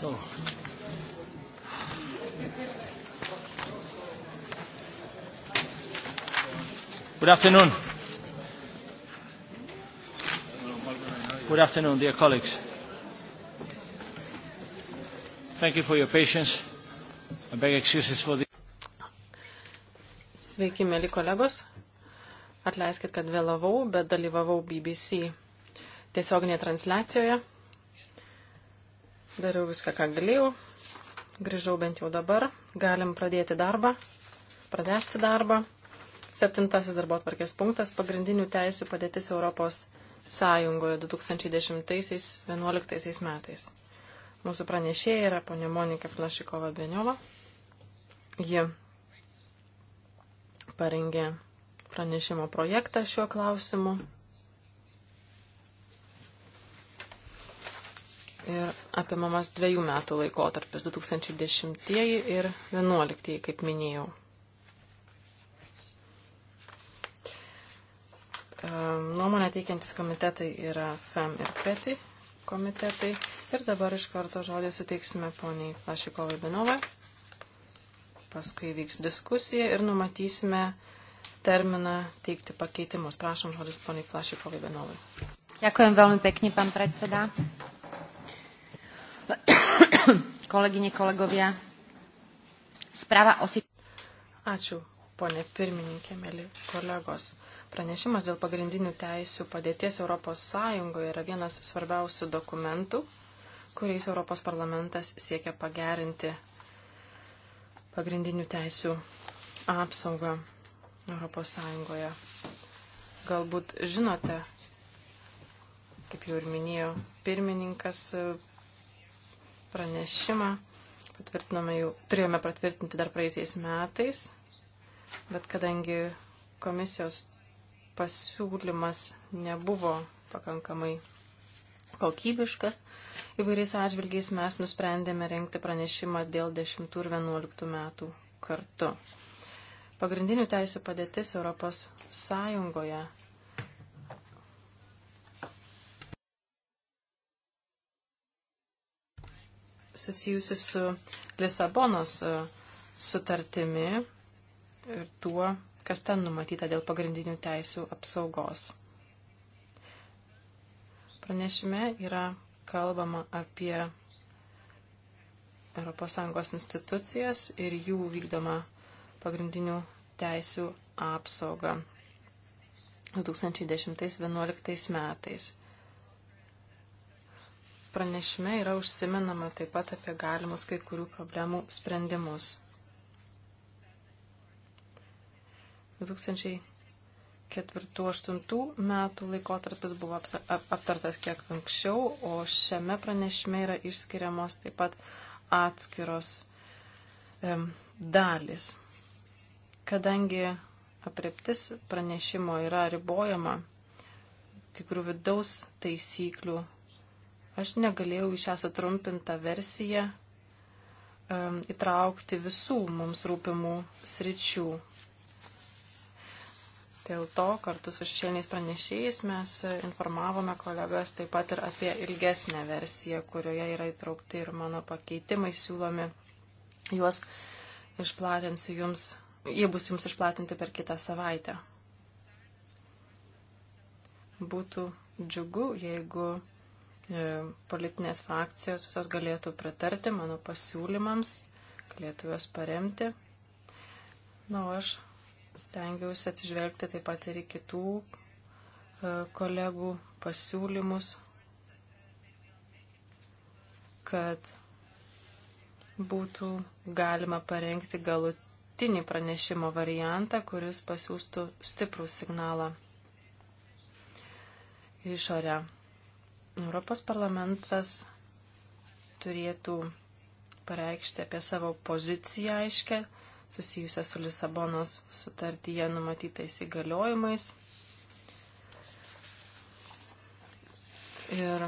So. Good afternoon. Good afternoon, dear colleagues. Thank you for your patience. I beg excuses for the... Sveiki, mėly kolegos. Atleiskit, kad vėlavau, bet dalyvavau BBC tiesioginėje transliacijoje Dariau viską, ką galėjau. Grįžau bent jau dabar. Galim pradėti darbą, pradėsti darbą. Septintasis darbo atvarkės punktas - pagrindinių teisų padėtis Europos Sąjungoje 2010-2011 metais. Mūsų pranešėja yra ponė Monika Flašikova Beniova. Ji parengė pranešimo projektą šiuo klausimu. ir apimamas dviejų metų laikotarpis 2010 ir 2011, kaip minėjau. Ehm, nuomonę teikiantis komitetai yra FEM ir PETI komitetai. Ir dabar iš karto žodį suteiksime poniai Lašikovai Benovai. Paskui vyks diskusija ir numatysime terminą teikti pakeitimus. Prašom žodis poniai Lašikovai Benovai. Ďakujem veľmi pekne, pán predseda. Kolegyne, kolegovia, správa o Ačiū, ponė pirmininkė, mėly kolegos. Pranešimas dėl pagrindinių teisių padėties Europos Sąjungoje yra vienas svarbiausių dokumentų, kuriais Europos parlamentas siekia pagerinti pagrindinių teisių apsaugą Europos Sąjungoje. Galbūt žinote, kaip jau ir minėjo pirmininkas, pranešimą patvirtinome jau, turėjome patvirtinti dar praeisiais metais, bet kadangi komisijos pasiūlymas nebuvo pakankamai kokybiškas, įvairiais atžvilgiais mes nusprendėme renkti pranešimą dėl 10 ir 11 metų kartu. Pagrindinių teisų padėtis Europos Sąjungoje susijusi su Lisabonos e, sutartimi ir tuo, kas ten numatyta dėl pagrindinių teisų apsaugos. Pranešime yra kalbama apie ES institucijas ir jų vykdomą pagrindinių teisų apsaugą 2010-2011 metais pranešime yra užsiminama taip pat apie galimus kai kurių problemų sprendimus. 2004-2008 metų laikotarpis buvo aptartas kiek anksčiau, o šiame pranešime yra išskiriamos taip pat atskiros um, dalis. Kadangi apreptis pranešimo yra ribojama kai kurių vidaus taisyklių Aš negalėjau į šią sutrumpintą versiją um, įtraukti visų mums rūpimų sričių. Dėl to kartu su šešėliniais pranešėjais mes informavome kolegas taip pat ir apie ilgesnę versiją, kurioje yra įtraukti ir mano pakeitimai siūlomi. Juos išplatinsiu jums, jie bus jums išplatinti per kitą savaitę. Būtų džiugu, jeigu E, politinės frakcijos visos galėtų pritarti mano pasiūlymams, galėtų juos paremti. Na, o aš stengiausi atsižvelgti taip pat ir į kitų e, kolegų pasiūlymus, kad būtų galima parengti galutinį pranešimo variantą, kuris pasiūstų stiprų signalą išorę Europos parlamentas turėtų pareikšti apie savo poziciją aiškę susijusią su Lisabonos sutartyje numatytais įgaliojimais. Ir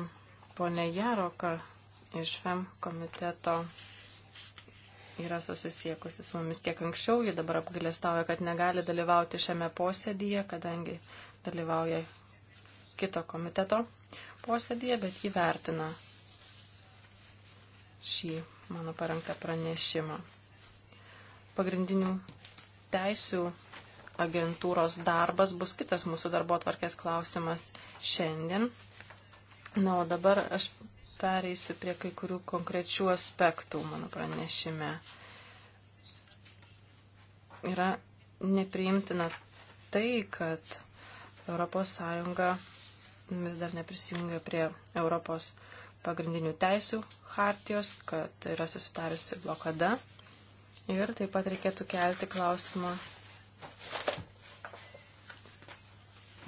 ponė Jaroka iš FEM komiteto yra susisiekusi su mumis kiek anksčiau, ji dabar apgailestauja, kad negali dalyvauti šiame posėdyje, kadangi dalyvauja kito komiteto posėdėje, bet jį vertina šį mano parengtą pranešimą. Pagrindinių teisių agentūros darbas bus kitas mūsų darbo atvarkės klausimas šiandien. Na, o dabar aš pereisiu prie kai kurių konkrečių aspektų mano pranešime. Yra nepriimtina tai, kad ES vis dar neprisijungia prie Europos pagrindinių teisių hartijos, kad yra susitariusi blokada. Ir taip pat reikėtų kelti klausimą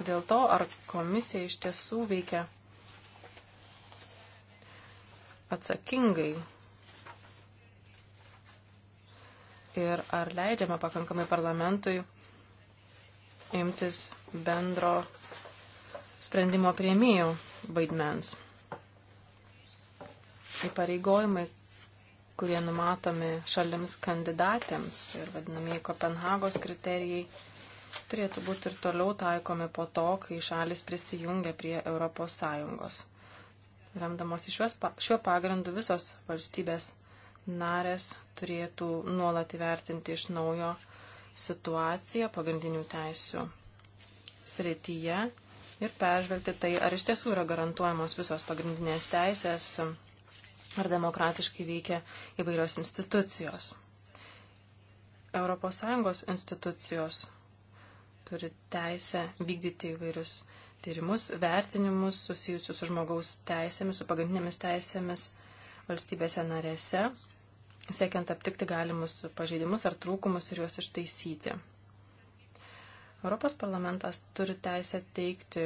dėl to, ar komisija iš tiesų veikia atsakingai ir ar leidžiama pakankamai parlamentui imtis bendro sprendimo prieimėjų vaidmens. Įpareigojimai, kurie numatomi šalims kandidatėms ir vadinamieji Kopenhagos kriterijai, turėtų būti ir toliau taikomi po to, kai šalis prisijungia prie Europos Sąjungos. Remdamos šiuo pagrindu visos valstybės narės turėtų nuolat įvertinti iš naujo situaciją pagrindinių teisių srityje ir peržvelgti tai, ar iš tiesų yra garantuojamos visos pagrindinės teisės, ar demokratiškai veikia įvairios institucijos. ES institucijos turi teisę vykdyti įvairius tyrimus, vertinimus susijusius su žmogaus teisėmis, su pagrindinėmis teisėmis valstybėse narėse, siekiant aptikti galimus pažeidimus ar trūkumus ir juos ištaisyti. Europos parlamentas turi teisę teikti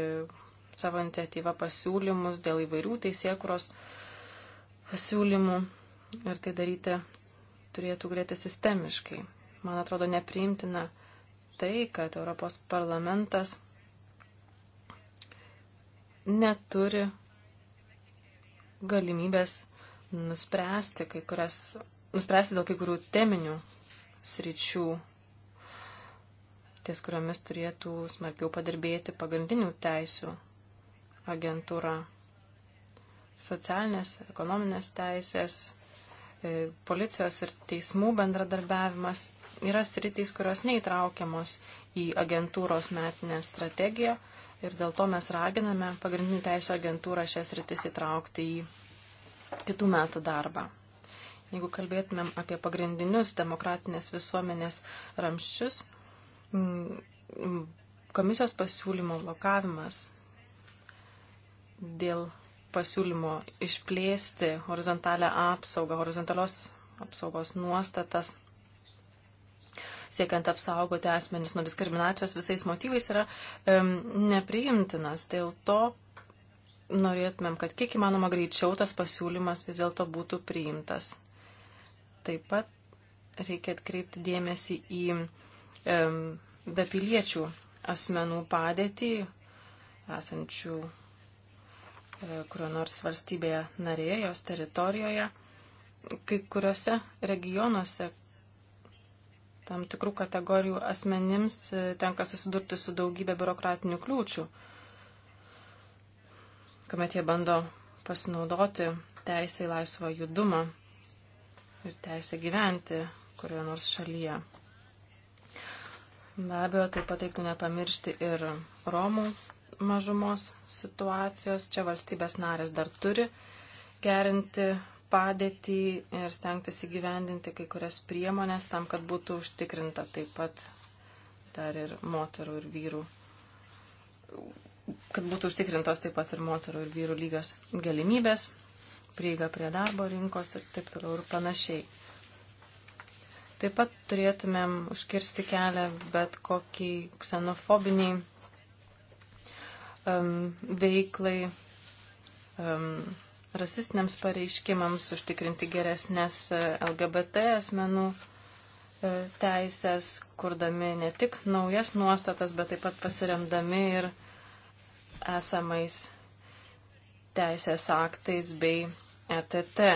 savo iniciatyvą pasiūlymus dėl įvairių teisėkuros pasiūlymų ir tai daryti turėtų grėti sistemiškai. Man atrodo nepriimtina tai, kad Europos parlamentas neturi galimybės nuspręsti, kai kurias, nuspręsti dėl kai kurių teminių sričių ties kuriomis turėtų smarkiau padirbėti pagrindinių teisių agentūra. Socialinės, ekonominės teisės, e, policijos ir teismų bendradarbiavimas yra sritys, kurios neįtraukiamos į agentūros metinę strategiją ir dėl to mes raginame pagrindinių teisų agentūrą šias rytis įtraukti į kitų metų darbą. Jeigu kalbėtumėm apie pagrindinius demokratinės visuomenės ramščius, Mm, mm, komisijos pasiūlymo blokavimas dėl pasiūlymo išplėsti horizontalę apsaugą, horizontalios apsaugos nuostatas, siekiant apsaugoti asmenys nuo diskriminacijos visais motyvais yra um, nepriimtinas. Dėl to norėtumėm, kad kiek įmanoma greičiau tas pasiūlymas vis dėlto būtų priimtas. Taip pat reikia atkreipti dėmesį į bepiliečių asmenų padėtį, esančių e, kurio nors valstybėje narėje, jos teritorijoje. Kai kuriuose regionuose tam tikrų kategorijų asmenims e, tenka susidurti su daugybė biurokratinių kliūčių, kuomet jie bando pasinaudoti teisę į laisvą judumą ir teisę gyventi kurioje nors šalyje. Be abejo, taip pat reiktų nepamiršti ir Romų mažumos situacijos. Čia valstybės narės dar turi gerinti padėtį ir stengtis įgyvendinti kai kurias priemonės tam, kad būtų užtikrinta taip pat dar ir moterų ir vyrų kad būtų užtikrintos taip pat ir moterų ir vyrų lygios galimybės, prieiga prie darbo rinkos ir taip toliau ir panašiai. Taip pat turėtumėm užkirsti kelią bet kokiai ksenofobiniai um, veiklai, um, rasistiniams pareiškimams, užtikrinti geresnės e, LGBT asmenų e, teisės, kurdami ne tik naujas nuostatas, bet taip pat pasiremdami ir esamais teisės aktais bei ETT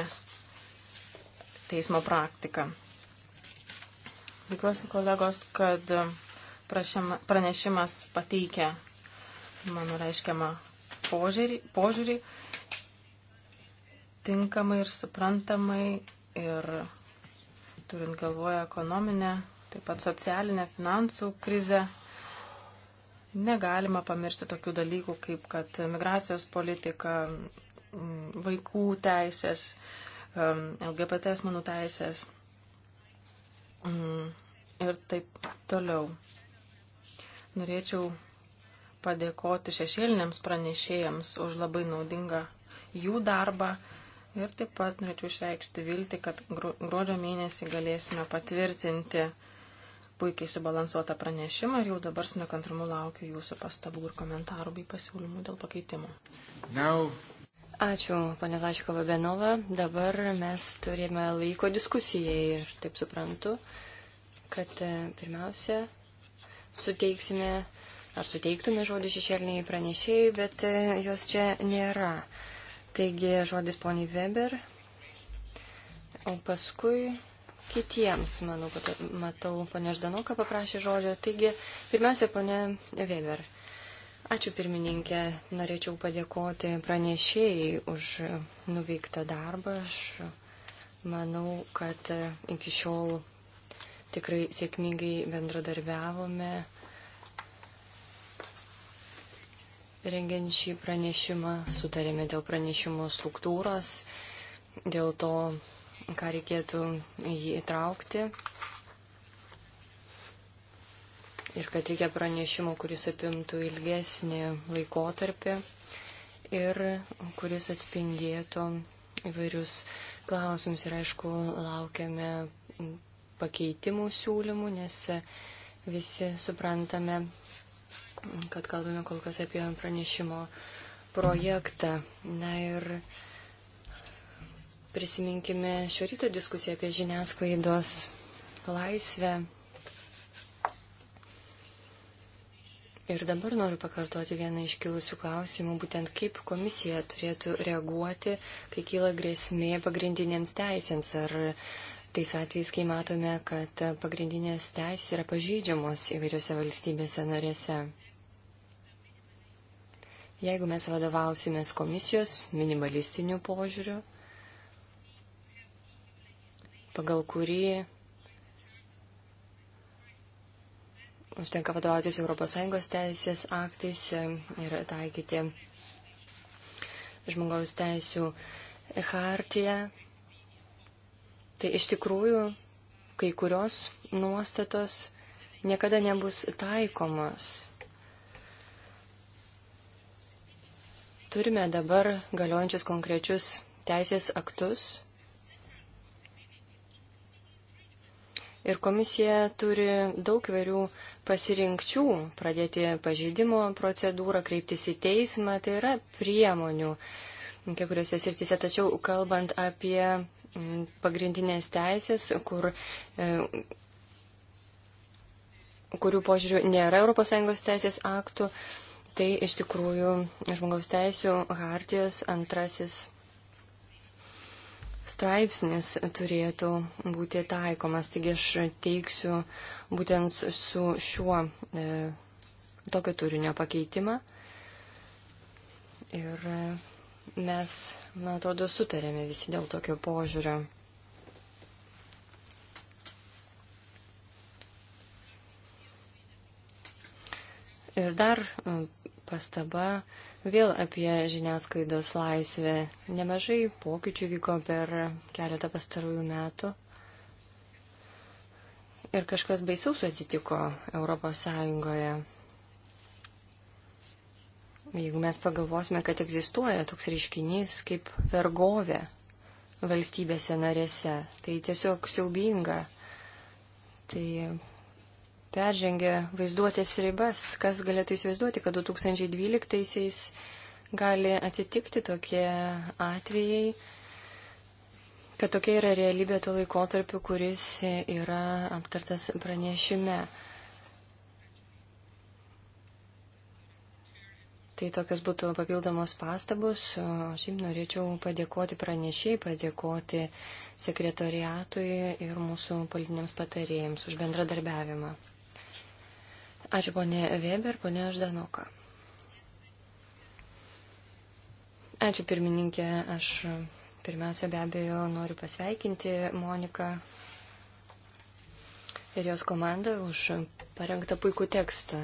teismo praktika. Tikiuosi, kolegos, kad um, prašyma, pranešimas pateikia mano reiškiamą požiūrį, požiūrį tinkamai ir suprantamai ir turint galvoje ekonominę, taip pat socialinę, finansų krizę, negalima pamiršti tokių dalykų, kaip kad migracijos politika, vaikų teisės, LGBT asmenų teisės Mm, ir taip toliau. Norėčiau padėkoti šešėliniams pranešėjams už labai naudingą jų darbą ir taip pat norėčiau išreikšti viltį, kad gruodžio mėnesį galėsime patvirtinti puikiai subalansuotą pranešimą ir jau dabar su nekantrumu laukiu jūsų pastabų ir komentarų bei pasiūlymų dėl pakeitimų. Now, Ačiū, ponė Vlašikova Benova. Dabar mes turime laiko diskusijai ir taip suprantu, kad e, pirmiausia suteiksime ar suteiktume žodį šešėliniai pranešėjai, bet e, jos čia nėra. Taigi žodis poniai Weber, o paskui kitiems, manau, kad matau, ponė Ždanoka paprašė žodžio. Taigi pirmiausia, ponė Weber. Ačiū pirmininkė. Norėčiau padėkoti pranešėjai už nuveiktą darbą. Aš manau, kad iki šiol tikrai sėkmingai bendradarbiavome. Rengiant šį pranešimą, sutarėme dėl pranešimo struktūros, dėl to, ką reikėtų į jį įtraukti ir kad reikia pranešimo, kuris apimtų ilgesnį laikotarpį ir kuris atspindėtų įvairius klausimus. Ir aišku, laukiame pakeitimų siūlymų, nes visi suprantame, kad kalbame kol kas apie pranešimo projektą. Na ir prisiminkime šio ryto diskusiją apie žiniasklaidos laisvę Ir dabar noriu pakartoti vieną iš kilusių klausimų, būtent kaip komisija turėtų reaguoti, kai kyla grėsmė pagrindinėms teisėms. Ar tais atvejais, kai matome, kad pagrindinės teisės yra pažydžiamos įvairiose valstybėse narėse. Jeigu mes vadovausimės komisijos minimalistiniu požiūriu, pagal kurį užtenka vadovautis ES teisės aktais e, ir taikyti žmogaus teisų hartiją. Tai iš tikrųjų kai kurios nuostatos niekada nebus taikomos. Turime dabar galiojančius konkrečius teisės aktus Ir komisija turi daug vairių pasirinkčių - pradėti pažeidimo procedūrą, kreiptis į teismą, tai yra priemonių kiekvienose srityse. Tačiau kalbant apie mm, pagrindinės teisės, kur, e, kurių požiūrių nėra ES teisės aktų, tai iš tikrųjų žmogaus teisų hartijos antrasis straipsnis turėtų būti taikomas. Taigi aš teiksiu būtent su šiuo e, tokio turinio pakeitimą. Ir e, mes, man atrodo, sutarėme visi dėl tokio požiūrio. Ir dar e, pastaba. E, Vėl apie žiniasklaidos laisvę. Nemažai pokyčių vyko per keletą pastarųjų metų. Ir kažkas baisaus atsitiko Europos Sąjungoje. Jeigu mes pagalvosime, kad egzistuoja toks reiškinys kaip vergovė valstybėse narėse, tai tiesiog siaubinga. Tai peržengia vaizduotės ribas, kas galėtų įsivaizduoti, kad 2012-aisiais gali atsitikti tokie atvejai, kad tokia yra realybė tuo laikotarpiu, kuris yra aptartas pranešime. Tai tokios būtų papildomos pastabos. Šiaip norėčiau padėkoti pranešiai, padėkoti sekretoriatui ir mūsų politiniams patarėjams už bendradarbiavimą. Ačiū ponė Weber, ponė Ždanoka. Ačiū pirmininkė, aš pirmiausia be abejo noriu pasveikinti Moniką ir jos komandą už parengtą puikų tekstą.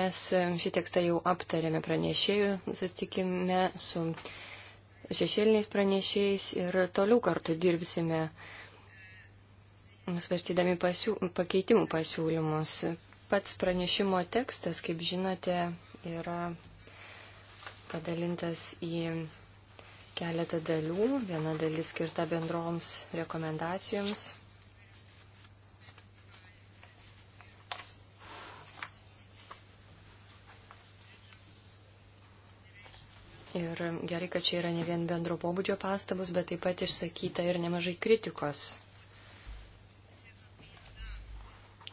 Mes šį tekstą jau aptarėme pranešėjų, susitikime su šešėliniais pranešėjais ir toliau kartu dirbsime svarstydami pasiū, pakeitimų pasiūlymus. Pats pranešimo tekstas, kaip žinote, yra padalintas į keletą dalių. Viena dalis skirta bendroms rekomendacijoms. Ir gerai, kad čia yra ne vien bendro pobūdžio pastabus, bet taip pat išsakyta ir nemažai kritikos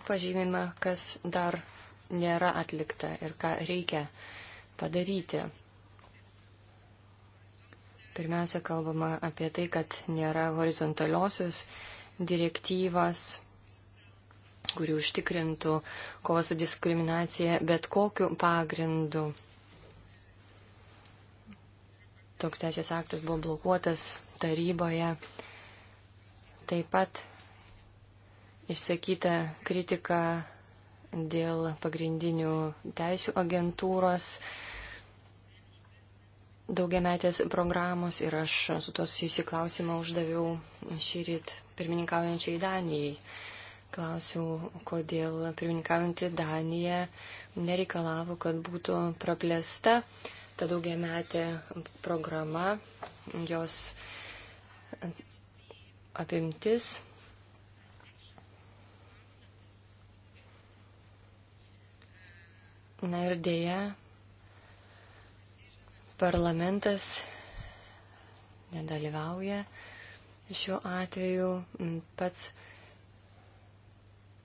pažymime, kas dar nėra atlikta ir ką reikia padaryti. Pirmiausia, kalbama apie tai, kad nėra horizontaliosios direktyvas, kuri užtikrintų kovą su diskriminacija bet kokiu pagrindu. Toks teisės aktas buvo blokuotas taryboje. Taip pat išsakytą kritiką dėl pagrindinių teisų agentūros daugiametės programos ir aš su tos įsiklausimą uždaviau šį ryt pirmininkaujančiai Danijai. Klausiau, kodėl pirmininkaujanti Danija nereikalavo, kad būtų praplėsta ta daugiametė programa, jos apimtis Na ir dėja, parlamentas nedalyvauja šiuo atveju mm, pats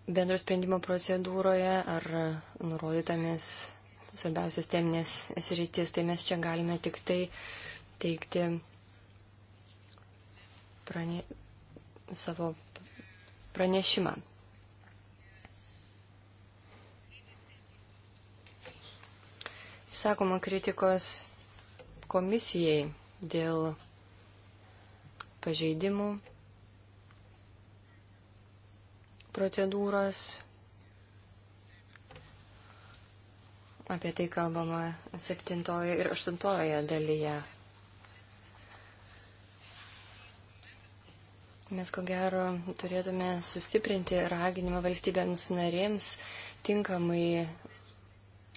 bendro sprendimo procedūroje ar nurodytomis svarbiausias teminės sritis, tai mes čia galime tik tai teikti prane... savo pranešimą. Sakoma kritikos komisijai dėl pažeidimų procedūros. Apie tai kalbama septintoje ir aštuntoje dalyje. Mes ko gero turėtume sustiprinti raginimą valstybėms narėms tinkamai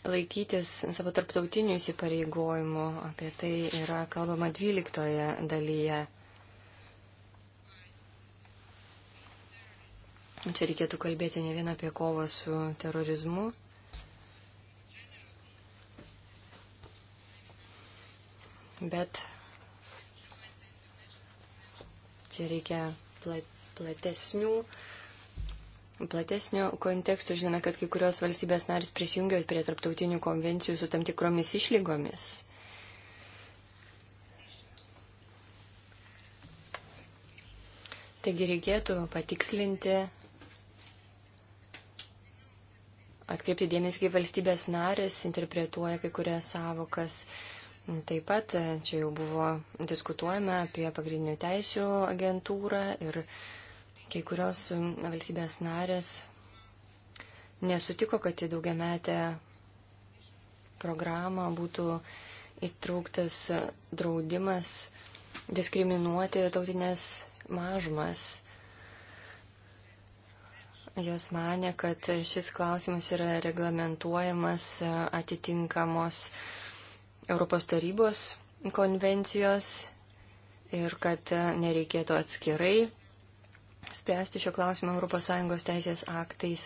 laikytis savo tarptautinių įsipareigojimų. Apie tai yra kalbama 12 dalyje. Čia reikėtų kalbėti ne vien apie kovą su terorizmu. Bet čia reikia platesnių platesnio konteksto žinome, kad kai kurios valstybės narys prisijungia prie tarptautinių konvencijų su tam tikromis išlygomis. Taigi reikėtų patikslinti, atkreipti dėmesį, kaip valstybės narės interpretuoja kai kurias savokas. Taip pat čia jau buvo diskutuojama apie pagrindinių teisių agentūrą ir Kai kurios um, valstybės narės nesutiko, kad į daugiametę programą būtų įtrauktas draudimas diskriminuoti tautinės mažumas. Jos mane, kad šis klausimas yra reglamentuojamas atitinkamos Europos tarybos konvencijos ir kad nereikėtų atskirai spręsti šio klausimą ES teisės aktais.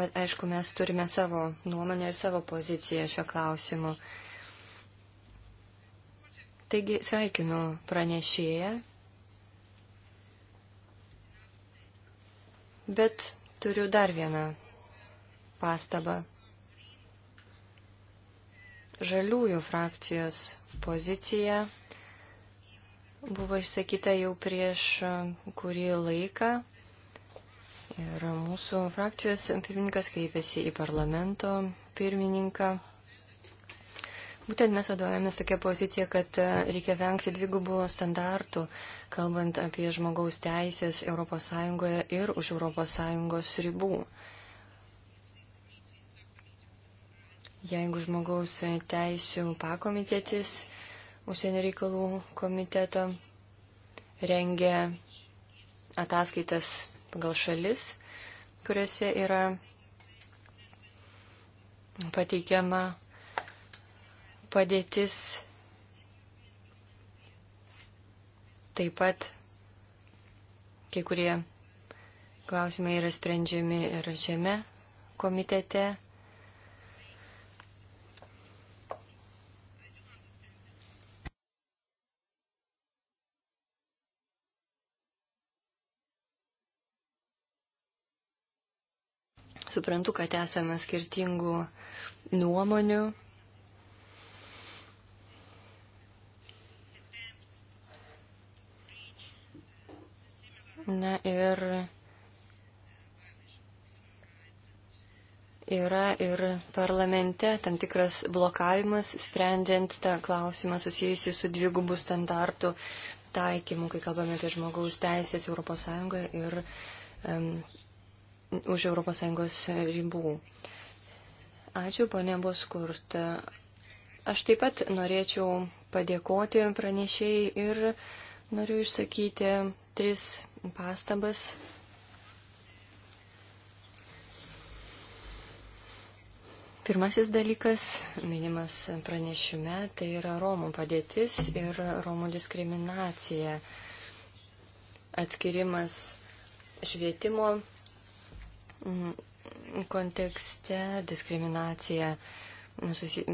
Bet aišku, mes turime savo nuomonę ir savo poziciją šio klausimu. Taigi sveikinu pranešėją, bet turiu dar vieną pastabą žaliųjų frakcijos pozicija buvo išsakyta jau prieš e, kurį laiką. Ir mūsų frakcijos pirmininkas kreipėsi į parlamento pirmininką. Būtent mes vadovavomės tokia pozicija, kad e, reikia vengti dvigubų standartų, kalbant apie žmogaus teisės ES ir už ES ribų. jeigu žmogaus teisų pakomitėtis užsienio reikalų komiteto rengia ataskaitas pagal šalis, kuriuose yra pateikiama padėtis. Taip pat kai kurie klausimai yra sprendžiami ir šiame komitete. Suprantu, kad esame skirtingų nuomonių. Na ir yra ir parlamente tam tikras blokavimas, sprendžiant tą klausimą susijusi su dvigubų standartų taikymu, kai kalbame apie žmogaus teisės ES ir um, už ES ribų. Ačiū, ponė Boskurt. Aš taip pat norėčiau padėkoti pranešėjai ir noriu išsakyti tris pastabas. Pirmasis dalykas, minimas pranešime, tai yra Romų padėtis ir Romų diskriminacija. Atskirimas švietimo kontekste diskriminacija susi,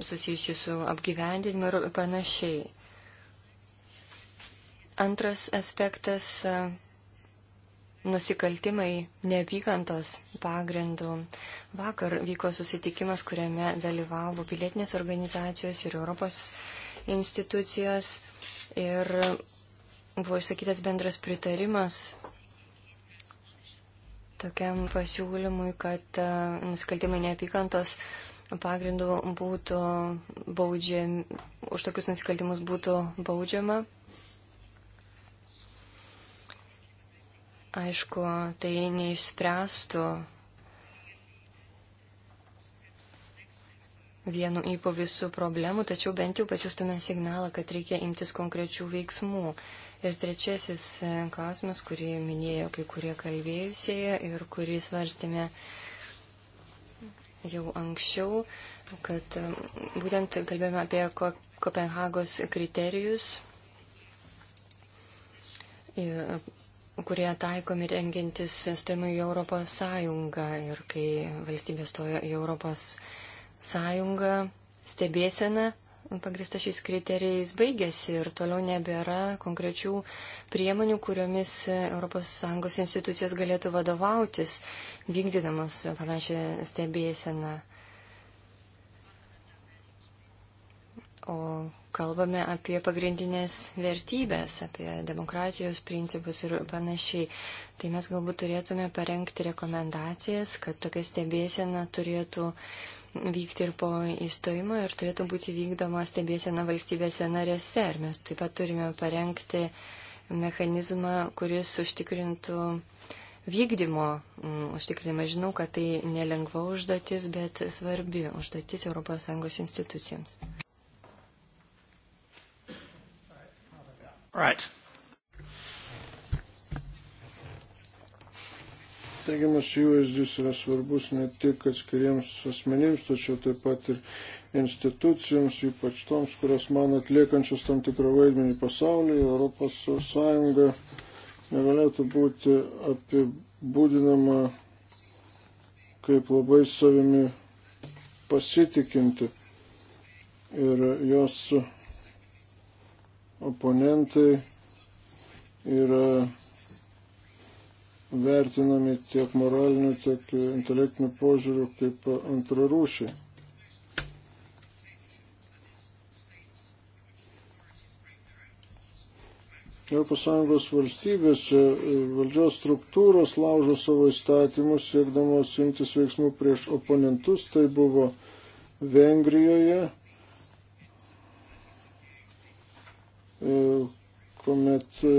susijusi su apgyvendinimu ir panašiai. Antras aspektas - nusikaltimai neapykantos pagrindų. Vakar vyko susitikimas, kuriame dalyvavo pilietinės organizacijos ir Europos institucijos ir buvo išsakytas bendras pritarimas tokiam pasiūlymui, kad e, nusikaltimai neapykantos pagrindų būtų baudžiami, už tokius nusikaltimus būtų baudžiama. Aišku, tai neišspręstų vienu įpo visų problemų, tačiau bent jau pasiūstume signalą, kad reikia imtis konkrečių veiksmų. Ir trečiasis e, klausimas, kurį minėjo kai kurie kalbėjusieji ir kurį svarstėme jau anksčiau, kad e, būtent kalbėjome apie Kopenhagos kriterijus, kurie taikomi rengintis stojimui į Europos Sąjungą. Ir kai valstybė stojo į Europos Sąjungą, stebėsena pagrista šiais kriterijais baigėsi ir toliau nebėra konkrečių priemonių, kuriomis ES institucijos galėtų vadovautis, vykdydamos panašią stebėseną. O kalbame apie pagrindinės vertybės, apie demokratijos principus ir panašiai. Tai mes galbūt turėtume parengti rekomendacijas, kad tokia stebėsena turėtų uh, vykti ir po įstojimo ir turėtų būti vykdoma stebėsena valstybėse narėse. Ir mes taip pat turime parengti mechanizmą, kuris užtikrintų vykdymo mm, užtikrinimą. Žinau, kad tai nelengva užduotis, bet svarbi užduotis ES institucijoms. Right. Teigiamas įvaizdis yra svarbus ne tik atskiriems asmenims, tačiau taip pat ir institucijoms, ypač toms, kurios man atliekančios tam tikrą vaidmenį pasaulyje. Europos Sąjunga negalėtų būti apibūdinama kaip labai savimi pasitikinti. Ir jos oponentai yra vertinami tiek moraliniu, tiek intelektiniu požiūriu kaip antrarūšiai. ES valstybėse e, valdžios struktūros laužo savo įstatymus, siekdamos imtis veiksmų prieš oponentus. Tai buvo Vengrijoje, e, kuomet e,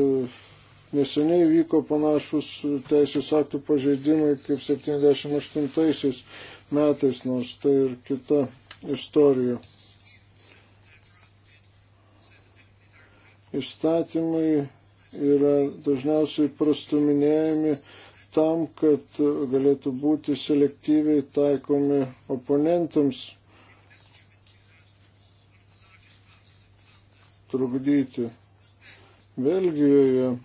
Neseniai vyko panašus teisės aktų pažeidimai kaip 78 metais, nors tai ir kita istorija. Įstatymai yra dažniausiai prastuminėjami tam, kad galėtų būti selektyviai taikomi oponentams trukdyti. Belgijoje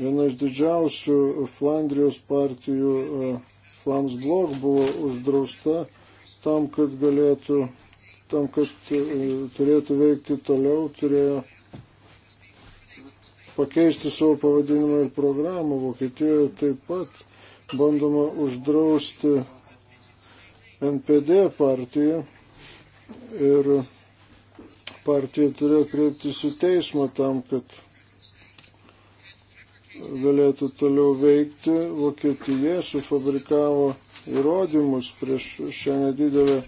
Viena iš didžiausių Flandrijos partijų e, Flamsblok buvo uždrausta tam, kad galėtų, tam, kad e, turėtų veikti toliau, turėjo pakeisti savo pavadinimą ir programą. Vokietijoje taip pat bandoma uždrausti NPD partiją ir partija turėjo kreiptis į teismą tam, kad galėtų toliau veikti. Vokietija sufabrikavo įrodymus prieš šią nedidelę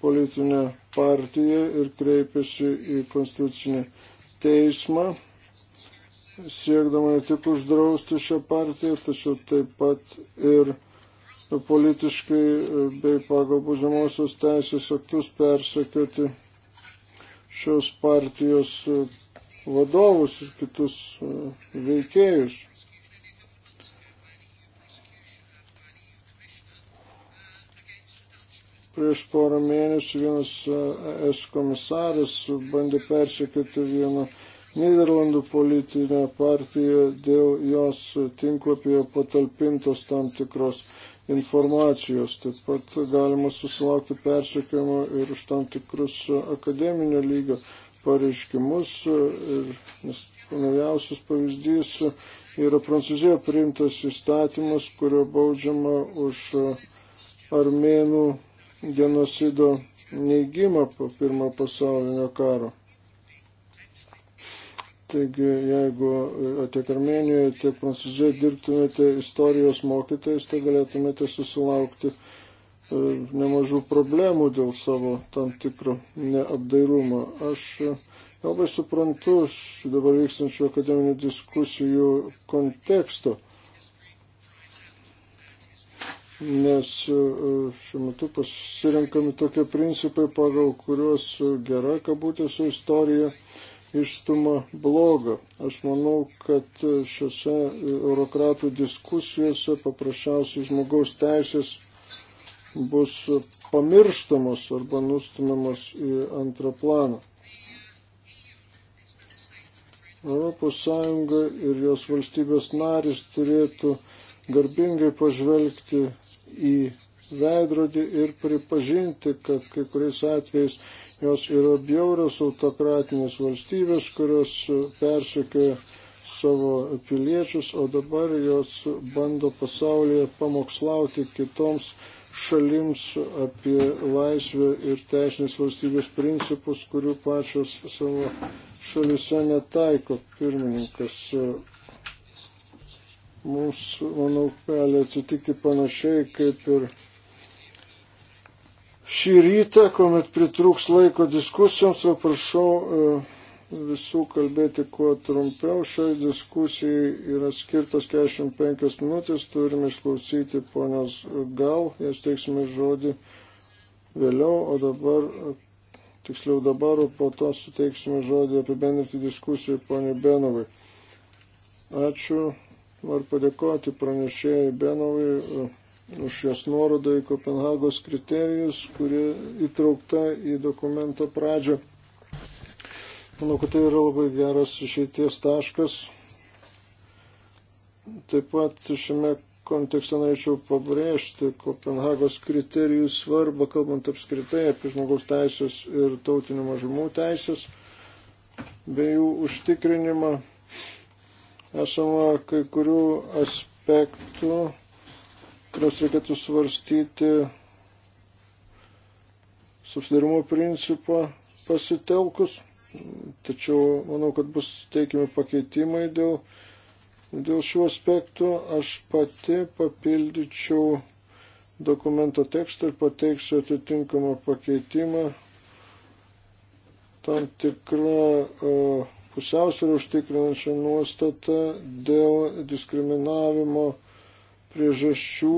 politinę partiją ir kreipėsi į konstitucinį teismą, siekdama ne tik uždrausti šią partiją, tačiau taip pat ir politiškai bei pagal būžimosios teisės aktus persekioti šios partijos vadovus ir kitus e, veikėjus. Prieš porą mėnesių vienas e, es komisaras bandė persekėti vieną Niderlandų politinę partiją dėl jos tinklapyje patalpintos tam tikros informacijos. Taip pat galima susilaukti persekiojimo ir už tam tikrus e, akademinio lygio pareiškimus ir nes naujausias pavyzdys yra Prancūzijoje priimtas įstatymas, kurio baudžiama už e, armėnų genocido neįgymą po pirmo pasaulinio karo. Taigi, jeigu e, tiek Armenijoje, tiek Prancūzijoje dirbtumėte istorijos mokytojais, tai galėtumėte susilaukti E, nemažų problemų dėl savo tam tikro neapdairumo. Aš e, labai suprantu dabar vykstančių akademinių diskusijų konteksto, nes e, šiuo metu pasirinkami tokie principai, pagal kuriuos gera kabutėsio istorija išstuma blogą. Aš manau, kad šiuose eurokratų diskusijose paprasčiausiai žmogaus teisės bus pamirštamos arba nustumamos į antrą planą. ES ir jos valstybės narys turėtų garbingai pažvelgti į veidrodį ir pripažinti, kad kai kuriais atvejais jos yra bjaurios autokratinės valstybės, kurios persikioja savo piliečius, o dabar jos bando pasaulyje pamokslauti kitoms šalims apie laisvę ir teisinės valstybės principus, kurių pačios savo šalise netaiko pirmininkas. Mums, manau, gali atsitikti panašiai kaip ir šį rytą, kuomet pritrūks laiko diskusijoms, o prašau. Uh, visų kalbėti kuo trumpiau. Šiai diskusijai yra skirtas 45 minutės. Turime išklausyti ponios Gal, jas teiksime žodį vėliau, o dabar, tiksliau dabar, o po to suteiksime žodį apibendrinti diskusijai poniai Benovai. Ačiū. Noriu padėkoti pranešėjai Benovai uh, už jos nuorodą į Kopenhagos kriterijus, kuri įtraukta į dokumento pradžią. Manau, kad tai yra labai geras išeities taškas. Taip pat šiame kontekste norėčiau pabrėžti Kopenhagos kriterijų svarbą, kalbant apskritai apie žmogaus teisės ir tautinių mažumų teisės, bei jų užtikrinimą. Esama kai kurių aspektų, kurios reikėtų svarstyti subsidarumo principą pasitelkus tačiau manau, kad bus teikiami pakeitimai dėl, dėl šių aspektų. Aš pati papildyčiau dokumento tekstą ir pateiksiu atitinkamą pakeitimą tam tikrą uh, e, pusiausvyrą užtikrinančią nuostatą dėl diskriminavimo priežasčių,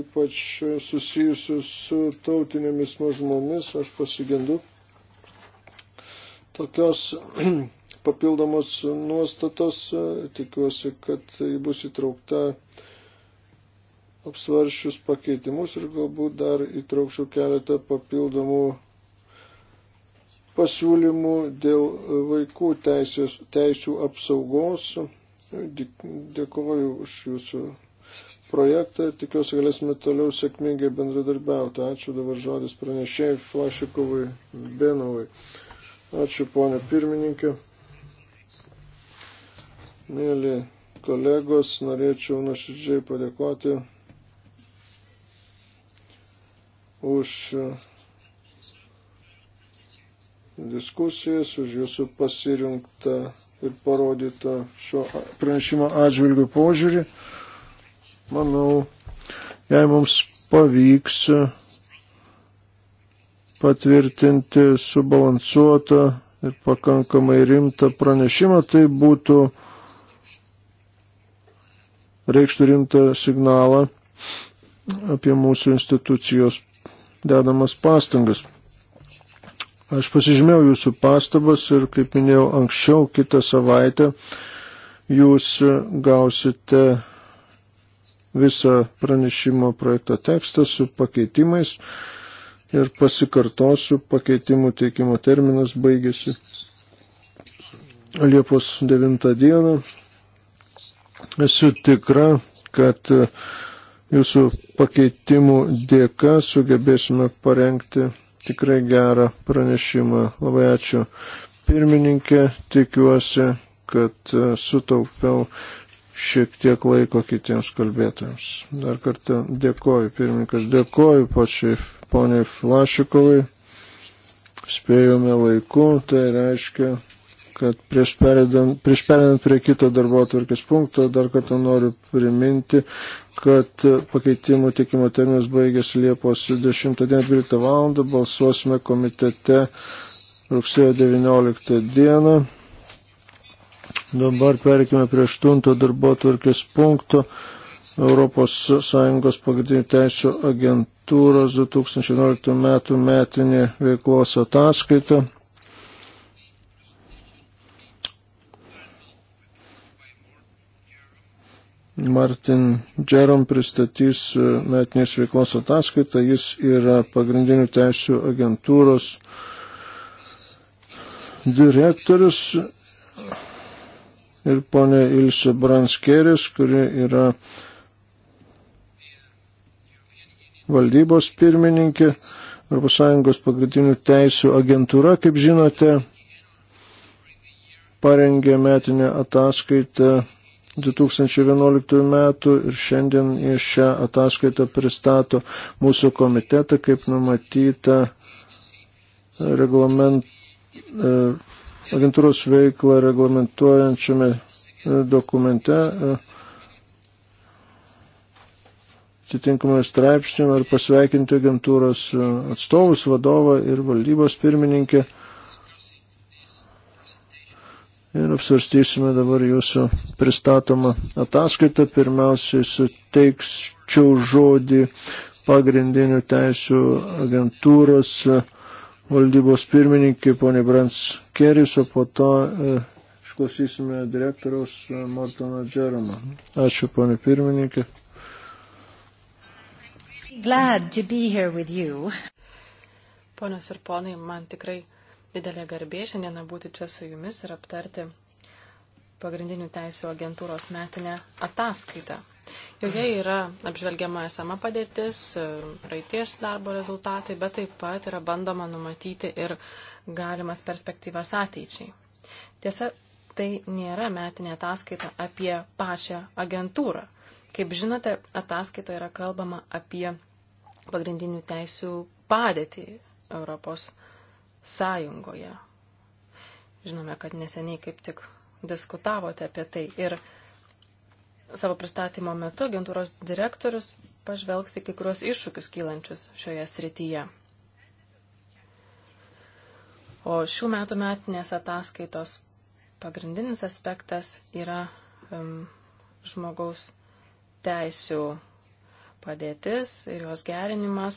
ypač susijusių su tautinėmis mažumomis. Aš pasigendu tokios papildomos nuostatos. Tikiuosi, kad ji tai bus įtraukta apsvaršius pakeitimus ir galbūt dar įtraukčiau keletą papildomų pasiūlymų dėl vaikų teisės, teisų apsaugos. Dėkuoju už jūsų projektą ir tikiuosi galėsime toliau sėkmingai bendradarbiauti. Ačiū dabar žodis pranešėjai Flašikovui Benovai. Ačiū, ponė pirmininkė. Mėly kolegos, norėčiau nuoširdžiai padėkoti už diskusijas, už jūsų pasirinktą ir parodytą šio pranešimo atžvilgių požiūrį. Manau, jei mums pavyks patvirtinti subalansuotą ir pakankamai rimtą pranešimą, tai būtų reikštų rimtą signalą apie mūsų institucijos dedamas pastangas. Aš pasižymėjau jūsų pastabas ir, kaip minėjau, anksčiau kitą savaitę jūs gausite visą pranešimo projekto tekstą su pakeitimais ir pasikartosiu, pakeitimų teikimo terminas baigėsi Liepos 9 dieną. Esu tikra, kad jūsų pakeitimų dėka sugebėsime parengti tikrai gerą pranešimą. Labai ačiū pirmininkė, tikiuosi, kad sutaupiau šiek tiek laiko kitiems kalbėtojams. Dar kartą dėkoju pirmininkas, dėkoju pačiai poniai Flašikovai. Spėjome laiku, tai reiškia, kad prieš perinant, prieš perinant prie kito darbo atvarkės punkto dar kartą noriu priminti, kad pakeitimų tikimo terminas baigėsi Liepos 10 d. 12 val. Balsuosime komitete rugsėjo 19 d. Dabar perkime prie 8 darbo atvarkės punkto. ES pagrindinių teisų agentūros 2011 metų metinė veiklos ataskaita. Martin Džerom pristatys metinės veiklos ataskaitą. Jis yra pagrindinių teisų agentūros direktorius ir ponė Ilse Branskeris, kuri yra uh, valdybos pirmininkė, ES pagrindinių teisų agentūra, kaip žinote, parengė metinę ataskaitą 2011 metų ir šiandien į šią ataskaitą pristato mūsų komitetą, kaip numatyta reglament, e, agentūros veiklą reglamentuojančiame dokumente e, atitinkamą straipsnį ir pasveikinti agentūros e, atstovus, vadovą ir valdybos pirmininkę. Ir apsvarstysime dabar jūsų pristatomą ataskaitą. Pirmiausiai suteikščiau žodį pagrindinių teisų agentūros e, valdybos pirmininkė ponė Brans Keris, o po to e, išklausysime direktoriaus Mortono Džeromą. Ačiū ponė pirmininkė. Glad to be here with you. Ponios ir ponai, man tikrai didelė garbė šiandieną būti čia su jumis ir aptarti pagrindinių teisų agentūros metinę ataskaitą. Joje yra apžvelgiama esama padėtis, praeities darbo rezultatai, bet taip pat yra bandoma numatyti ir galimas perspektyvas ateičiai. Tiesa, tai nėra metinė ataskaita apie pačią agentūrą. Kaip žinote, ataskaitoje yra kalbama apie pagrindinių teisių padėtį Europos Sąjungoje. Žinome, kad neseniai kaip tik diskutavote apie tai ir savo pristatymo metu agentūros direktorius pažvelgs į kai kurios iššūkius kylančius šioje srityje. O šių metų metinės ataskaitos pagrindinis aspektas yra um, žmogaus teisių padėtis ir jos gerinimas,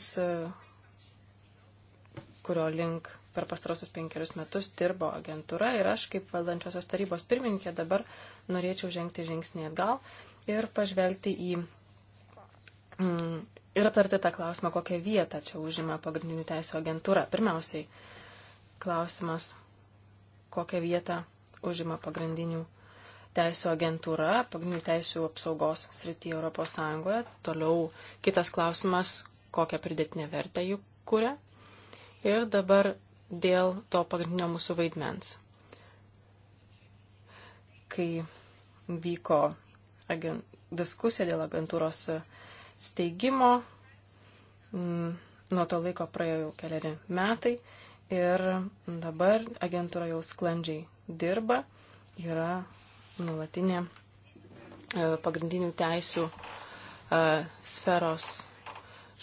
kurio link per pastarosius penkerius metus dirbo agentūra ir aš kaip valdančiosios tarybos pirmininkė dabar norėčiau žengti žingsnį atgal ir pažvelgti į. Mm, ir aptarti tą klausimą, kokią vietą čia užima pagrindinių teisų agentūra. Pirmiausiai, klausimas, kokią vietą užima pagrindinių teisų teisų agentūra, pagrindinių teisų apsaugos srityje Europos Sąjungoje. Toliau kitas klausimas, kokią pridėtinę vertę jų kuria. Ir dabar dėl to pagrindinio mūsų vaidmens. Kai vyko agen... diskusija dėl agentūros steigimo, mm, nuo to laiko praėjo jau keliari metai ir dabar agentūra jau sklandžiai dirba, yra nuolatinė e, pagrindinių teisų e, sferos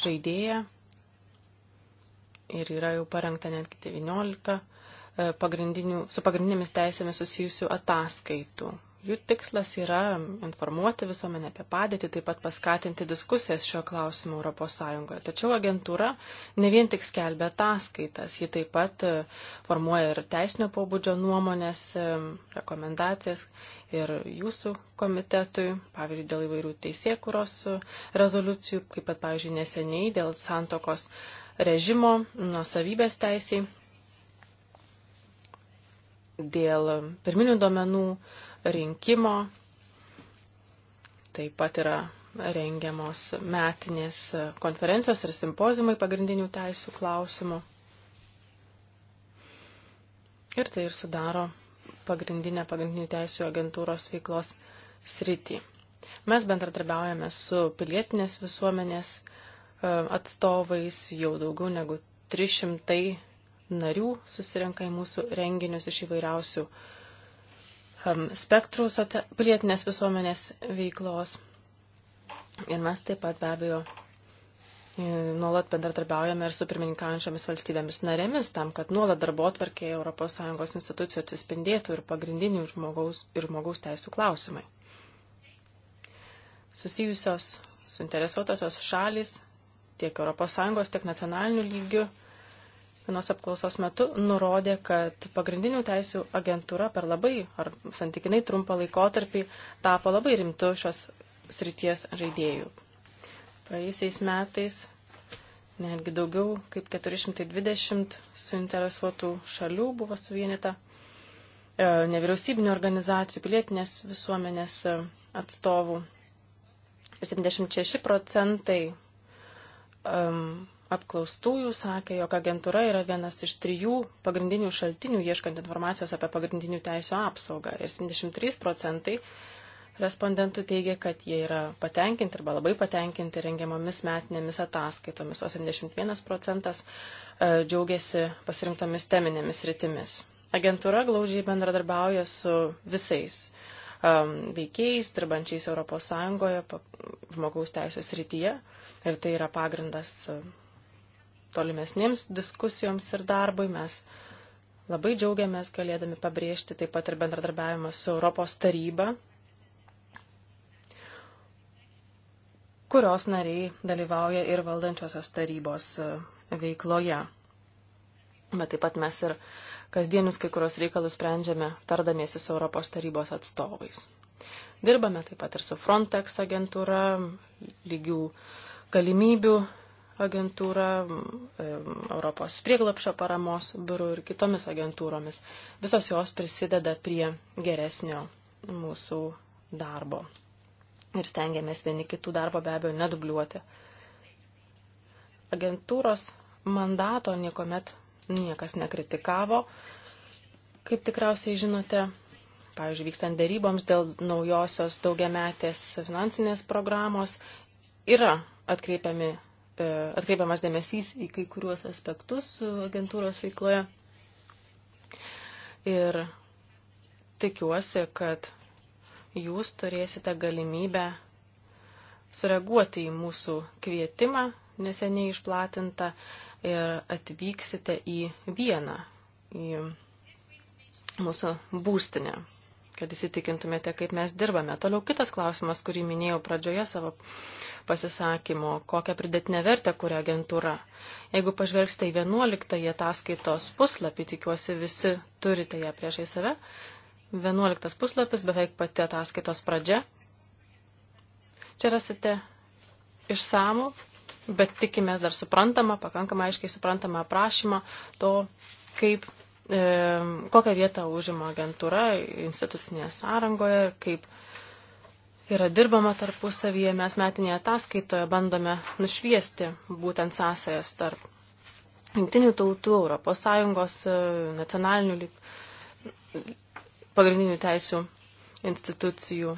žaidėja ir yra jau parengta netgi 19 e, pagrindinių, su pagrindinėmis teisėmis susijusių ataskaitų. Jų tikslas yra informuoti visuomenę apie padėtį, taip pat paskatinti diskusijas šio klausimu ES. Tačiau agentūra ne vien tik skelbia ataskaitas, ji taip pat e, formuoja ir teisinio pobūdžio nuomonės, e, rekomendacijas ir jūsų komitetui, pavyzdžiui, dėl įvairių teisėkuros e, rezoliucijų, kaip pat, pavyzdžiui, neseniai dėl santokos režimo, nuosavybės teisiai, dėl pirminių duomenų, rinkimo. Taip pat yra rengiamos metinės konferencijos ir simpozimai pagrindinių teisų klausimų. Ir tai ir sudaro pagrindinę pagrindinių teisų agentūros veiklos sritį. Mes bendradarbiaujame su pilietinės visuomenės e, atstovais, jau daugiau negu 300 narių susirenka į mūsų renginius iš įvairiausių uh, Um, spektrų pilietinės visuomenės veiklos. Ir mes taip pat be abejo e, nuolat bendradarbiaujame ir su pirmininkaujančiomis valstybėmis narėmis tam, kad nuolat darbo atvarkėje ES institucijų atsispindėtų ir pagrindinių žmogaus, ir žmogaus teisų klausimai. Susijusios suinteresuotosios šalis tiek ES, tiek nacionalinių lygių vienos apklausos metu nurodė, kad pagrindinių teisų agentūra per labai ar santykinai trumpą laikotarpį tapo labai rimtu šios srities žaidėjų. Praėjusiais metais netgi daugiau kaip 420 suinteresuotų šalių buvo suvienita e, nevyriausybinio organizacijų, pilietinės visuomenės e, atstovų. 76 procentai um, apklaustųjų sakė, jog agentūra yra vienas iš trijų pagrindinių šaltinių ieškant informacijos apie pagrindinių teisų apsaugą. Ir 73 procentai respondentų teigia, kad jie yra patenkinti arba labai patenkinti rengiamomis metinėmis ataskaitomis, o 71 procentas e, džiaugiasi pasirinktomis teminėmis rytimis. Agentūra glaužiai bendradarbiauja su visais um, veikėjais, dirbančiais ES žmogaus teisės rytyje ir tai yra pagrindas e, tolimesnėms diskusijoms ir darbui. Mes labai džiaugiamės galėdami pabrėžti taip pat ir bendradarbiavimą su Europos taryba, kurios nariai dalyvauja ir valdančiosios tarybos e, veikloje. Bet taip pat mes ir kasdienius kai kurios reikalus sprendžiame tardamiesi su Europos tarybos atstovais. Dirbame taip pat ir su Frontex agentūra, lygių galimybių agentūra, Europos prieglapšio paramos biuru ir kitomis agentūromis. Visos jos prisideda prie geresnio mūsų darbo. Ir stengiamės vieni kitų darbo be abejo nedubliuoti. Agentūros mandato niekuomet niekas nekritikavo. Kaip tikriausiai žinote, pavyzdžiui, vykstant dėryboms dėl naujosios daugiametės finansinės programos, yra atkreipiami E, atkreipiamas dėmesys į kai kuriuos aspektus agentūros veikloje. Ir tikiuosi, kad jūs turėsite galimybę sureaguoti į mūsų kvietimą neseniai išplatintą ir atvyksite į vieną, į mūsų būstinę kad įsitikintumėte, kaip mes dirbame. Toliau kitas klausimas, kurį minėjau pradžioje savo pasisakymo, kokią pridėtinę vertę kuria agentūra. Jeigu pažvelgsite į 11 ataskaitos puslapį, tikiuosi visi turite ją priešai save. 11 puslapis, beveik pati ataskaitos pradžia. Čia rasite išsamų, bet tikimės dar suprantamą, pakankamai aiškiai suprantamą aprašymą to, kaip E, kokią vietą užima agentūra institucinėje sąrangoje ir kaip yra dirbama tarpusavyje. Mes metinėje ataskaitoje bandome nušviesti būtent sąsajas tarp jungtinių tautų, Europos Sąjungos, e, nacionalinių pagrindinių teisių institucijų.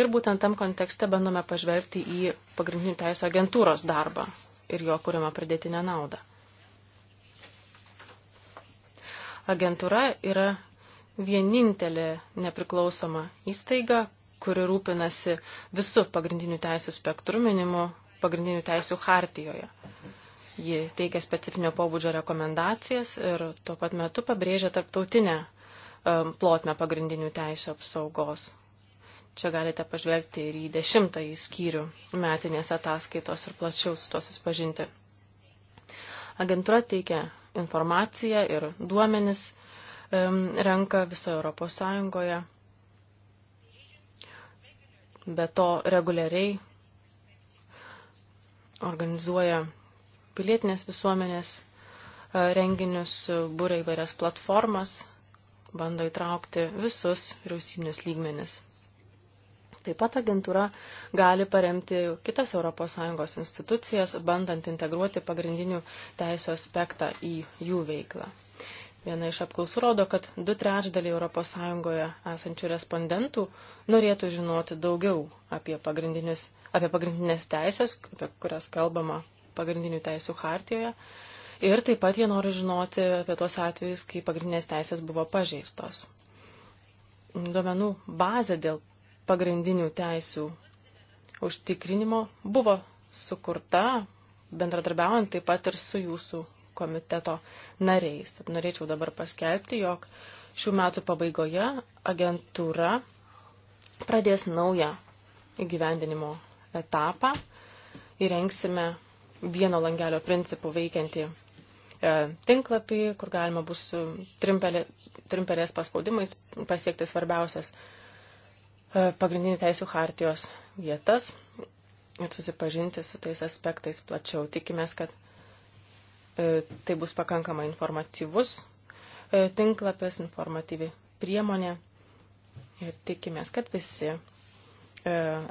Ir būtent tam kontekste bandome pažvelgti į pagrindinių teisų agentūros darbą ir jo kūrimą pridėtinę naudą. agentūra yra vienintelė nepriklausoma įstaiga, kuri rūpinasi visų pagrindinių teisų spektru minimu pagrindinių teisų hartijoje. Ji teikia specifinio pobūdžio rekomendacijas ir tuo pat metu pabrėžia tarptautinę plotmę pagrindinių teisų apsaugos. Čia galite pažvelgti ir į dešimtąjį skyrių metinės ataskaitos ir plačiau su to susipažinti. Agentūra teikia informaciją ir duomenis renka visoje Europos Sąjungoje. Be to reguliariai organizuoja pilietinės visuomenės e, renginius, būrė įvairias platformas, bando įtraukti visus vyriausybinės lygmenis. Taip pat agentūra gali paremti kitas ES institucijas, bandant integruoti pagrindinių teisų aspektą į jų veiklą. Viena iš apklausų rodo, kad du trečdaliai ES esančių respondentų norėtų žinoti daugiau apie, apie pagrindinės teisės, apie kurias kalbama pagrindinių teisų hartijoje. Ir taip pat jie nori žinoti apie tuos atvejus, kai pagrindinės teisės buvo pažeistos. Duomenų bazė dėl pagrindinių teisių užtikrinimo buvo sukurta bendradarbiaujant taip pat ir su jūsų komiteto nariais. Tad norėčiau dabar paskelbti, jog šių metų pabaigoje agentūra pradės naują įgyvendinimo etapą. Įrengsime vieno langelio principų veikiantį e, tinklapį, kur galima bus trimpelė, trimpelės paspaudimais pasiekti svarbiausias E, pagrindinių teisų hartijos vietas ir susipažinti su tais aspektais plačiau. Tikimės, kad e, tai bus pakankamai informatyvus e, tinklapis, informatyvi priemonė ir tikimės, kad visi e,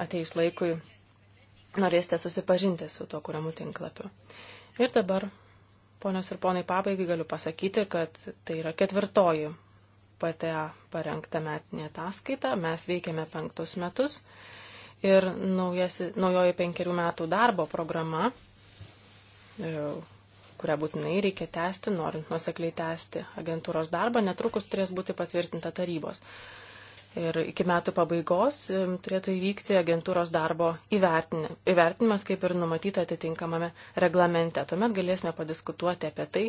ateis laikui norėsite susipažinti su to kuriamu tinklapiu. Ir dabar, ponios ir ponai, pabaigai galiu pasakyti, kad tai yra ketvirtoji PTA parengtą metinį ataskaitą. Mes veikiame penktus metus ir naujasi, naujoji penkerių metų darbo programa, e, kurią būtinai reikia tęsti, norint nusekliai tęsti agentūros darbą, netrukus turės būti patvirtinta tarybos. Ir iki metų pabaigos e, turėtų įvykti agentūros darbo įvertinimas, kaip ir numatyta atitinkamame reglamente. Tuomet galėsime padiskutuoti apie tai,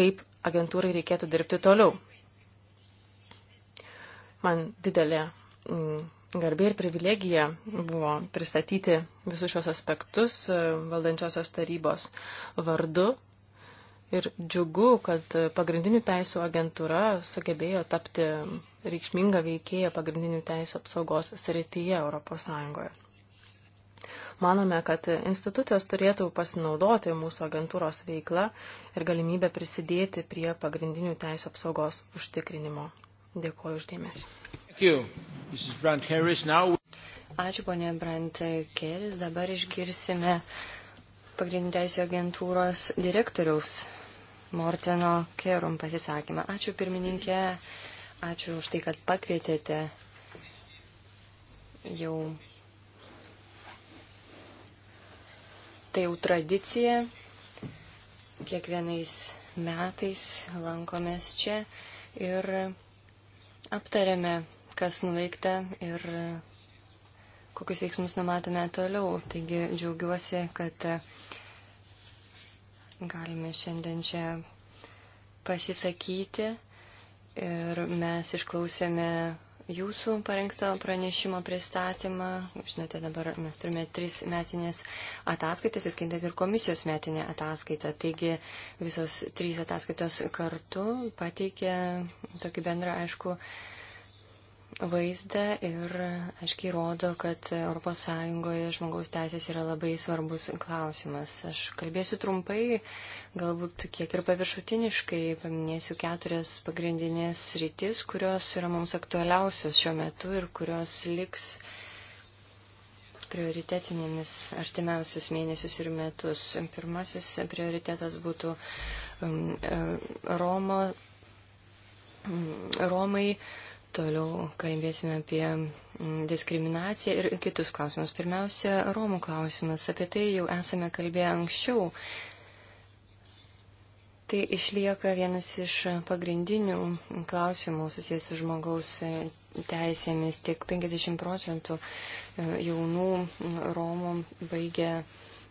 kaip agentūrai reikėtų dirbti toliau. Man didelė mm, garbė ir privilegija buvo pristatyti visus šios aspektus e, valdančiosios tarybos vardu. Ir džiugu, kad pagrindinių teisų agentūra sugebėjo tapti reikšmingą veikėją pagrindinių teisų apsaugos srityje ES. Manome, kad institucijos turėtų pasinaudoti mūsų agentūros veiklą ir galimybę prisidėti prie pagrindinių teisų apsaugos užtikrinimo Dėkuoju uždėmesi. Ačiū, ponė Brant Keris. Dabar išgirsime pagrindinio teisų agentūros direktoriaus Morteno Kerum pasisakymą. Ačiū pirmininkė, ačiū už tai, kad pakvietėte jau. Tai jau tradicija. Kiekvienais metais lankomės čia ir aptarėme, kas nuveikta ir kokius veiksmus numatome toliau. Taigi džiaugiuosi, kad galime šiandien čia pasisakyti ir mes išklausėme jūsų parengto pranešimo pristatymą. Žinote, dabar mes turime tris metinės ataskaitas, įskaitant ir komisijos metinę ataskaitą. Taigi visos trys ataskaitos kartu pateikė tokį bendrą, aišku, vaizdą ir aiškiai rodo, kad ES žmogaus teisės yra labai svarbus klausimas. Aš kalbėsiu trumpai, galbūt kiek ir paviršutiniškai paminėsiu keturias pagrindinės rytis, kurios yra mums aktualiausios šiuo metu ir kurios liks prioritetinėmis artimiausius mėnesius ir metus. Pirmasis prioritetas būtų um, e, Romo, um, Romai Toliau kalbėsime apie mm, diskriminaciją ir kitus klausimus. Pirmiausia, Romų klausimas. Apie tai jau esame kalbėję anksčiau. Tai išlieka vienas iš pagrindinių klausimų susijęs su žmogaus teisėmis. Tik 50 procentų e, jaunų mm, Romų baigia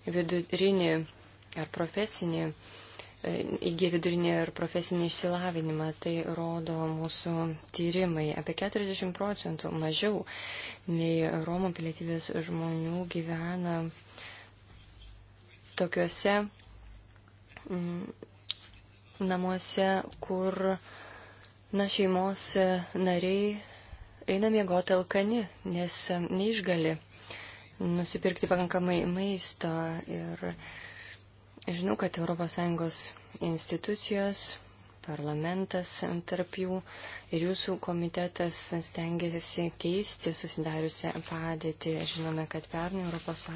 vidurinį ar profesinį įgyja vidurinį ir profesinį išsilavinimą. Tai rodo mūsų tyrimai. Apie 40 procentų mažiau nei Romų pilietybės žmonių gyvena tokiuose mm, namuose, kur na, šeimos nariai eina miegoti alkani, nes neišgali nusipirkti pakankamai maisto ir Žinau, kad ES institucijos, parlamentas tarp jų ir jūsų komitetas stengiasi keisti susidariusią padėtį. Žinome, kad pernai ES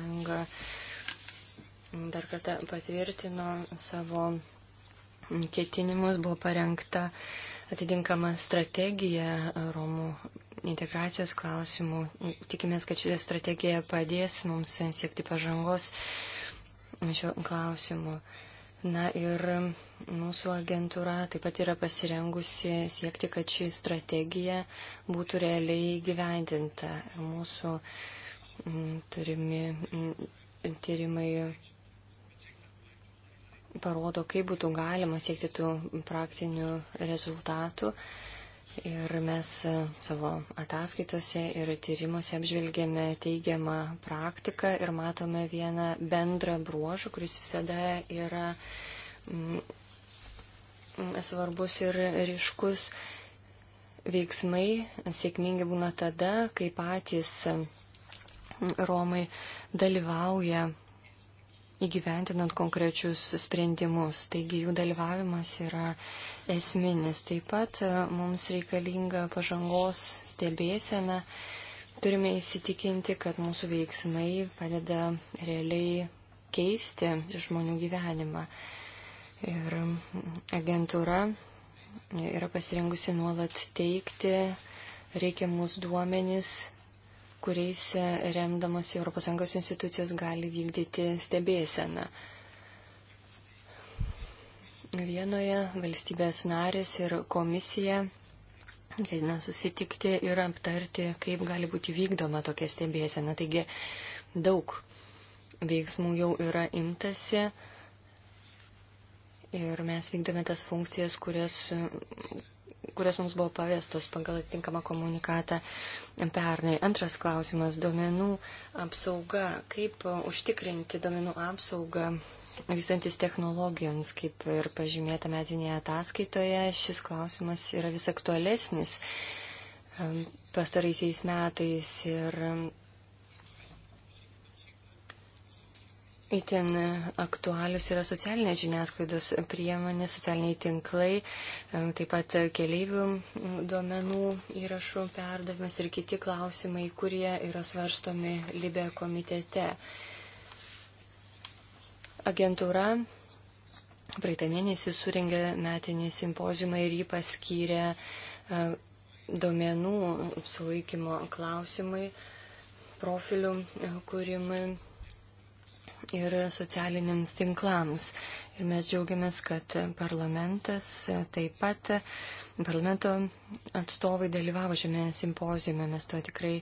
dar kartą patvirtino savo ketinimus, buvo parengta atitinkama strategija Romų integracijos klausimų. Tikimės, kad ši strategija padės mums siekti pažangos šio klausimu. Na ir mūsų agentūra taip pat yra pasirengusi siekti, kad ši strategija būtų realiai gyvendinta. Mūsų mm, turimi mm, tyrimai parodo, kaip būtų galima siekti tų praktinių rezultatų. Ir mes savo ataskaitose ir tyrimuose apžvelgėme teigiamą praktiką ir matome vieną bendrą bruožą, kuris visada yra mm, svarbus ir ryškus. Veiksmai sėkmingi būna tada, kai patys mm, Romai dalyvauja įgyventinant konkrečius sprendimus. Taigi jų dalyvavimas yra esminis. Taip pat e, mums reikalinga pažangos stebėsena. Turime įsitikinti, kad mūsų veiksmai padeda realiai keisti žmonių gyvenimą. Ir agentūra yra pasirengusi nuolat teikti reikiamus duomenis kuriais e, remdamos ES institucijos gali vykdyti stebėseną. Vienoje valstybės narės ir komisija ketina susitikti ir aptarti, kaip gali būti vykdoma tokia stebėsena. Taigi daug veiksmų jau yra imtasi ir mes vykdome tas funkcijas, kurias, kurios mums buvo pavestos pagal atitinkamą komunikatą pernai. Antras klausimas - duomenų apsauga. Kaip užtikrinti duomenų apsaugą vystantis technologijoms, kaip ir pažymėta metinėje ataskaitoje, šis klausimas yra vis aktualesnis um, pastaraisiais metais ir Įtin aktualius yra socialinės žiniasklaidos priemonės, socialiniai tinklai, taip pat keleivių duomenų įrašų perdavimas ir kiti klausimai, kurie yra svarstomi Libė komitete. Agentūra praeitą mėnesį suringė metinį simpozimą ir jį paskyrė e, duomenų sulaikymo klausimai, profilių e, kūrimai ir socialiniams tinklams. Ir mes džiaugiamės, kad parlamentas taip pat, parlamento atstovai dalyvavo šiame simpozijume, mes to tikrai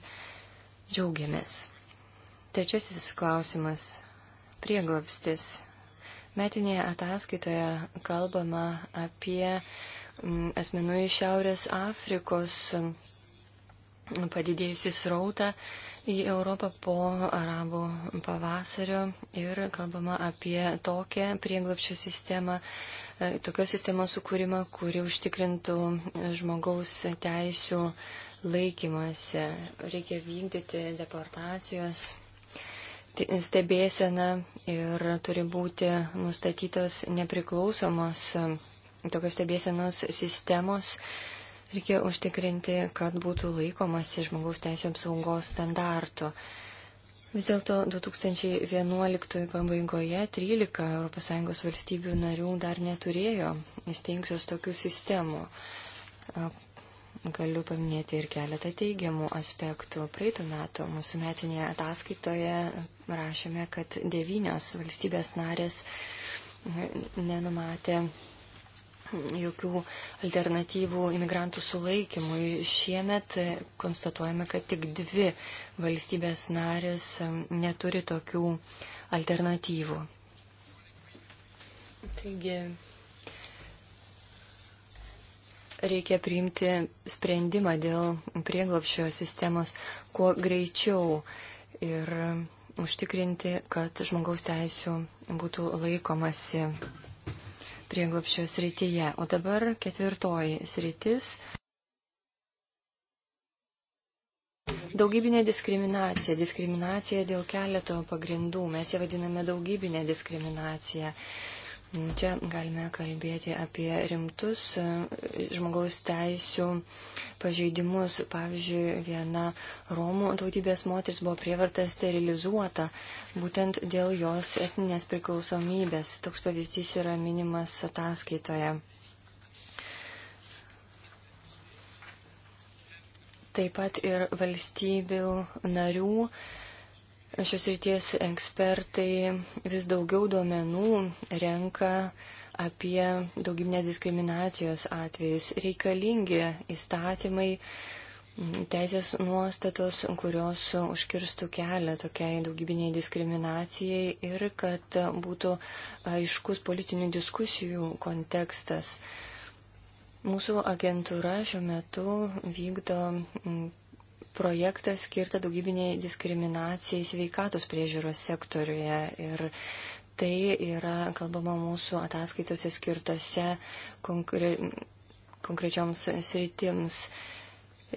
džiaugiamės. Trečiasis klausimas - prieglapstis. Metinėje ataskaitoje kalbama apie mm, asmenų iš Šiaurės Afrikos padidėjusi srautą į Europą po arabų pavasario ir kalbama apie tokią prieglapčių sistemą, e, tokios sistemos sukūrimą, kuri užtikrintų žmogaus teisų laikymasi. Reikia vykdyti deportacijos stebėseną ir turi būti nustatytos nepriklausomos tokios stebėsenos sistemos Reikia užtikrinti, kad būtų laikomasi žmogaus teisėm saugos standartų. Vis dėlto 2011 pabaigoje 13 ES valstybių narių dar neturėjo įsteigusios tokių sistemų. Galiu paminėti ir keletą teigiamų aspektų. Praeitų metų mūsų metinėje ataskaitoje rašėme, kad devynios valstybės narės nenumatė jokių alternatyvų imigrantų sulaikymui. Šiemet konstatuojame, kad tik dvi valstybės narės neturi tokių alternatyvų. Taigi reikia priimti sprendimą dėl prieglapšio sistemos kuo greičiau ir užtikrinti, kad žmogaus teisų būtų laikomasi prieglopščio srityje. O dabar ketvirtoji sritis. Daugybinė diskriminacija. Diskriminacija dėl keleto pagrindų. Mes ją vadiname daugybinė diskriminacija. Čia galime kalbėti apie rimtus e, žmogaus teisų pažeidimus. Pavyzdžiui, viena Romų tautybės moteris buvo prievarta sterilizuota būtent dėl jos etninės priklausomybės. Toks pavyzdys yra minimas ataskaitoje. Taip pat ir valstybių narių Šios ryties ekspertai vis daugiau duomenų renka apie daugybinės diskriminacijos atvejus. Reikalingi įstatymai, teisės nuostatos, kurios užkirstų kelią tokiai daugybiniai diskriminacijai ir kad būtų aiškus politinių diskusijų kontekstas. Mūsų agentūra šiuo metu vykdo projektą skirtą daugybiniai diskriminacijai sveikatos priežiūros sektoriuje. Ir tai yra kalbama mūsų ataskaitose skirtose konkre... konkrečioms sritims.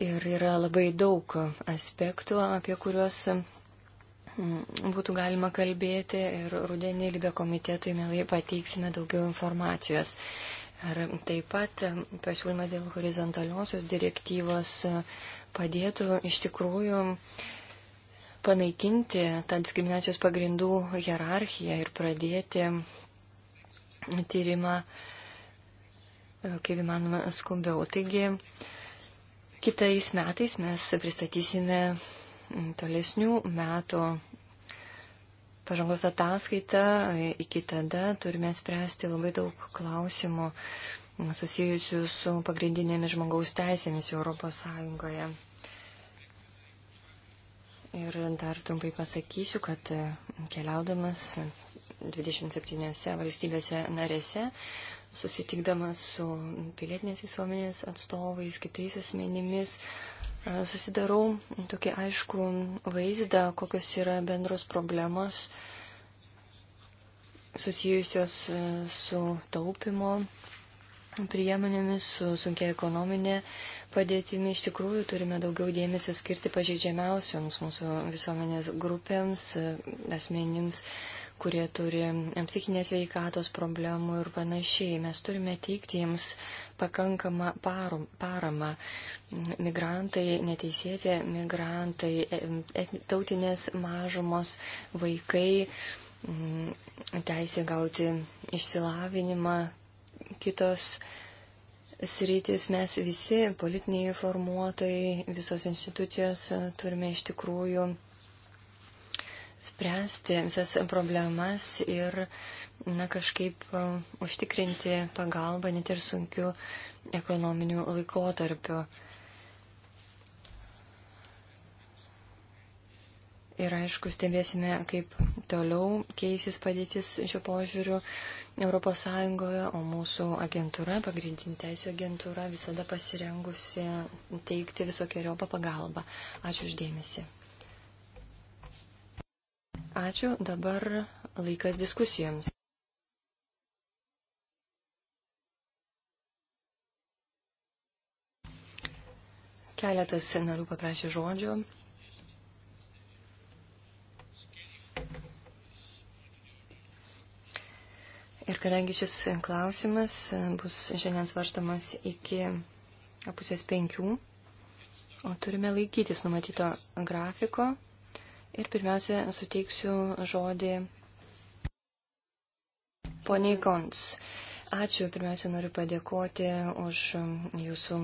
Ir yra labai daug aspektų, apie kuriuos mm, būtų galima kalbėti ir rudenį Libė komitetui mielai pateiksime daugiau informacijos. Ir taip pat pasiūlymas dėl horizontaliosios direktyvos padėtų iš tikrųjų panaikinti tą diskriminacijos pagrindų hierarchiją ir pradėti tyrimą, e, kaip įmanoma, skumbiau. Taigi, kitais metais mes pristatysime tolesnių metų pažangos ataskaitą. Iki tada turime spręsti labai daug klausimų susijusių su pagrindinėmis žmogaus teisėmis Europos Sąjungoje. Ir dar trumpai pasakysiu, kad e, keliaudamas 27 valstybėse narėse, susitikdamas su pilietinės visuomenės atstovais, kitais asmenimis, e, susidarau tokį aišku vaizdą, kokios yra bendros problemos susijusios e, su taupimo priemonėmis, su sunkia ekonominė padėtimi iš tikrųjų turime daugiau dėmesio skirti pažeidžiamiausiams mūsų visuomenės grupėms, asmenims, kurie turi psichinės veikatos problemų ir panašiai. Mes turime teikti jiems pakankamą paramą. Migrantai, neteisėti migrantai, tautinės mažumos, vaikai teisė gauti išsilavinimą, kitos sritis mes visi, politiniai formuotojai, visos institucijos turime iš tikrųjų spręsti visas problemas ir na, kažkaip e, užtikrinti pagalbą net ir sunkiu ekonominiu laikotarpiu. Ir aišku, stebėsime, kaip toliau keisis padėtis šio požiūriu. ES, o mūsų agentūra, pagrindinė teisų agentūra, visada pasirengusi teikti visokiojopą pagalbą. Ačiū uždėmesi. Ačiū. Dabar laikas diskusijoms. Keletas narių paprašė žodžio. Ir kadangi šis klausimas e, bus šiandien svarstamas iki pusės penkių, o turime laikytis numatyto grafiko ir pirmiausia suteiksiu žodį poniai Kons. Ačiū, pirmiausia noriu padėkoti už jūsų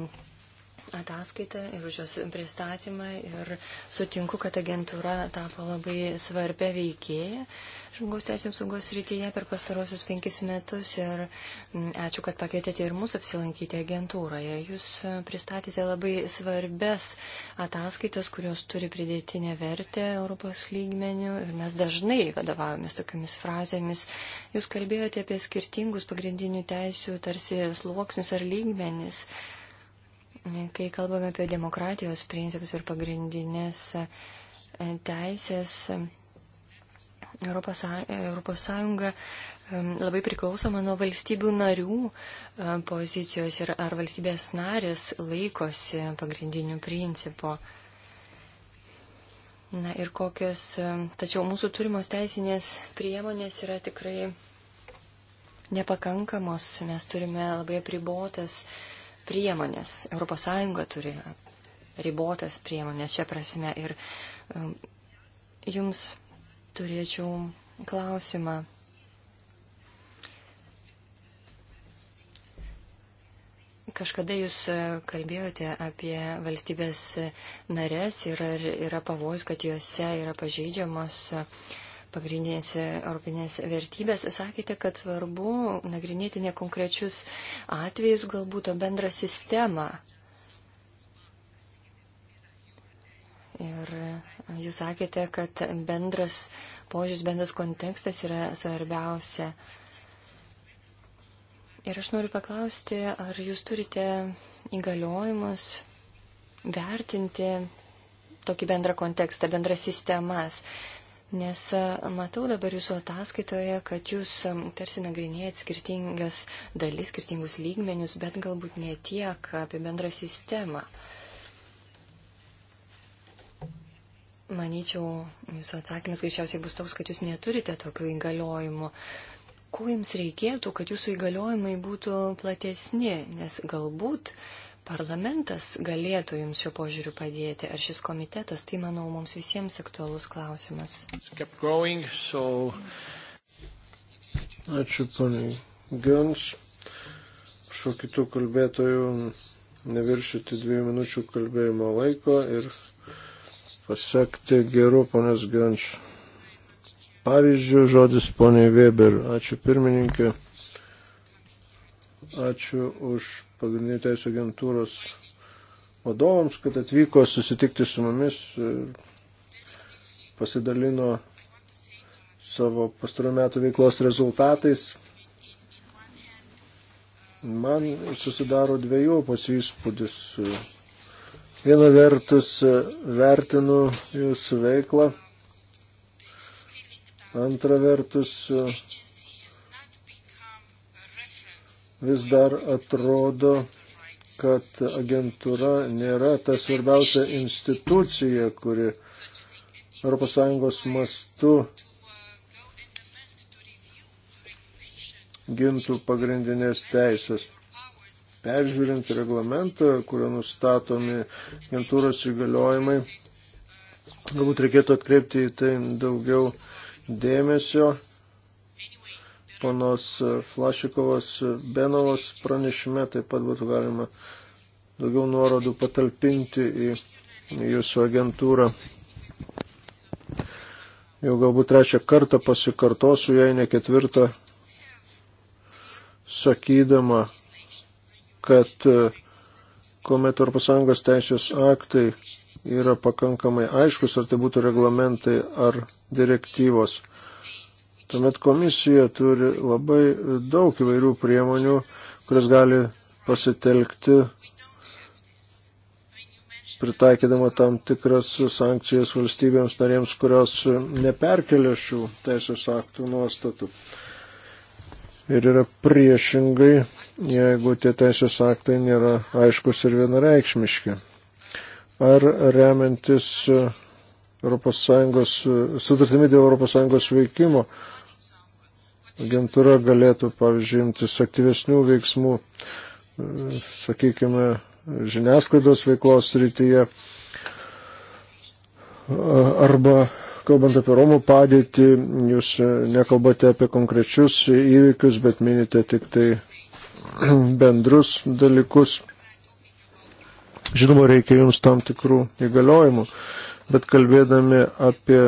ataskaitą ir už jos pristatymą ir sutinku, kad agentūra tapo labai svarbia veikėja žmogaus teisų apsaugos rytyje per pastarosius penkis metus ir mm, ačiū, kad pakvietėte ir mūsų apsilankyti agentūroje. Jūs pristatėte labai svarbes ataskaitas, kurios turi pridėtinę vertę Europos lygmenių ir mes dažnai vadovavomės tokiamis frazėmis. Jūs kalbėjote apie skirtingus pagrindinių teisų tarsi sluoksnius ar lygmenis. Kai kalbame apie demokratijos principus ir pagrindinės e, teisės, Europos, Europos Sąjunga e, labai priklausoma nuo valstybių narių e, pozicijos ir ar valstybės narės laikosi pagrindinių principų. Na ir kokios, tačiau mūsų turimos teisinės priemonės yra tikrai nepakankamos, mes turime labai apribotas priemonės. ES turi ribotas priemonės šią prasme. Ir um, jums turėčiau klausimą. Kažkada jūs e, kalbėjote apie valstybės e, narės ir yra pavojus, kad juose yra pažeidžiamos uh, pagrindinės europinės vertybės, sakėte, kad svarbu nagrinėti ne konkrečius atvejus, galbūt, o bendrą sistemą. Ir jūs sakėte, kad bendras požiūris, bendras kontekstas yra svarbiausia. Ir aš noriu paklausti, ar jūs turite įgaliojimus vertinti tokį bendrą kontekstą, bendras sistemas. Nes e, matau dabar jūsų ataskaitoje, kad jūs e, tarsi nagrinėjat skirtingas dalis, skirtingus lygmenius, bet galbūt ne tiek apie bendrą sistemą. Manyčiau, jūsų atsakymas greičiausiai bus toks, kad jūs neturite tokių įgaliojimų. Ko jums reikėtų, kad jūsų įgaliojimai būtų platesni, nes galbūt uh, parlamentas galėtų jums šio požiūriu padėti, ar šis komitetas, tai manau, mums visiems aktualus klausimas. Growing, so... Ačiū, poniai Gans. Šio kitų kalbėtojų neviršyti dviejų minučių kalbėjimo laiko ir pasiekti gerų ponios Gans. Pavyzdžių žodis poniai Weber. Ačiū pirmininkė. Ačiū už pagrindinių teisų agentūros vadovams, kad atvyko susitikti su mumis ir pasidalino savo pastarų metų veiklos rezultatais. Man susidaro dviejopas įspūdis. Viena vertus vertinu jūsų veiklą, antra vertus vis dar atrodo, kad agentūra nėra ta svarbiausia institucija, kuri ES mastu gintų pagrindinės teisės. Peržiūrint reglamentą, kurio nustatomi agentūros įgaliojimai, galbūt reikėtų atkreipti į tai daugiau dėmesio panos Flašikovos Benovos pranešime taip pat būtų galima daugiau nuorodų patalpinti į jūsų agentūrą. Jau galbūt trečią kartą pasikartosiu, jei ne ketvirtą, sakydama, kad e, kuomet Europos Sąjungos teisės aktai yra pakankamai aiškus, ar tai būtų reglamentai ar direktyvos. Tuomet komisija turi labai daug įvairių priemonių, kurias gali pasitelkti, pritaikydama tam tikras sankcijas valstybėms narėms, kurios neperkelia šių teisės aktų nuostatų. Ir yra priešingai, jeigu tie teisės aktai nėra aiškus ir vienareikšmiški. Ar remiantis ES, sutartimi dėl ES veikimo, agentūra galėtų, pavyzdžiui, imtis aktyvesnių veiksmų, sakykime, žiniasklaidos veiklos rytyje arba kalbant apie Romų padėtį, jūs nekalbate apie konkrečius įvykius, bet minite tik tai bendrus dalykus. Žinoma, reikia jums tam tikrų įgaliojimų, bet kalbėdami apie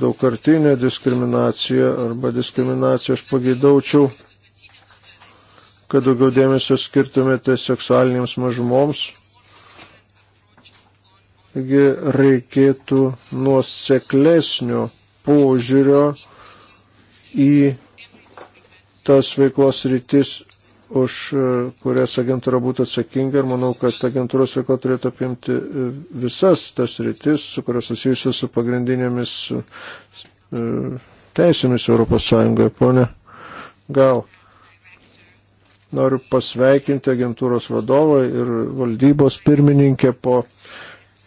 daugkartinė diskriminacija arba diskriminacija. Aš pagaidaučiau, kad daugiau dėmesio skirtumėte seksualinėms mažumoms. Taigi reikėtų nuoseklesnio požiūrio į tas veiklos rytis už e, kurias agentūra būtų atsakinga ir manau, kad agentūros veikla turėtų apimti e, visas tas rytis, kurios susijusios su pagrindinėmis e, teisėmis Europos Sąjungoje. Pone, gal noriu pasveikinti agentūros vadovą ir valdybos pirmininkę po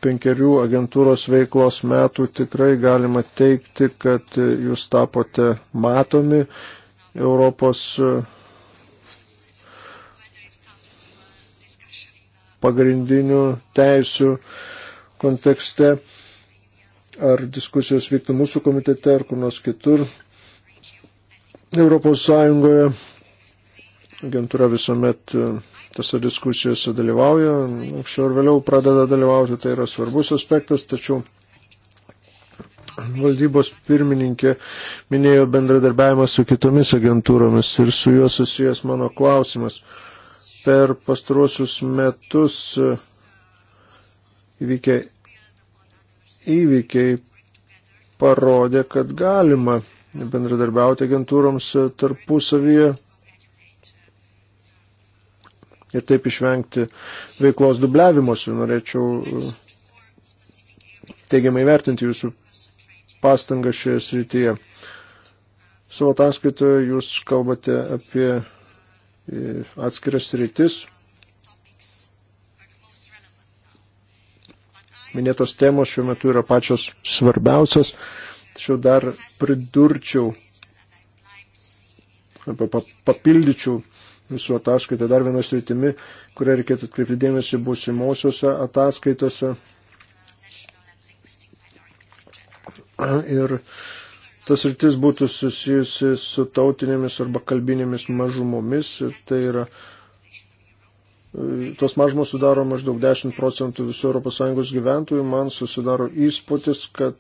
penkerių agentūros veiklos metų tikrai galima teikti, kad jūs tapote matomi Europos pagrindinių teisių kontekste, ar diskusijos vyktų mūsų komitete, ar kur nors kitur. Europos Sąjungoje agentūra visuomet e, tose diskusijose dalyvauja, anksčiau ir vėliau pradeda dalyvauti, tai yra svarbus aspektas, tačiau valdybos pirmininkė minėjo bendradarbiavimą su kitomis agentūromis ir su juo susijęs mano klausimas per pastruosius metus įvykiai, įvykiai parodė, kad galima bendradarbiauti agentūroms tarpusavyje ir taip išvengti veiklos dubliavimus. Norėčiau teigiamai vertinti jūsų pastangą šioje srityje. Savo ataskaitoje jūs kalbate apie atskiras rytis. Minėtos temos šiuo metu yra pačios svarbiausios, tačiau dar pridurčiau, papildyčiau visų ataskaitą dar vieną sritimi, kurią reikėtų atkreipti dėmesį būsimosiuose ataskaitose. Ir uh, tas rytis būtų susijusi su tautinėmis arba kalbinėmis mažumomis. Tai yra, e, tos mažumos sudaro maždaug 10 procentų visų ES gyventojų. Man susidaro įspūdis, kad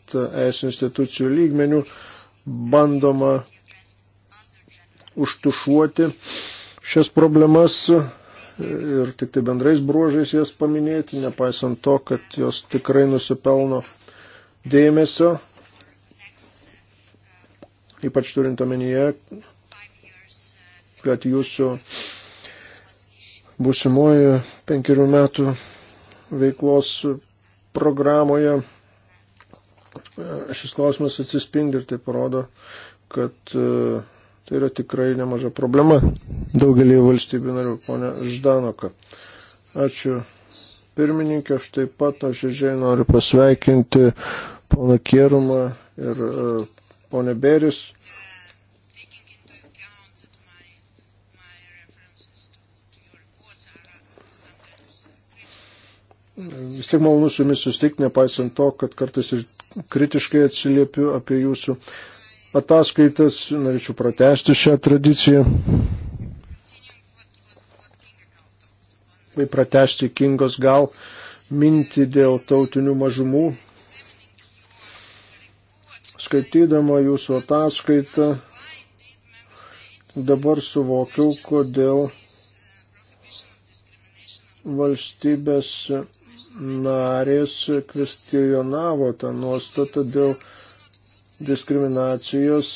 ES institucijų lygmenių bandoma užtušuoti šias problemas ir tik tai bendrais bruožais jas paminėti, nepaisant to, kad jos tikrai nusipelno dėmesio ypač turint omenyje, kad jūsų būsimoji penkerių metų veiklos programoje šis klausimas atsispindi ir tai parodo, kad e, tai yra tikrai nemaža problema daugelį valstybių narių, ponė Ždanoka. Ačiū pirmininkė, aš taip pat nuoširdžiai noriu pasveikinti poną Kierumą ir e, ponė Beris. Vis tiek malonu su jumis sustikti, nepaisant to, kad kartais ir kritiškai atsiliepiu apie jūsų ataskaitas. Norėčiau pratesti šią tradiciją. Vai pratesti Kingos gal mintį dėl tautinių mažumų skaitydama jūsų ataskaitą, dabar suvokiau, kodėl valstybės narės kvestionavo tą nuostatą dėl diskriminacijos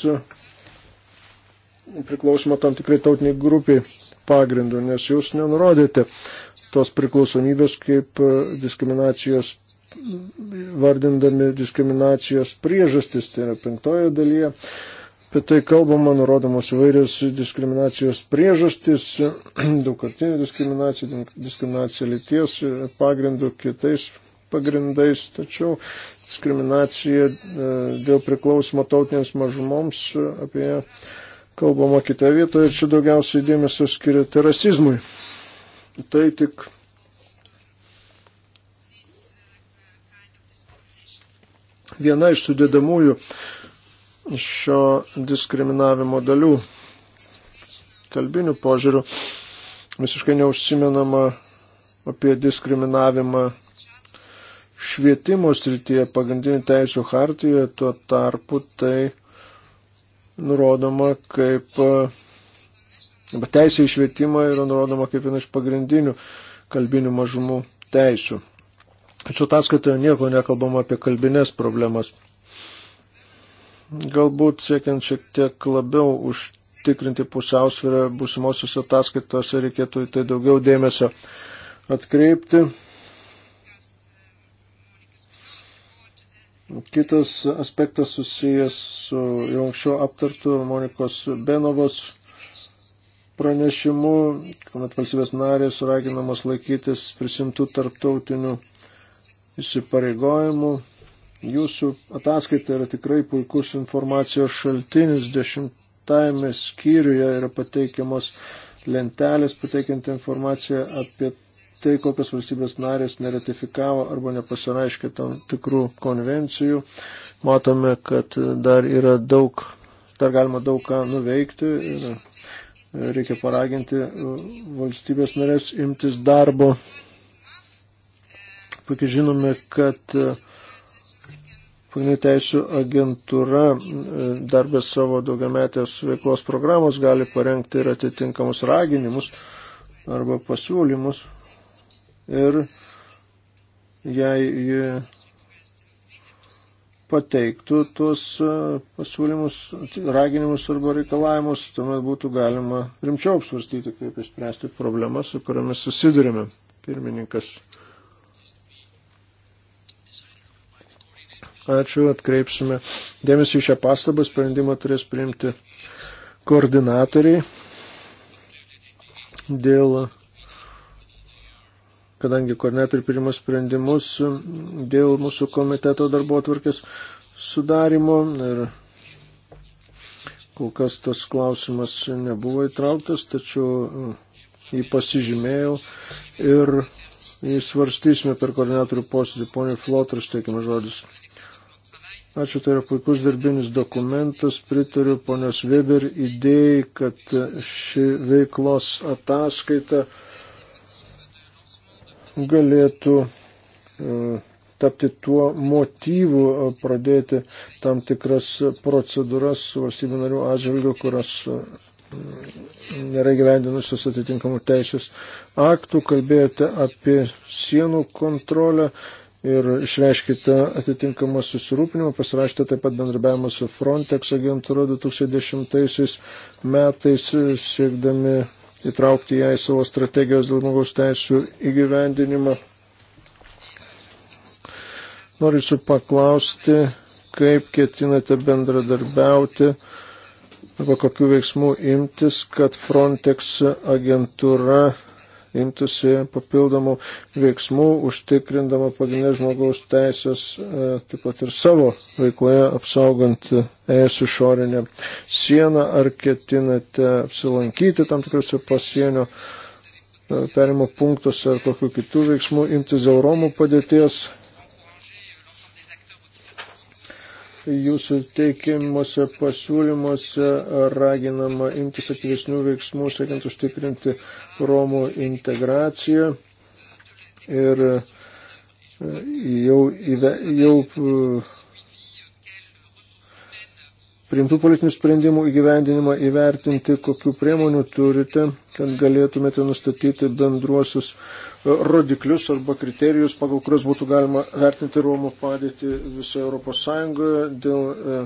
priklausimo tam tikrai tautiniai grupiai pagrindų, nes jūs nenurodėte tos priklausomybės kaip diskriminacijos vardindami diskriminacijos priežastis, tai yra penktoje dalyje. Apie tai kalbama, nurodomos įvairios diskriminacijos priežastis, daugkartinė diskriminacija, diskriminacija lyties pagrindų kitais pagrindais, tačiau diskriminacija e, dėl priklausimo tautinėms mažumoms apie ją kalbama kitoje vietoje ir čia daugiausiai dėmesio skiriate tai rasizmui. Tai tik viena iš sudėdamųjų šio diskriminavimo dalių. Kalbinių požiūrių visiškai neužsimenama apie diskriminavimą švietimo srityje pagrindinių teisų hartijoje, tuo tarpu tai nurodoma kaip, arba teisė į švietimą yra nurodoma kaip viena iš pagrindinių kalbinių mažumų teisų. Tačiau ataskaitoje nieko nekalbama apie kalbinės problemas. Galbūt siekiant šiek tiek labiau užtikrinti pusiausvyrą būsimosios ataskaitose reikėtų į tai daugiau dėmesio atkreipti. Kitas aspektas susijęs su jau anksčiau aptartu Monikos Benovos pranešimu, kuomet valstybės narės raginamos laikytis prisimtų tarptautinių įsipareigojimų. Jūsų ataskaita yra tikrai puikus informacijos šaltinis. Dešimtajame skyriuje yra pateikiamos lentelės, pateikiant informaciją apie tai, kokios valstybės narės neratifikavo arba nepasireiškė tam tikrų konvencijų. Matome, kad dar yra daug, dar galima daug ką nuveikti ir reikia paraginti valstybės narės imtis darbo puikiai žinome, kad e, Pagrindinių teisų agentūra e, darbės savo daugiametės veiklos programos gali parengti ir atitinkamus raginimus arba pasiūlymus. Ir jei ji pateiktų tuos e, pasiūlymus, raginimus arba reikalavimus, tuomet būtų galima rimčiau apsvarstyti, kaip išspręsti problemas, su kuriamis susidurime. Pirmininkas. Ačiū, atkreipsime dėmesį į šią pastabą, sprendimą turės priimti koordinatoriai dėl, kadangi koordinatoriai priima sprendimus dėl mūsų komiteto darbo atvarkės sudarimo ir kol kas tas klausimas nebuvo įtrauktas, tačiau mm, jį pasižymėjau ir jį svarstysime per koordinatorių posėdį. Pone Flotras, teikime žodis. Ačiū, tai yra puikus darbinis dokumentas. Pritariu ponios Weber idėjai, kad ši veiklos ataskaita galėtų e, tapti tuo motyvu pradėti tam tikras procedūras su valstybių narių atžvilgiu, kurios e, nėra gyvendinusios atitinkamų teisės aktų, kalbėjote apie sienų kontrolę ir išreiškite atitinkamą susirūpinimą, pasirašėte taip pat bendrabiavimą su Frontex agentūra 2010 metais, siekdami įtraukti ją į savo strategijos dėl žmogaus teisų įgyvendinimą. Noriu jūsų paklausti, kaip ketinate bendradarbiauti arba kokiu veiksmu imtis, kad Frontex agentūra imtųsi papildomų veiksmų, užtikrindama pagrindinės žmogaus teisės, e, taip pat ir savo veikloje apsaugant e, ES išorinę sieną, ar ketinate apsilankyti tam tikrose pasienio e, perimo punktuose ar kokiu kitų veiksmų imtis dėl Romų padėties jūsų teikimuose pasiūlymuose raginama imtis aktyvesnių veiksmų, siekiant užtikrinti Romų integraciją. Ir e, jau, jau e, priimtų politinių sprendimų įgyvendinimą įvertinti, kokiu priemonių turite, kad galėtumėte nustatyti bendruosius rodiklius arba kriterijus, pagal kuriuos būtų galima vertinti Romų padėtį visoje Europos Sąjungoje dėl e,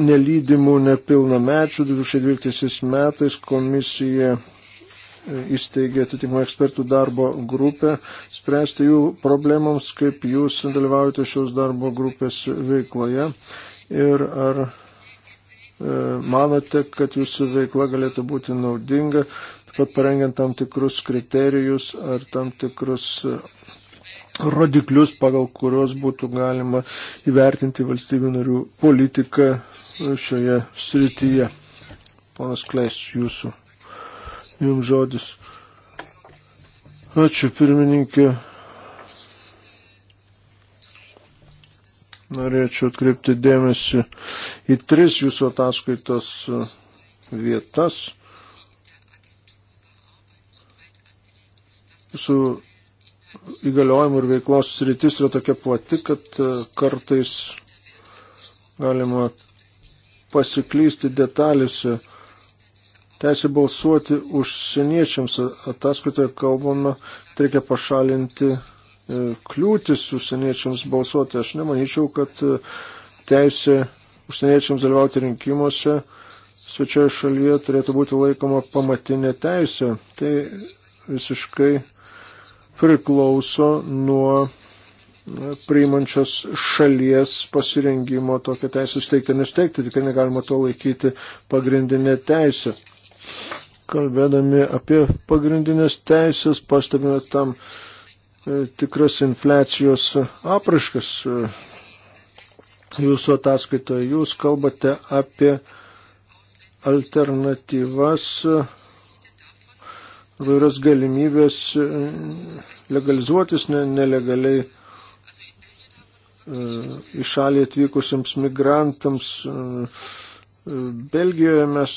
nelydimų nepilnamečių 2012 metais komisija e, įsteigė atitinkamą ekspertų darbo grupę, spręsti jų problemams, kaip jūs dalyvaujate šios darbo grupės veikloje ir ar e, manote, kad jūsų veikla galėtų būti naudinga pat parengiant tam tikrus kriterijus ar tam tikrus e, rodiklius, pagal kuriuos būtų galima įvertinti valstybių narių politiką e, šioje srityje. Ponas Kleis, jūsų, jums žodis. Ačiū, pirmininkė. Norėčiau atkreipti dėmesį į tris jūsų ataskaitos e, vietas. Jūsų įgaliojimų ir veiklos sritis yra tokia plati, kad e, kartais galima pasiklysti detalėse. Teisė balsuoti užsieniečiams ataskaitoje kalbama, tai reikia pašalinti e, kliūtis užsieniečiams balsuoti. Aš nemanyčiau, kad e, teisė užsieniečiams dalyvauti rinkimuose svečioje šalyje turėtų būti laikoma pamatinė teisė. Tai visiškai priklauso nuo priimančios šalies pasirengimo tokią teisę steigti ar nesteigti. Tikrai negalima to laikyti pagrindinė teisė. Kalbėdami apie pagrindinės teisės, pastebime tam e, tikras infliacijos apraškas. E, jūsų ataskaitoje jūs kalbate apie alternatyvas vairios galimybės e, legalizuotis nelegaliai e, į šalį atvykusiems migrantams. E, Belgijoje mes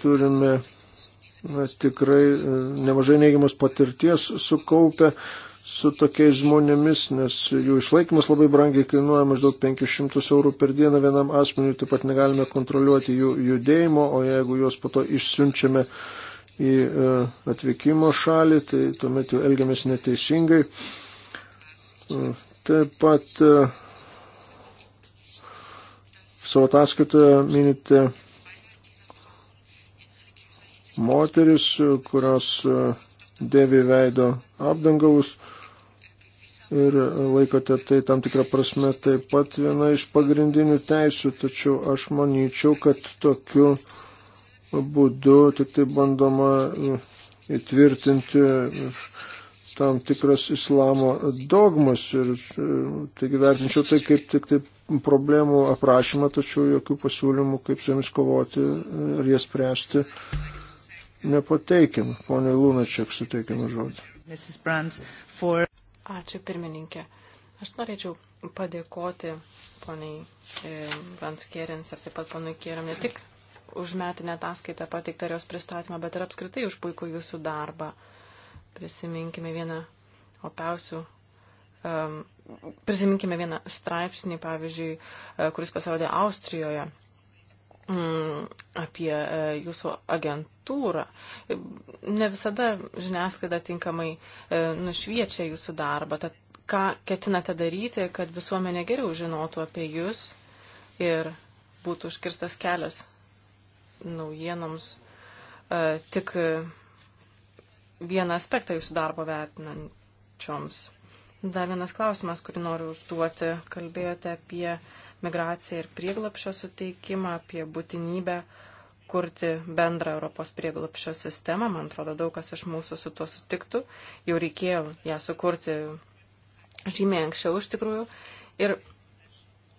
turime tikrai nemažai neigiamas patirties sukaupę su tokiais žmonėmis, nes jų išlaikymas labai brangiai kainuoja maždaug 500 eurų per dieną vienam asmeniui, taip pat negalime kontroliuoti jų judėjimo, o jeigu juos po to išsiunčiame uh, į e, atvykimo šalį, tai tuomet jau elgiamės neteisingai. E, taip pat e, savo ataskaitoje minite moteris, kurios dėvi veido apdangalus ir laikote tai tam tikrą prasme taip pat viena iš pagrindinių teisų, tačiau aš manyčiau, kad tokiu būdu tik tai bandoma e, įtvirtinti e, tam tikras islamo dogmas ir e, taigi vertinčiau tai kaip tik tai problemų aprašymą, tačiau jokių pasiūlymų, kaip su jomis kovoti ir jas spręsti, nepateikim. Pone Lunačiak, suteikim žodį. For... Ačiū pirmininkė. Aš norėčiau padėkoti poniai Brans Kierins ir taip pat ponui Kierim ne tik už metinę ataskaitą pateiktą ir jos pristatymą, bet ir apskritai už puikų jūsų darbą. Prisiminkime vieną opiausių. Um, prisiminkime vieną straipsnį, pavyzdžiui, e, kuris pasirodė Austrijoje mm, apie e, jūsų agentūrą. Ne visada žiniasklaida tinkamai e, nušviečia jūsų darbą. Tad ką ketinate daryti, kad visuomenė geriau žinotų apie jūs ir būtų užkirstas kelias naujienoms e, tik vieną aspektą jūsų darbo vertinančioms. Dar vienas klausimas, kurį noriu užduoti. Kalbėjote apie migraciją ir prieglapšio suteikimą, apie būtinybę kurti bendrą Europos prieglapšio sistemą. Man atrodo, daug kas iš mūsų su tuo sutiktų. Jau reikėjo ją sukurti žymiai anksčiau iš tikrųjų. Ir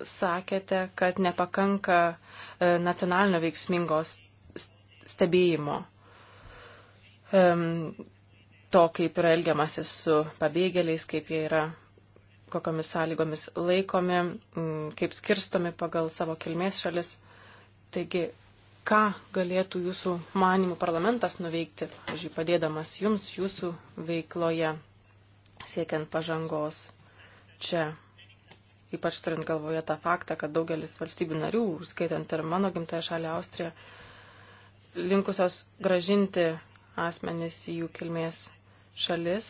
sakėte, kad nepakanka e, nacionalinio veiksmingo stebėjimo to, kaip yra elgiamasi su pabėgėliais, kaip jie yra, kokiamis sąlygomis laikomi, kaip skirstomi pagal savo kilmės šalis. Taigi, ką galėtų jūsų manimų parlamentas nuveikti, pavyzdžiui, padėdamas jums jūsų veikloje, siekiant pažangos čia ypač turint galvoje tą faktą, kad daugelis valstybių narių, skaitant ir mano gimtoje šalia Austrija, linkusios gražinti asmenis į jų kilmės šalis,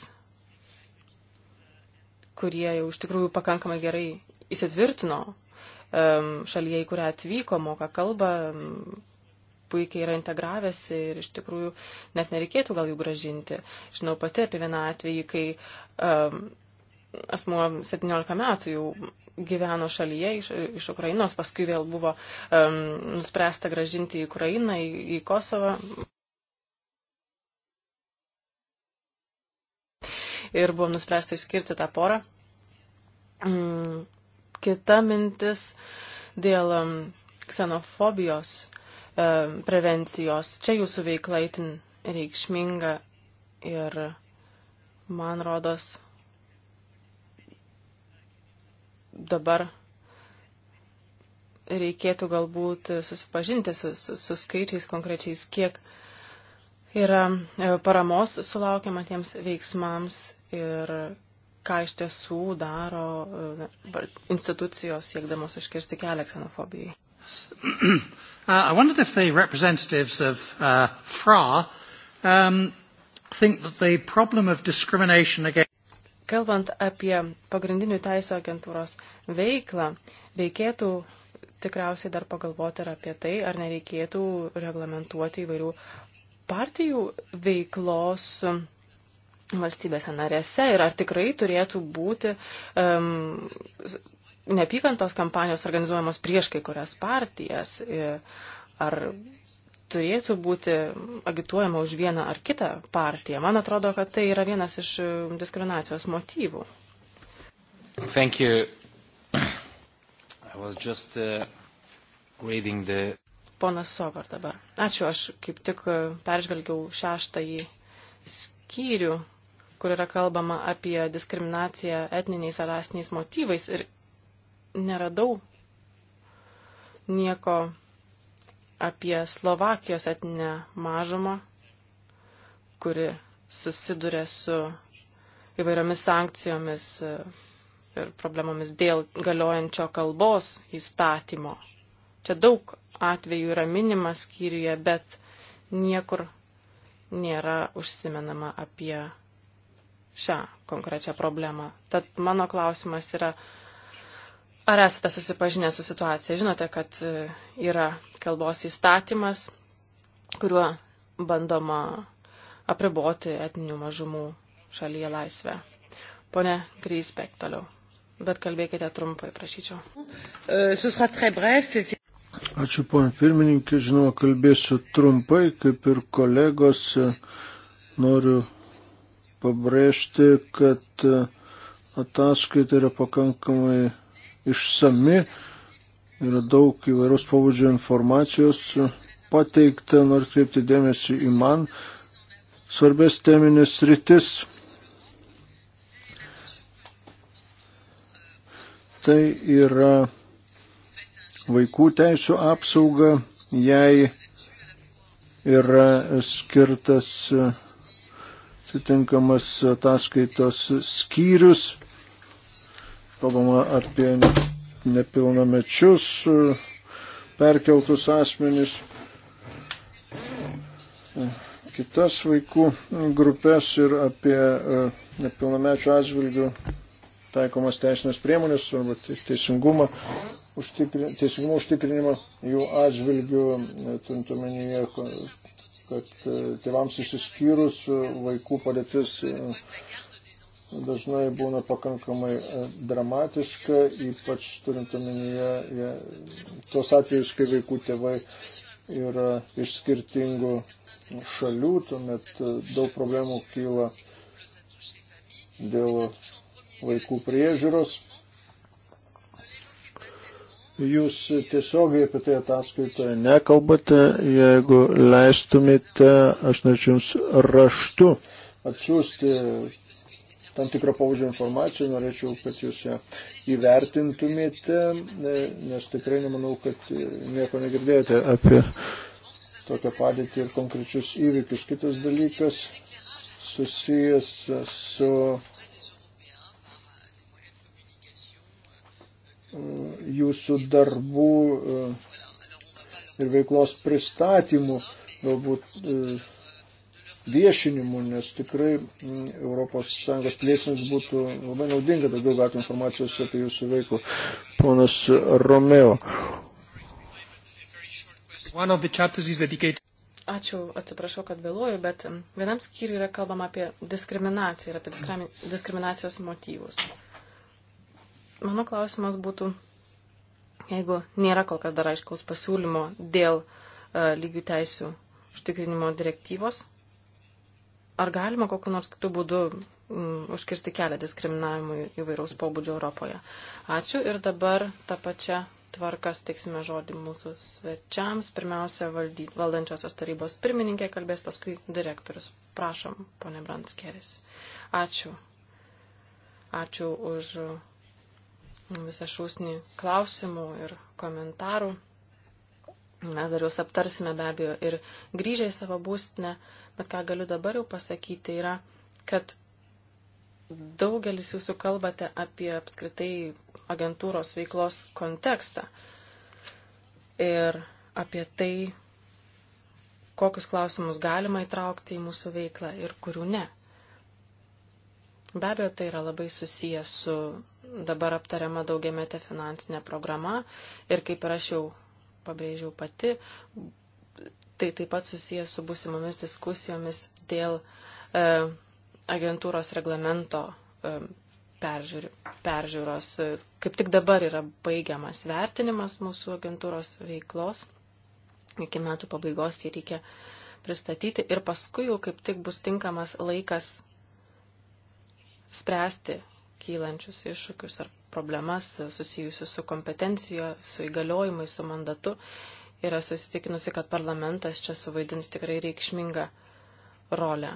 kurie jau iš tikrųjų pakankamai gerai įsitvirtino šalyje, į kurią atvyko, moka kalbą, puikiai yra integravęsi ir iš tikrųjų net nereikėtų gal jų gražinti. Žinau pati apie vieną atvejį, kai um, asmuo 17 metų jau gyveno šalyje iš, iš Ukrainos, paskui vėl buvo um, nuspręsta gražinti į Ukrainą, į, į Kosovą. Ir buvo nuspręsta išskirti tą porą. Um, kita mintis dėl um, ksenofobijos um, prevencijos. Čia jūsų veikla itin reikšminga ir, man rodos, dabar reikėtų galbūt susipažinti su, su, su skaičiais konkrečiais, kiek yra e, paramos sulaukiama tiems veiksmams ir ką iš tiesų daro e, institucijos siekdamos užkirsti kelią ksenofobijai. Uh, I wondered if the representatives of uh, FRA um, think that the problem of discrimination against Kalbant apie pagrindinių teisų agentūros veiklą, reikėtų tikriausiai dar pagalvoti ir apie tai, ar nereikėtų reglamentuoti įvairių partijų veiklos valstybėse narėse ir ar tikrai turėtų būti um, neapykantos kampanijos organizuojamos prieš kai kurias partijas, e, ar turėtų būti agituojama už vieną ar kitą partiją. Man atrodo, kad tai yra vienas iš e, diskriminacijos motyvų. Thank you. I was just uh, reading the. Ponas Sogar dabar. Ačiū, aš kaip tik e, peržvelgiau šeštąjį skyrių, kur yra kalbama apie diskriminaciją etniniais ar asiniais motyvais ir neradau nieko apie Slovakijos etinę mažumą, kuri susiduria su įvairiomis sankcijomis e, ir problemomis dėl galiojančio kalbos įstatymo. Čia daug atvejų yra minima skyriuje, bet niekur nėra užsimenama apie šią konkrečią problemą. Tad mano klausimas yra, Ar esate susipažinę su situacija? Žinote, kad e, yra kalbos įstatymas, kuriuo bandoma apriboti etninių mažumų šalyje laisvę. Pone Grisbek toliau. Bet kalbėkite trumpai, prašyčiau. E, Ačiū, ponė pirmininkė. Žinoma, kalbėsiu trumpai, kaip ir kolegos. Noriu pabrėžti, kad e, ataskaita yra pakankamai išsami, yra daug įvairios pavadžio informacijos pateikta, noriu kreipti dėmesį į man svarbės teminės rytis. Tai yra vaikų teisų apsauga, jai yra skirtas atitinkamas ataskaitos skyrius kalbama apie nepilnamečius e, perkeltus asmenys, e, kitas vaikų grupės ir apie e, nepilnamečių atžvilgių taikomas teisinės priemonės arba teisingumą, užtikri, teisingumo užtikrinimą jų atžvilgių, turint omenyje, kad tėvams išsiskyrus vaikų padėtis dažnai būna pakankamai e, dramatiška, ypač turint omenyje e, tos atvejus, kai vaikų tėvai yra iš skirtingų šalių, tuomet e, daug problemų kyla dėl vaikų priežiūros. Jūs tiesiogiai apie tai ataskaitoje nekalbate, jeigu leistumėte, aš norėčiau jums raštu atsiųsti tam tikro paužio informaciją, norėčiau, kad jūs ją įvertintumėte, nes tikrai nemanau, kad nieko negirdėjote apie tokią padėtį ir konkrečius įvykius. Kitas dalykas susijęs su e, jūsų darbų e, ir veiklos pristatymų. Galbūt e, viešinimu, nes tikrai mm, ES piliečiams būtų labai naudinga daugiau gauti informacijos apie jūsų veiklą. Ponas Romeo. Ačiū, atsiprašau, kad vėluoju, bet mm, vienam skyriui yra kalbama apie diskriminaciją ir apie diskriminacijos motyvus. Mano klausimas būtų, jeigu nėra kol kas dar aiškaus pasiūlymo dėl uh, lygių teisių užtikrinimo direktyvos, Ar galima kokiu nors kitų būdų mm, užkirsti kelią diskriminavimui įvairaus pobūdžio Europoje? Ačiū ir dabar tą pačią tvarką steiksime žodį mūsų svečiams. Pirmiausia, valdy, valdančiosios tarybos pirmininkė kalbės, paskui direktorius. Prašom, ponė Brantskeris. Ačiū. Ačiū už visą šūsnį klausimų ir komentarų. Mes dar jūs aptarsime be abejo ir grįžę į savo būstinę, bet ką galiu dabar jau pasakyti yra, kad daugelis jūsų kalbate apie apskritai agentūros veiklos kontekstą ir apie tai, kokius klausimus galima įtraukti į mūsų veiklą ir kurių ne. Be abejo, tai yra labai susijęs su dabar aptariama daugiametė finansinė programa ir kaip ir aš jau pabrėžiau pati, tai taip pat susijęs su busimomis diskusijomis dėl e, agentūros reglamento e, peržiūri, peržiūros. E, kaip tik dabar yra baigiamas vertinimas mūsų agentūros veiklos. Iki metų pabaigos jį reikia pristatyti ir paskui jau kaip tik bus tinkamas laikas spręsti kylančius iššūkius ar problemas susijusius su kompetencijo, su įgaliojimais, su mandatu, ir esu įsitikinusi, kad parlamentas čia suvaidins tikrai reikšmingą rolę.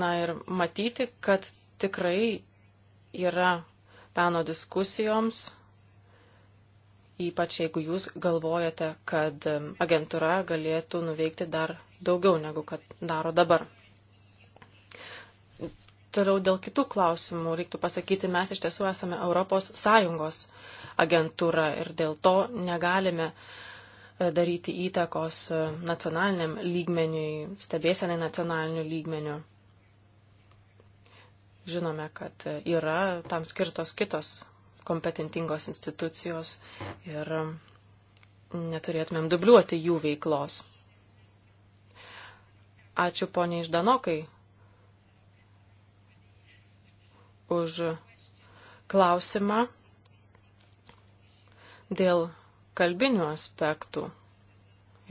Na ir matyti, kad tikrai yra peno diskusijoms, ypač jeigu jūs galvojate, kad agentūra galėtų nuveikti dar daugiau negu kad daro dabar. Toliau dėl kitų klausimų reiktų pasakyti, mes iš tiesų esame Europos Sąjungos agentūra ir dėl to negalime e, daryti įtakos e, nacionaliniam lygmeniui, stebėsenai nacionaliniu lygmeniu. Žinome, kad e, yra tam skirtos kitos kompetentingos institucijos ir neturėtumėm dubliuoti jų veiklos. Ačiū poniai Ždanokai už klausimą dėl kalbinių aspektų.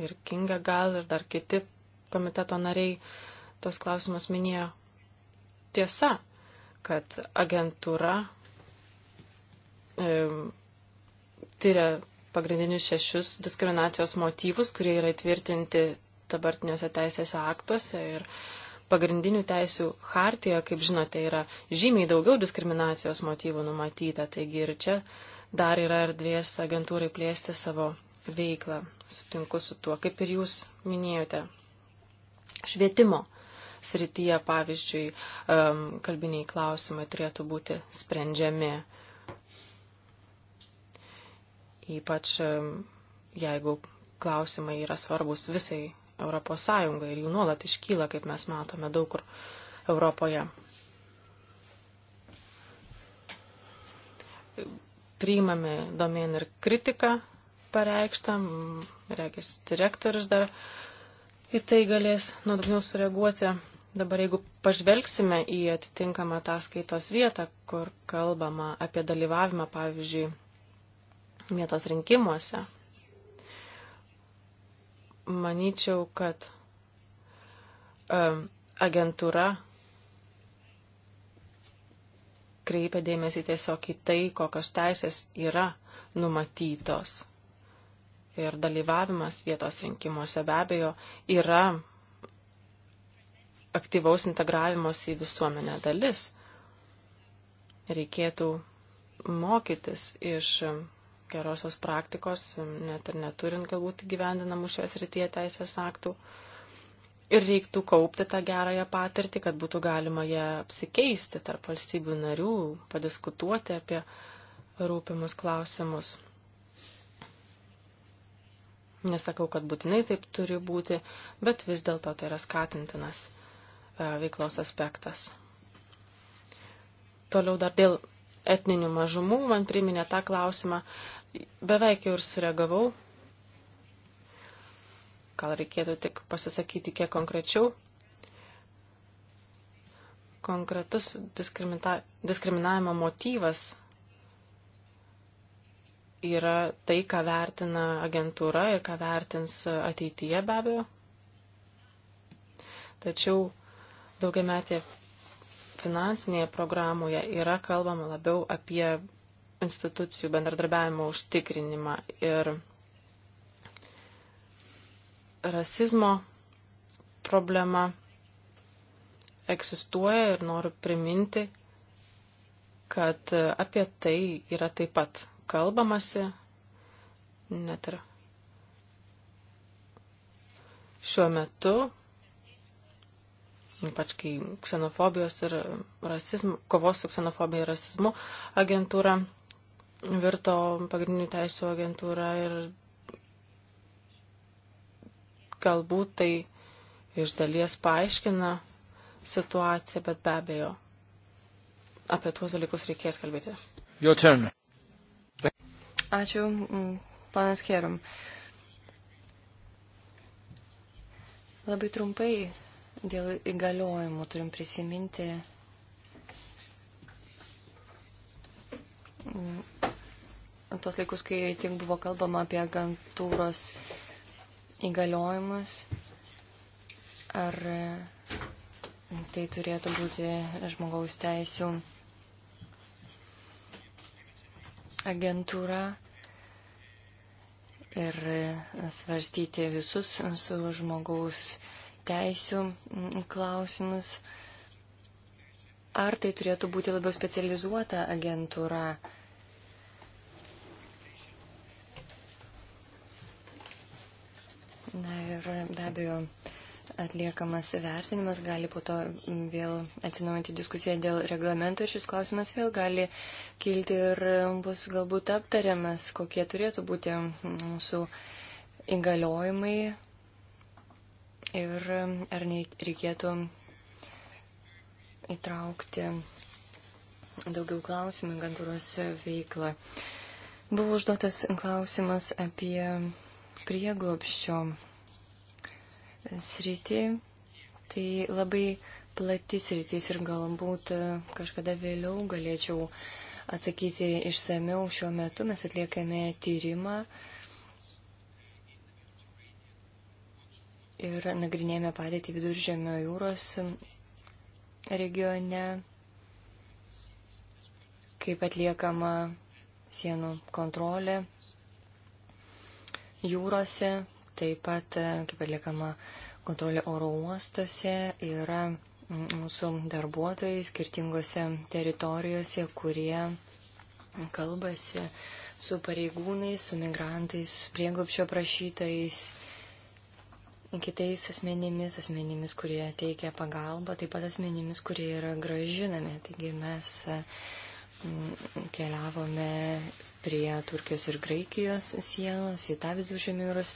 Ir Kinga gal ir dar kiti komiteto nariai tos klausimus minėjo. Tiesa, kad agentūra e, tyria pagrindinius šešius diskriminacijos motyvus, kurie yra įtvirtinti dabartiniuose teisėse aktuose ir e, pagrindinių teisių hartijoje, kaip žinote, yra žymiai daugiau diskriminacijos motyvų numatyta, taigi ir čia dar yra erdvės agentūrai plėsti savo veiklą. Sutinku su tuo, kaip ir jūs minėjote. Švietimo srityje, pavyzdžiui, um, kalbiniai klausimai turėtų būti sprendžiami. Ypač um, jeigu klausimai yra svarbus visai Europos Sąjungą ir jų nuolat iškyla, kaip mes matome daug kur Europoje. Priimame domen ir kritiką pareikštą, reikės direktorius dar į tai galės nuodugniau sureaguoti. Dabar jeigu pažvelgsime į atitinkamą ataskaitos vietą, kur kalbama apie dalyvavimą, pavyzdžiui, vietos rinkimuose, manyčiau, kad um, agentūra kreipia dėmesį tiesiog į tai, kokios teisės yra numatytos. Ir dalyvavimas vietos rinkimuose be abejo yra aktyvaus integravimos į visuomenę dalis. Reikėtų mokytis iš gerosios praktikos, net ir neturint galbūt gyvendinamų šioje srityje teisės aktų. Ir reiktų kaupti tą gerąją patirtį, kad būtų galima ją apsikeisti tarp valstybių narių, padiskutuoti apie rūpimus klausimus. Nesakau, kad būtinai taip turi būti, bet vis dėlto tai yra skatintinas e, veiklos aspektas. Toliau dar dėl etninių mažumų man priminė tą klausimą, beveik jau ir sureagavau. Gal reikėtų tik pasisakyti kiek konkrečiau. Konkretus diskriminavimo motyvas yra tai, ką vertina agentūra ir ką vertins ateityje be abejo. Tačiau daugiametė finansinėje programoje yra kalbama labiau apie institucijų bendradarbiavimo užtikrinimą ir rasizmo problema egzistuoja ir noriu priminti, kad apie tai yra taip pat kalbamasi net ir šiuo metu, ypač kai ksenofobijos ir rasizmo, kovos su ksenofobija ir rasizmu agentūra virto pagrindinių teisų agentūra ir galbūt tai iš dalies paaiškina situaciją, bet be abejo apie tuos dalykus reikės kalbėti. Your turn. Ačiū, panas Kerum. Labai trumpai dėl įgaliojimų turim prisiminti tos laikus, kai tik buvo kalbama apie agentūros įgaliojimus, ar tai turėtų būti žmogaus teisų agentūra ir svarstyti visus su žmogaus teisų klausimus. Ar tai turėtų būti labiau specializuota agentūra? Na ir be abejo, atliekamas vertinimas gali po to vėl atsinaujinti diskusiją dėl reglamento ir šis klausimas vėl gali kilti ir bus galbūt aptariamas, kokie turėtų būti mūsų įgaliojimai ir ar reikėtų įtraukti daugiau klausimų į agentūros veiklą. Buvo užduotas klausimas apie prieglopščio sritį, tai labai plati sritis ir galbūt kažkada vėliau galėčiau atsakyti išsameu. Šiuo metu mes atliekame tyrimą ir nagrinėjame padėtį viduržėmio jūros regione, kaip atliekama sienų kontrolė jūrose, taip pat, e, kaip atliekama kontrolė oro uostose, yra mūsų darbuotojai skirtingose teritorijose, kurie kalbasi su pareigūnais, su migrantais, su prieglopšio prašytojais, kitais asmenimis, asmenimis, kurie teikia pagalbą, taip pat asmenimis, kurie yra gražinami. Taigi mes keliavome prie Turkijos ir Graikijos sienos, į tą viduržemyrus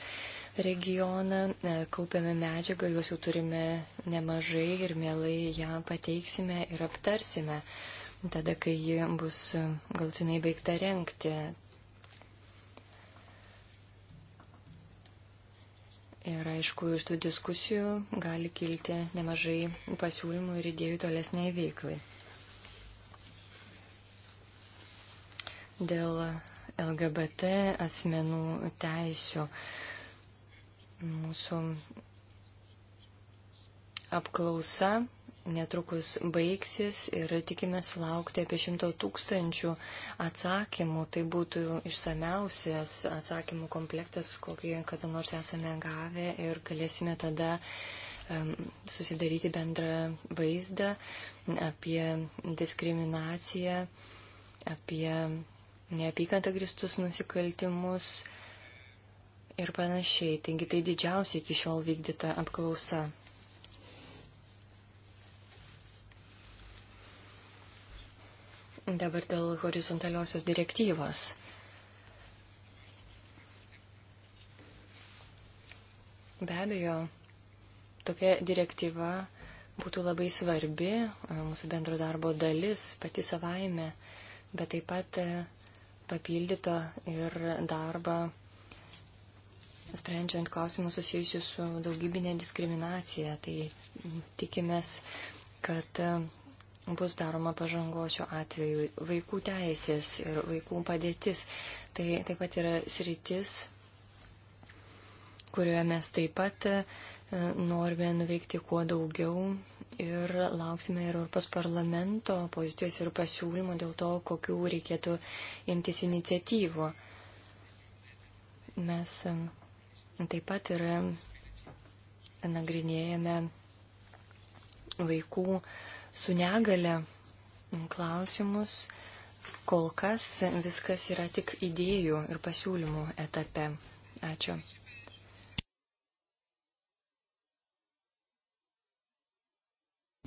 regioną, e, kaupiame medžiagą, juos jau turime nemažai ir mielai ją pateiksime ir aptarsime, tada, kai ji bus e, galtinai baigta renkti. Ir aišku, iš tų diskusijų gali kilti nemažai pasiūlymų ir idėjų tolesniai veiklai. dėl LGBT asmenų teisių. Mūsų apklausa netrukus baigsis ir tikime sulaukti apie šimto tūkstančių atsakymų. Tai būtų išsameusias atsakymų komplektas, kokį kada nors esame gavę ir galėsime tada um, susidaryti bendrą vaizdą apie diskriminaciją, apie neapykantą gristus nusikaltimus ir panašiai. Taigi tai didžiausia iki šiol vykdyta apklausa. Dabar dėl horizontaliosios direktyvos. Be abejo, tokia direktyva būtų labai svarbi, mūsų bendro darbo dalis pati savaime, bet taip pat papildyta ir darbą, sprendžiant klausimus susijusius su daugybinė diskriminacija. Tai tikimės, kad e, bus daroma pažangos šiuo atveju. Vaikų teisės ir vaikų padėtis. Tai taip pat yra sritis, kurioje mes taip pat e, norime nuveikti kuo daugiau ir lauksime ir Europos parlamento pozicijos ir pasiūlymų dėl to, kokių reikėtų imtis iniciatyvų. Mes taip pat ir nagrinėjame vaikų su negale klausimus. Kol kas viskas yra tik idėjų ir pasiūlymų etape. Ačiū.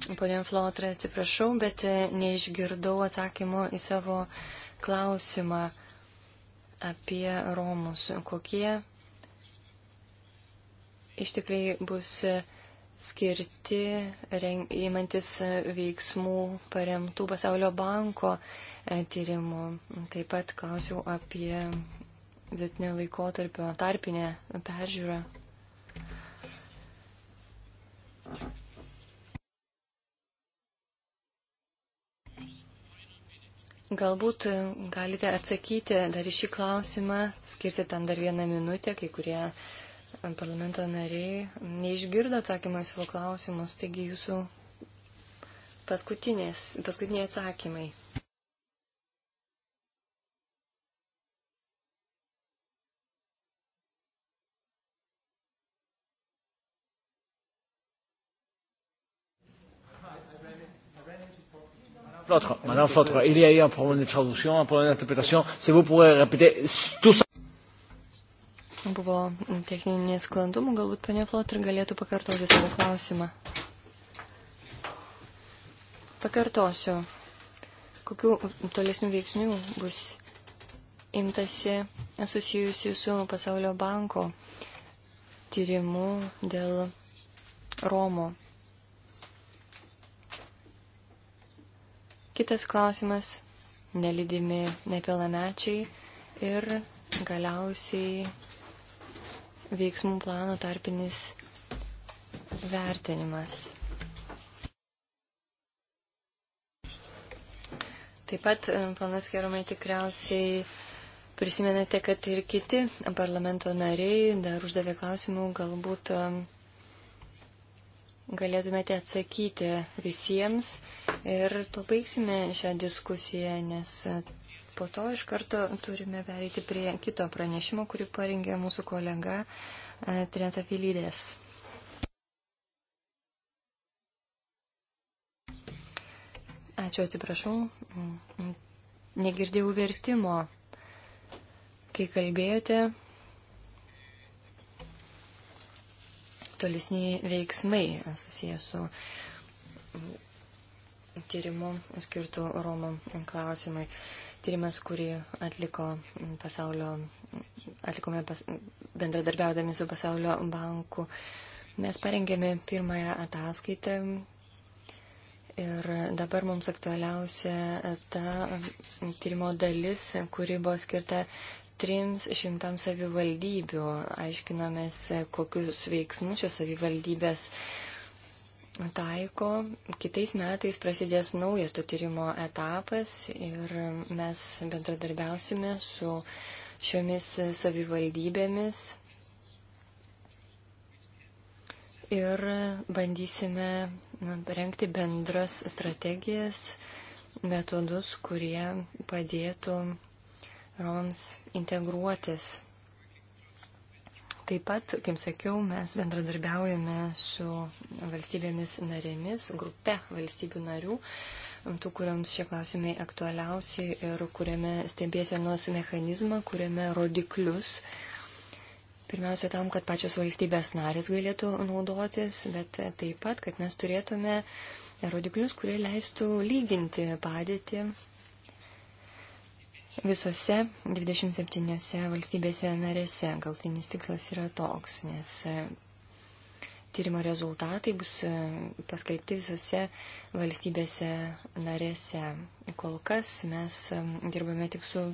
Pone Flotra, atsiprašau, bet e, neišgirdau atsakymo į savo klausimą apie Romus. Kokie ištikliai bus e, skirti įmantis e, veiksmų paremtų pasaulio banko tyrimų. Taip pat klausiau apie vidutinio laikotarpio tarpinę peržiūrą. Galbūt e, galite atsakyti dar į šį klausimą, skirti tam dar vieną minutę, kai kurie e, parlamento nariai neišgirdo atsakymą į savo klausimus, taigi jūsų paskutinės, paskutiniai atsakymai. L'autre, Madame Flotre, il y a eu un problème de traduction, un problème d'interprétation. Si vous pouvez répéter tout ça. Buvo techninių nesklandumų, galbūt ponia Flotr galėtų pakartoti savo klausimą. Pakartosiu, kokiu tolesnių veiksnių bus imtasi susijusių su Pasaulio banko tyrimu dėl Romo Kitas klausimas - nelydimi nepilnamečiai ir galiausiai veiksmų plano tarpinis vertinimas. Taip pat, e, panas Keromai, tikriausiai prisimenate, kad ir kiti parlamento nariai dar uždavė klausimų, galbūt e, galėtumėte atsakyti visiems Ir to baigsime šią diskusiją, nes po to iš karto turime pereiti prie kito pranešimo, kurį parengė mūsų kolega e, Trenta Filydės. Ačiū, atsiprašau. Negirdėjau vertimo, kai kalbėjote. Tolesniai veiksmai susijęs su tyrimu skirtų Romų klausimai. Tyrimas, kurį atliko pasaulio, atlikome pas, bendradarbiaudami su pasaulio banku. Mes parengėme pirmąją ataskaitą ir dabar mums aktualiausia ta tyrimo dalis, kuri buvo skirta 300 savivaldybių. Aiškinomės, kokius veiksmus šios savivaldybės uh, taiko. Kitais metais prasidės naujas to tyrimo etapas ir mes bendradarbiausime su šiomis savivaldybėmis ir bandysime rengti bendras strategijas, metodus, kurie padėtų Roms integruotis Taip pat, kaip sakiau, mes bendradarbiaujame su valstybėmis narėmis, grupe valstybių narių, tų, kuriams šie klausimai aktualiausi ir kuriame stebėsienos mechanizmą, kuriame rodiklius. Pirmiausia, tam, kad pačios valstybės narės galėtų naudotis, bet taip pat, kad mes turėtume rodiklius, kurie leistų lyginti padėtį visose 27 valstybėse narėse. Galtinis tikslas yra toks, nes e, tyrimo rezultatai bus e, paskelbti visose valstybėse narėse. Kol kas mes e, dirbame tik su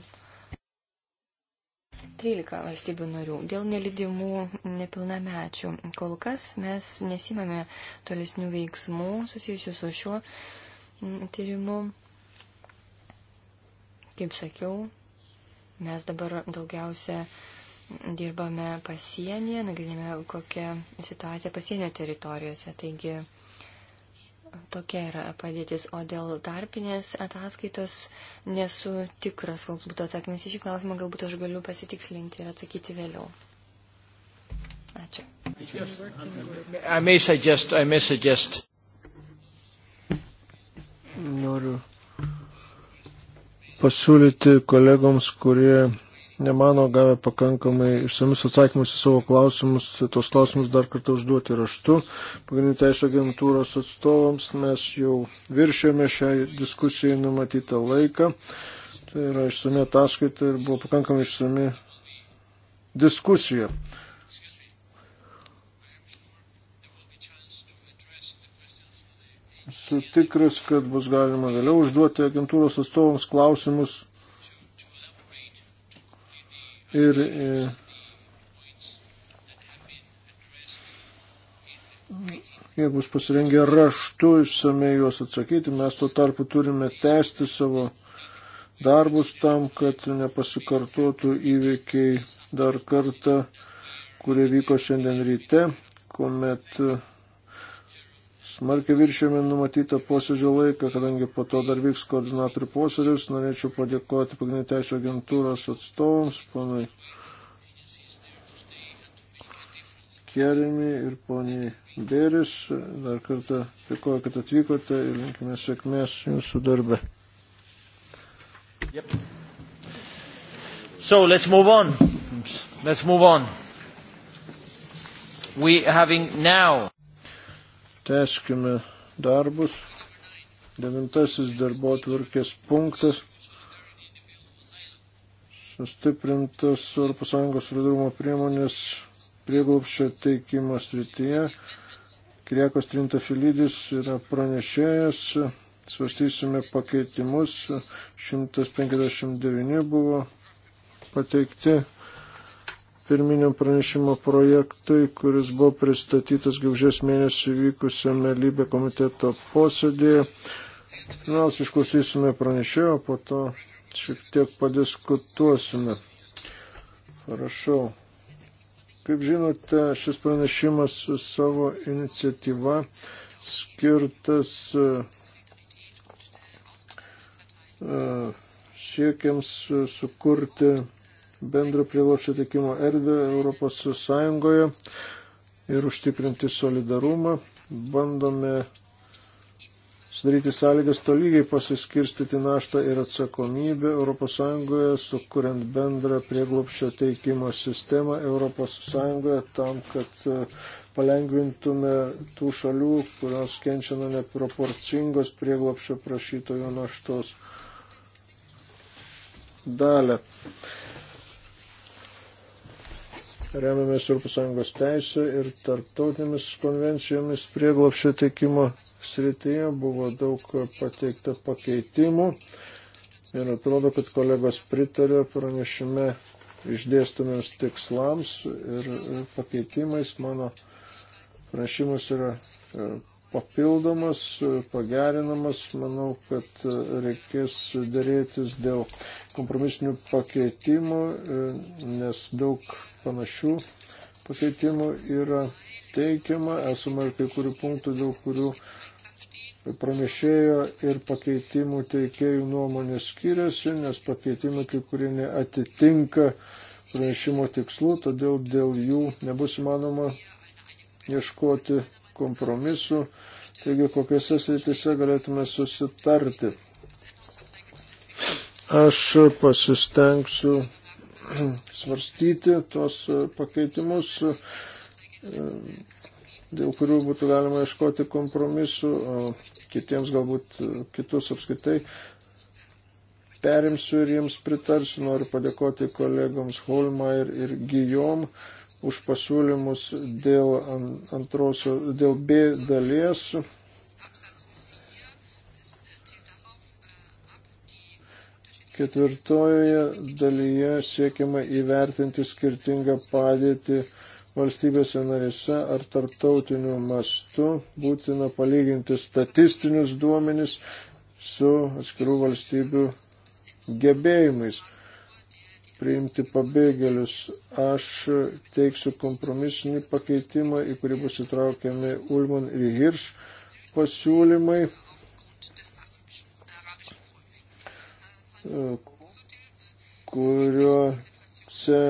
13 valstybių narių dėl nelidimų nepilnamečių. Kol kas mes nesimame tolesnių veiksmų susijusių su šiuo tyrimu. Kaip sakiau, mes dabar daugiausia dirbame pasienyje, nagrinėjame kokią situaciją pasienio teritorijose. Taigi tokia yra padėtis. O dėl tarpinės ataskaitos nesu tikras, koks būtų atsakymas į šį klausimą. Galbūt aš galiu pasitikslinti ir atsakyti vėliau. Ačiū. I may suggest, I may suggest. Noriu pasiūlyti kolegoms, kurie nemano gavę pakankamai išsamius atsakymus į savo klausimus, tos klausimus dar kartą užduoti raštu. Pagrindinė teisų agentūros atstovams mes jau viršėjome šią diskusiją numatytą laiką. Tai yra išsami ataskaita ir buvo pakankamai išsami diskusija. sutikras, kad bus galima vėliau užduoti agentūros atstovams klausimus ir e, jie bus pasirengę raštu išsamei juos atsakyti. Mes tuo tarpu turime tęsti savo darbus tam, kad nepasikartotų įveikiai dar kartą, kurie vyko šiandien ryte, kuomet Smarkiai viršėjome numatytą posėdžio laiką, kadangi po to dar vyks koordinatorių posėdis. Norėčiau padėkoti pagrindinė teisų agentūros atstovams, ponai Kerimi ir poniai Bėris. Dar kartą dėkoju, kad atvykote ir linkime sėkmės jūsų darbe. Yep. So let's move on. Let's move on. We having now Teskime darbus. Devintasis darbo atvarkės punktas. Sustiprintas ES solidarumo priemonės prieglopščio teikimo srityje. Kriekos Trintafilidis yra pranešėjas, svarstysime pakeitimus, 159 buvo pateikti pirminiam pranešimo projektui, kuris buvo pristatytas gegužės mėnesį vykusiame lybė komiteto posėdėje. Pirmiausia, išklausysime pranešėjo, po to šiek tiek padiskutuosime. Prašau. Kaip žinote, šis pranešimas su savo iniciatyva skirtas e, e, siekiams sukurti bendrą prieglobščio teikimo erdvę Europos Sąjungoje ir užtikrinti solidarumą. Bandome sudaryti sąlygas tolygiai pasiskirstyti naštą ir atsakomybę Europos Sąjungoje, sukuriant bendrą prieglobščio teikimo sistemą Europos Sąjungoje tam, kad e, palengvintume tų šalių, kurios kenčia nuo neproporcingos prieglopščio prašytojo naštos dalę remiamės Europos Sąjungos teisė ir tarptautinėmis konvencijomis prieglopščio teikimo srityje buvo daug pateikta pakeitimų ir atrodo, kad kolegos pritarė pranešime išdėstumėms tikslams ir pakeitimais mano pranešimas yra e, papildomas, pagerinamas. Manau, kad reikės dėrėtis dėl kompromisinių pakeitimų, nes daug panašių pakeitimų yra teikiama. Esame ir kai kurių punktų, dėl kurių pranešėjo ir pakeitimų teikėjų nuomonės skiriasi, nes pakeitimai kai kurie neatitinka pranešimo tikslų, todėl dėl jų nebus įmanoma ieškoti kompromisų, taigi kokiuose srityse galėtume susitarti. Aš pasistengsiu svarstyti tos pakeitimus, dėl kurių būtų galima iškoti kompromisų, o kitiems galbūt kitus apskaitai perimsiu ir jiems pritarsiu. Noriu padėkoti kolegoms Holma ir, ir Gijom už pasiūlymus dėl, antrosio, dėl B dalies. Ketvirtojoje dalyje siekiama įvertinti skirtingą padėtį valstybėse narėse ar tarptautiniu mastu. Būtina palyginti statistinius duomenis su atskirų valstybių gebėjimais priimti pabėgėlius. Aš teiksiu kompromisinį pakeitimą, į kurį bus įtraukiami Ulman ir Hirš pasiūlymai, kuriuose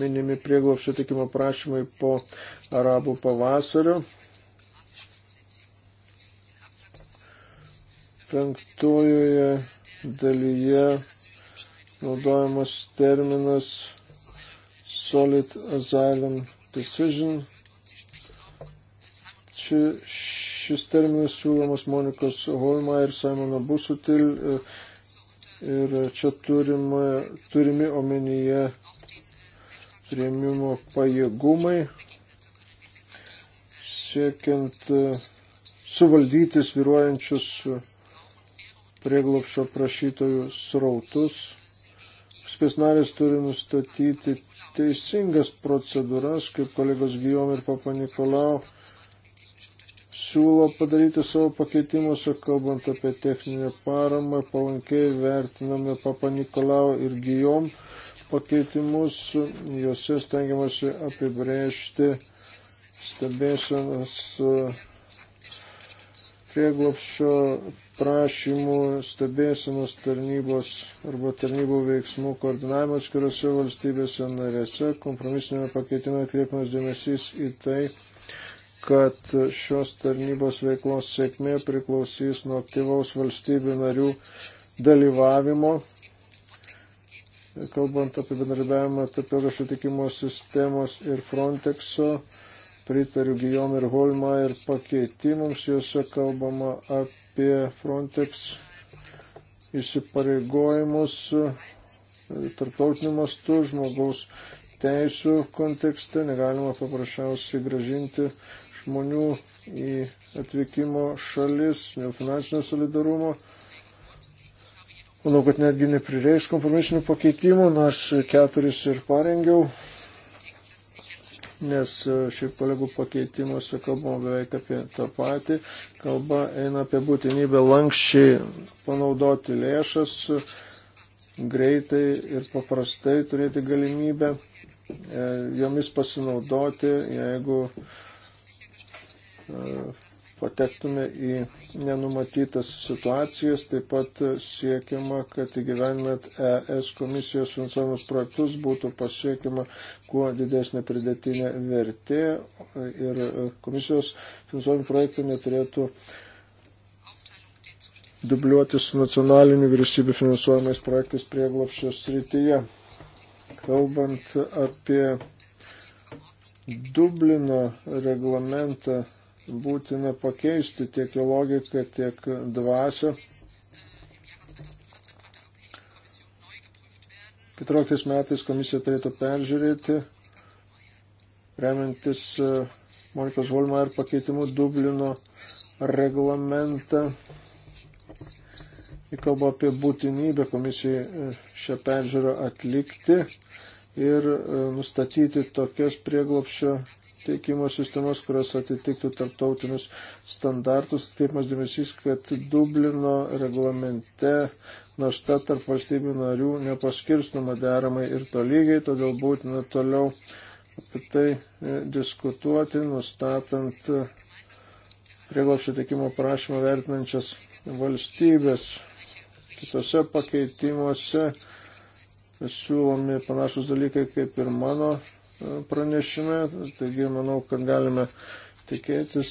minimi prieglopšio tikimo prašymai po arabų pavasario. Penktojoje dalyje naudojamas terminas solid asylum decision. Ši, šis terminas siūlomas Monikos Holma ir Simono Busutil. Ir čia turima, turimi omenyje rėmimo pajėgumai, siekiant e, suvaldyti sviruojančius prieglopšio prašytojų srautus Valstybės narės turi nustatyti teisingas procedūras, kaip kolegos Gijom ir Papa Nikolau siūlo padaryti savo pakeitimuose, kalbant apie techninę paramą, palankiai vertiname Papa Nikolau ir Gijom pakeitimus, juose stengiamasi apibrėžti stebėsenas prieglopščio prašymų stebėsinos tarnybos arba tarnybų veiksmų koordinavimas kuriuose valstybėse narėse. Kompromisinėme pakeitime atkreipimas dėmesys į tai, kad šios tarnybos veiklos sėkmė priklausys nuo aktyvaus valstybių narių dalyvavimo. Kalbant apie bendradarbiavimą tarp Eurašio tikimo sistemos ir Frontexo, pritariu Gijom ir Holma ir pakeitimams, juose kalbama apie Frontex įsipareigojimus e, tarptautiniu mastu žmogaus teisų kontekste. Negalima paprasčiausiai gražinti žmonių į atvykimo šalis dėl finansinio solidarumo. Manau, kad netgi neprireiks kompromisinių pakeitimų, nors keturis ir parengiau nes e, šiaip kolegų pakeitimuose kalbama beveik apie tą patį. Kalba eina apie būtinybę lankščiai panaudoti lėšas, greitai ir paprastai turėti galimybę e, jomis pasinaudoti, jeigu e, patektume į nenumatytas situacijas. Taip pat siekiama, kad įgyveninant ES komisijos finansuojamus projektus būtų pasiekima kuo didesnė pridėtinė vertė ir komisijos finansuojami projektai neturėtų dubliuoti su nacionaliniu vyriausybių finansuojamais projektais prieglopščio srityje. Kalbant apie Dublino reglamentą būtina pakeisti tiek jo logiką, tiek dvasę. 14 metais komisija turėtų peržiūrėti, remiantis e, Monikos Volmar pakeitimu Dublino reglamentą. Jis kalba apie būtinybę komisijai e, šią peržiūrą atlikti ir e, nustatyti tokias prieglopščio tiekimo sistemas, kurios atitiktų tarptautinius standartus. Atkreipimas dėmesys, kad Dublino reglamente našta tarp valstybių narių nepaskirstoma deramai ir tolygiai, todėl būtina toliau apie tai e, diskutuoti, nustatant e, prieglopšio teikimo prašymą vertinančias valstybės. Kitose pakeitimuose siūlomi panašus dalykai kaip ir mano pranešime, taigi manau, kad galime tikėtis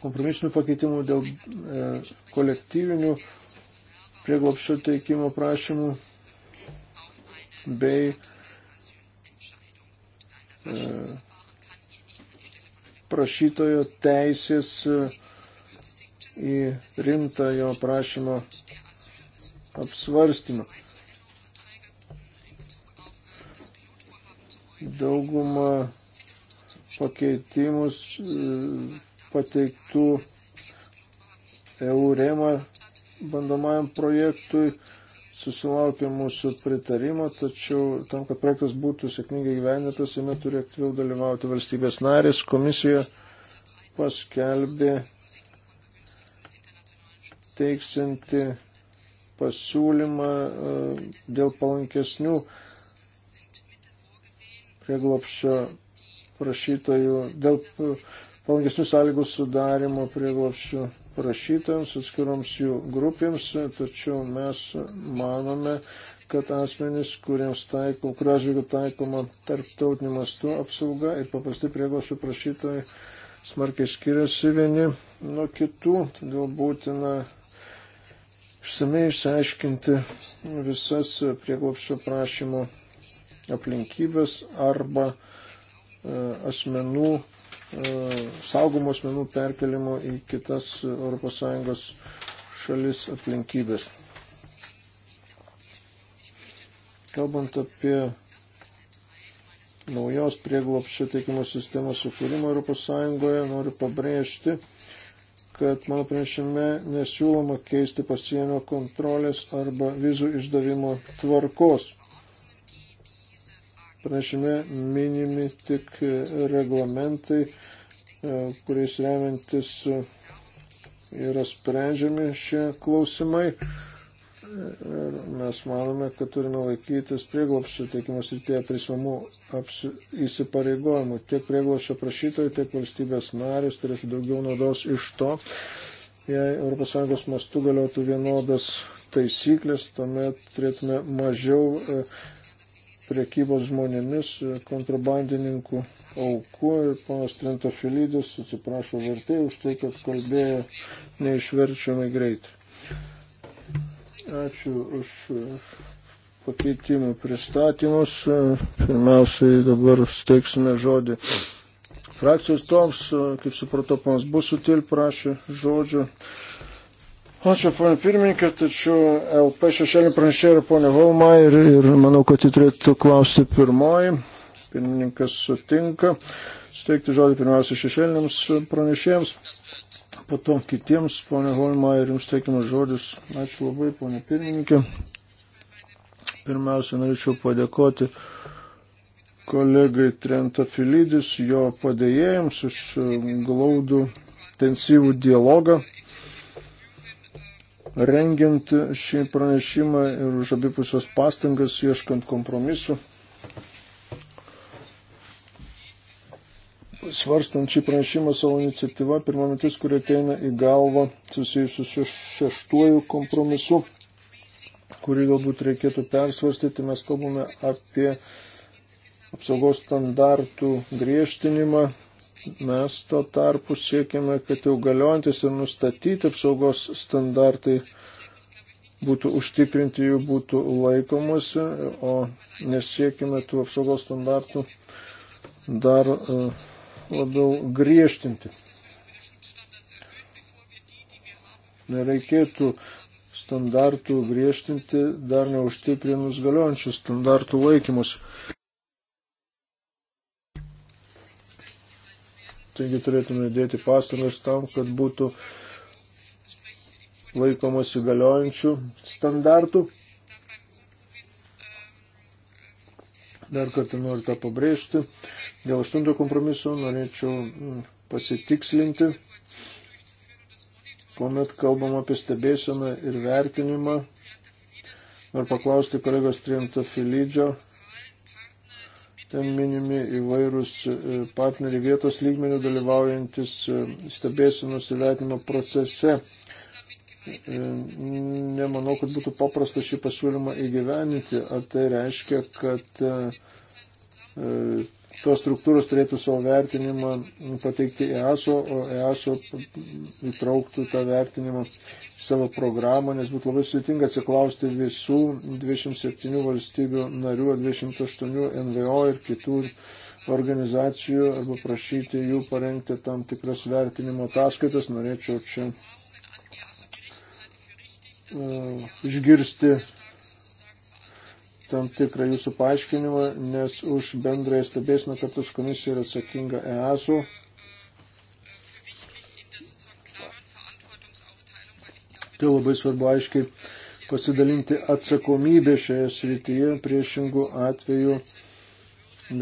kompromisinių pakeitimų dėl e, kolektyvinių prieglopščio teikimo prašymų bei e, prašytojo teisės e, į rimtą jo prašymo apsvarstymą. daugumą pakeitimus e, pateiktų EUREMA bandomajam projektui susilaukė mūsų pritarimo, tačiau tam, kad projektas būtų sėkmingai gyvenėtas, jame turi aktyviau dalyvauti valstybės narės. Komisija paskelbė teiksinti pasiūlymą e, dėl palankesnių prieglopščio prašytojų, dėl palangesnių sąlygų sudarimo prieglopščių prašytojams, atskiroms jų grupėms, tačiau mes manome, kad asmenys, kuriems taiko, kurios žvilgių taikoma tarptautiniu mastu apsauga ir paprasti prieglopščių prašytojai smarkiai skiriasi vieni nuo kitų, todėl būtina išsamei išsiaiškinti visas prieglopščio prašymo aplinkybės arba e, asmenų, e, saugomų asmenų perkelimo į kitas ES šalis aplinkybės. Kalbant apie naujos prieglopščio teikimo sistemos sukūrimą ES, noriu pabrėžti, kad mano pranešime nesiūloma keisti pasienio kontrolės arba vizų išdavimo tvarkos. Pranešime minimi tik e, reglamentai, e, kuriais remiantis e, yra sprendžiami šie klausimai. Ir mes manome, kad turime laikytis prieglopščio teikimo srityje prisimamų įsipareigojimų. Tiek prieglopščio prašytojai, tiek valstybės narės turėtų daugiau naudos iš to. Jei ES mastu galiotų vienodas taisyklės, tuomet turėtume mažiau priekybos žmonėmis e, kontrabandininkų aukų ir ponas Trentofilidis atsiprašo vertėjų už tai, kad kalbėjo neišverčiamai greitai. Ačiū už e, pakeitimų pristatymus. E, pirmiausiai dabar steiksime žodį. Frakcijos toms, kaip supratau, ponas Busutil prašė žodžio. Ačiū, ponė pirmininkė, tačiau LP šešėlį pranešė ir ponė Holma ir, ir manau, kad jį turėtų klausti pirmoji. Pirmininkas sutinka steigti žodį pirmiausia šešėliniams pranešėjams, po to kitiems, ponė Holma ir jums teikimas žodis. Ačiū labai, ponė pirmininkė. Pirmiausia, norėčiau padėkoti kolegai Trenta Filidis, jo padėjėjams už glaudų intensyvų dialogą rengiant šį pranešimą ir už abipusios pastangas ieškant kompromisų. Svarstant šį pranešimą savo iniciatyvą, pirmą mintis, kuri ateina į galvą susijusiu su šeštuoju kompromisu, kurį galbūt reikėtų persvarstyti, mes kalbame apie apsaugos standartų griežtinimą, Mes tuo tarpu siekiame, kad jau galiojantis ir nustatyti apsaugos standartai būtų užtikrinti, jų būtų laikomasi, o nesiekime tų apsaugos standartų dar e, labiau griežtinti. Nereikėtų standartų griežtinti dar neužtikrinus galiojančių standartų laikymus. Taigi turėtume dėti pastangas tam, kad būtų laikomasi galiojančių standartų. Dar kartą noriu tą pabrėžti. Dėl aštunto kompromiso norėčiau mm, pasitikslinti, kuomet kalbam apie stebėseną ir vertinimą. Noriu paklausti kolegos Triento Filidžio, Ten minimi įvairūs e, partneriai vietos lygmenių dalyvaujantis e, stebėsinos įvertinimo procese. E, nemanau, kad būtų paprasta šį pasiūlymą įgyveninti. Ar tai reiškia, kad tos struktūros turėtų savo vertinimą pateikti EASO, o EASO įtrauktų tą vertinimą į savo programą, nes būtų labai sudėtinga atsiklausti visų 27 valstybių narių, 28 NVO ir kitų organizacijų arba prašyti jų parengti tam tikras vertinimo ataskaitas. Norėčiau čia uh, išgirsti tam tikrą jūsų paaiškinimą, nes už bendrąją stebėsiną kartu su komisija yra atsakinga EASU. Tai labai svarbu aiškiai pasidalinti atsakomybę šioje srityje, priešingų atveju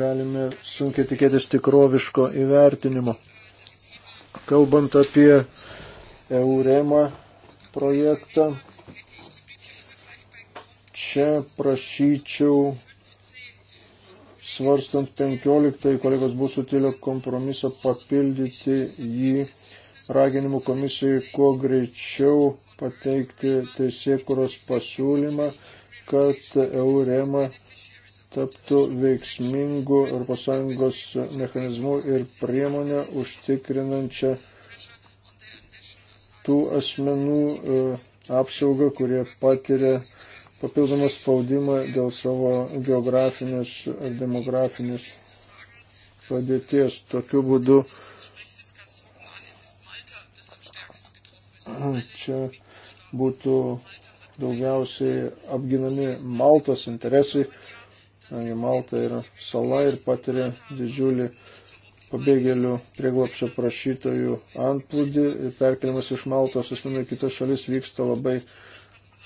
galime sunkiai tikėtis tikroviško įvertinimo. Kalbant apie EUREMA projektą, čia prašyčiau, svarstant 15 kolegos bus sutilio kompromisą, papildyti jį raginimu komisijai kuo greičiau pateikti teisėkuros pasiūlymą, kad eurema taptų veiksmingų ES mechanizmų ir priemonę užtikrinančią tų asmenų e, apsaugą, kurie patiria papildomą spaudimą dėl savo geografinės ar demografinės padėties. Tokiu būdu čia būtų daugiausiai apginami Maltos interesai. Malta yra sala ir patiria didžiulį pabėgėlių prieglopšio prašytojų antplūdį ir perkelimas iš Maltos asmenų į kitas šalis vyksta labai uh,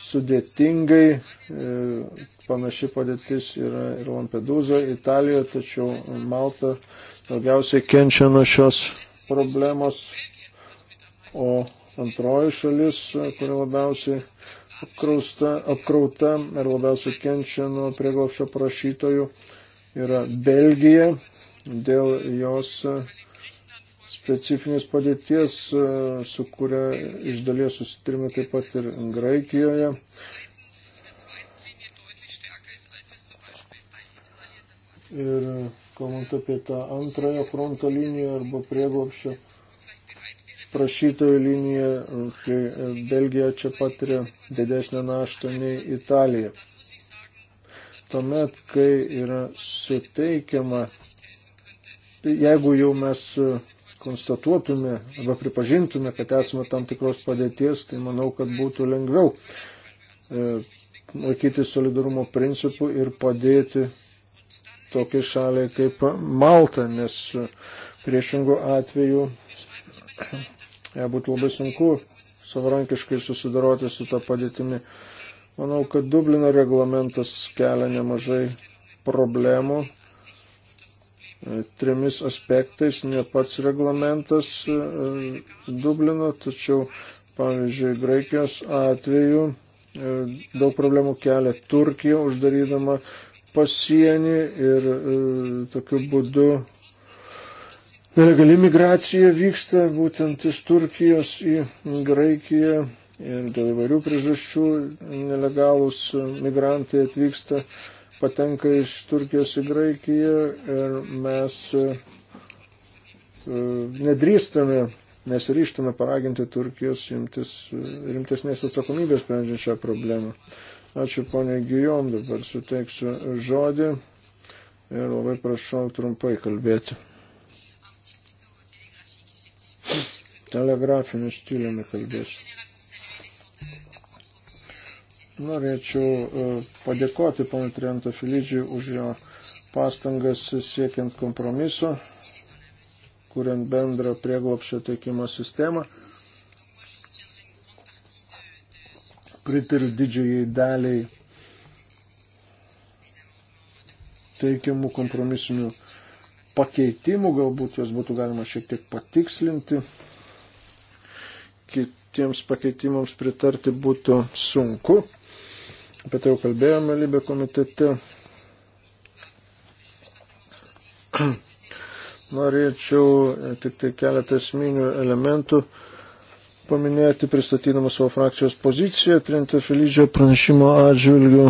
sudėtingai. E, panaši padėtis yra ir Lampedūza, Italija, tačiau Malta daugiausiai kenčia nuo šios problemos. O antroji šalis, kuri labiausiai apkrausta, apkrauta ir labiausiai kenčia nuo prieglopšio prašytojų, yra Belgija. Dėl jos specifinės padėties, e, su kuria iš dalies susitrime taip pat ir Graikijoje. Ir e, kalbant apie tą antrąją fronto liniją arba prieglopščio prašytojų liniją, kai e, Belgija čia patiria didesnę naštą nei Italija. Tuomet, kai yra suteikiama, jeigu jau mes konstatuotume arba pripažintume, kad esame tam tikros padėties, tai manau, kad būtų lengviau e, laikyti solidarumo principų ir padėti tokiai šaliai kaip Malta, nes e, priešingų atveju ja, būtų labai sunku savarankiškai susidaroti su tą padėtimi. Manau, kad Dublino reglamentas kelia nemažai problemų E, trimis aspektais, ne pats reglamentas e, Dublino, tačiau, pavyzdžiui, Graikijos atveju e, daug problemų kelia Turkija, uždarydama pasienį ir tokiu būdu nelegali migracija vyksta būtent iš Turkijos į Graikiją. Ir dėl įvairių priežasčių nelegalūs migrantai atvyksta uh, patenka iš Turkijos į Graikiją ir mes e, nedrįstame, nesiryštame paraginti Turkijos imtis rimtesnės atsakomybės sprendžiant šią problemą. Ačiū ponė Gijom, dabar suteiksiu žodį ir labai prašau trumpai kalbėti. Telegrafiniu stiliumi kalbėsiu. Norėčiau e, padėkoti ponui Triento Filidžiui už jo pastangas siekiant kompromiso, kuriant bendrą prieglopšio teikimo sistemą. Pritariu didžiai daliai teikiamų kompromisinių pakeitimų, galbūt juos būtų galima šiek tiek patikslinti. Kitiems pakeitimams pritarti būtų sunku. Apie tai jau kalbėjome Libė komitete. Norėčiau e, tik tai keletą esminių elementų paminėti, pristatydama savo frakcijos poziciją Trinto Felidžio pranešimo atžvilgių.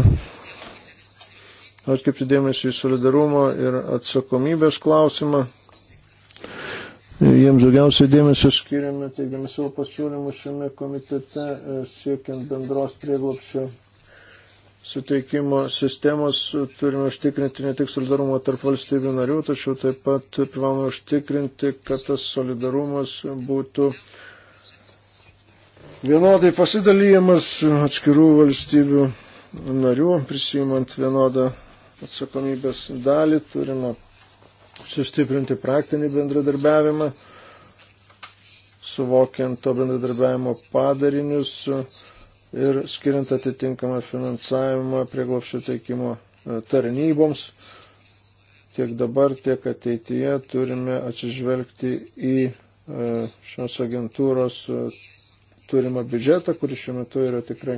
Atkreipti dėmesį į solidarumo ir atsakomybės klausimą. Jiems daugiausiai dėmesio skiriame, teikdami savo pasiūlymus šiame komitete, e, siekiant bendros prieglopščio suteikimo sistemos turime užtikrinti ne tik solidarumą tarp valstybių narių, tačiau taip pat privalome užtikrinti, kad tas solidarumas būtų vienodai pasidalyjamas atskirų valstybių narių, prisimant vienodą atsakomybės dalį, turime sustiprinti praktinį bendradarbiavimą, suvokiant to bendradarbiavimo padarinius. Su ir skiriant atitinkamą finansavimą prieglopščio teikimo e, tarnyboms. Tiek dabar, tiek ateityje turime atsižvelgti į e, šios agentūros e, turimą biudžetą, kuris šiuo metu yra tikrai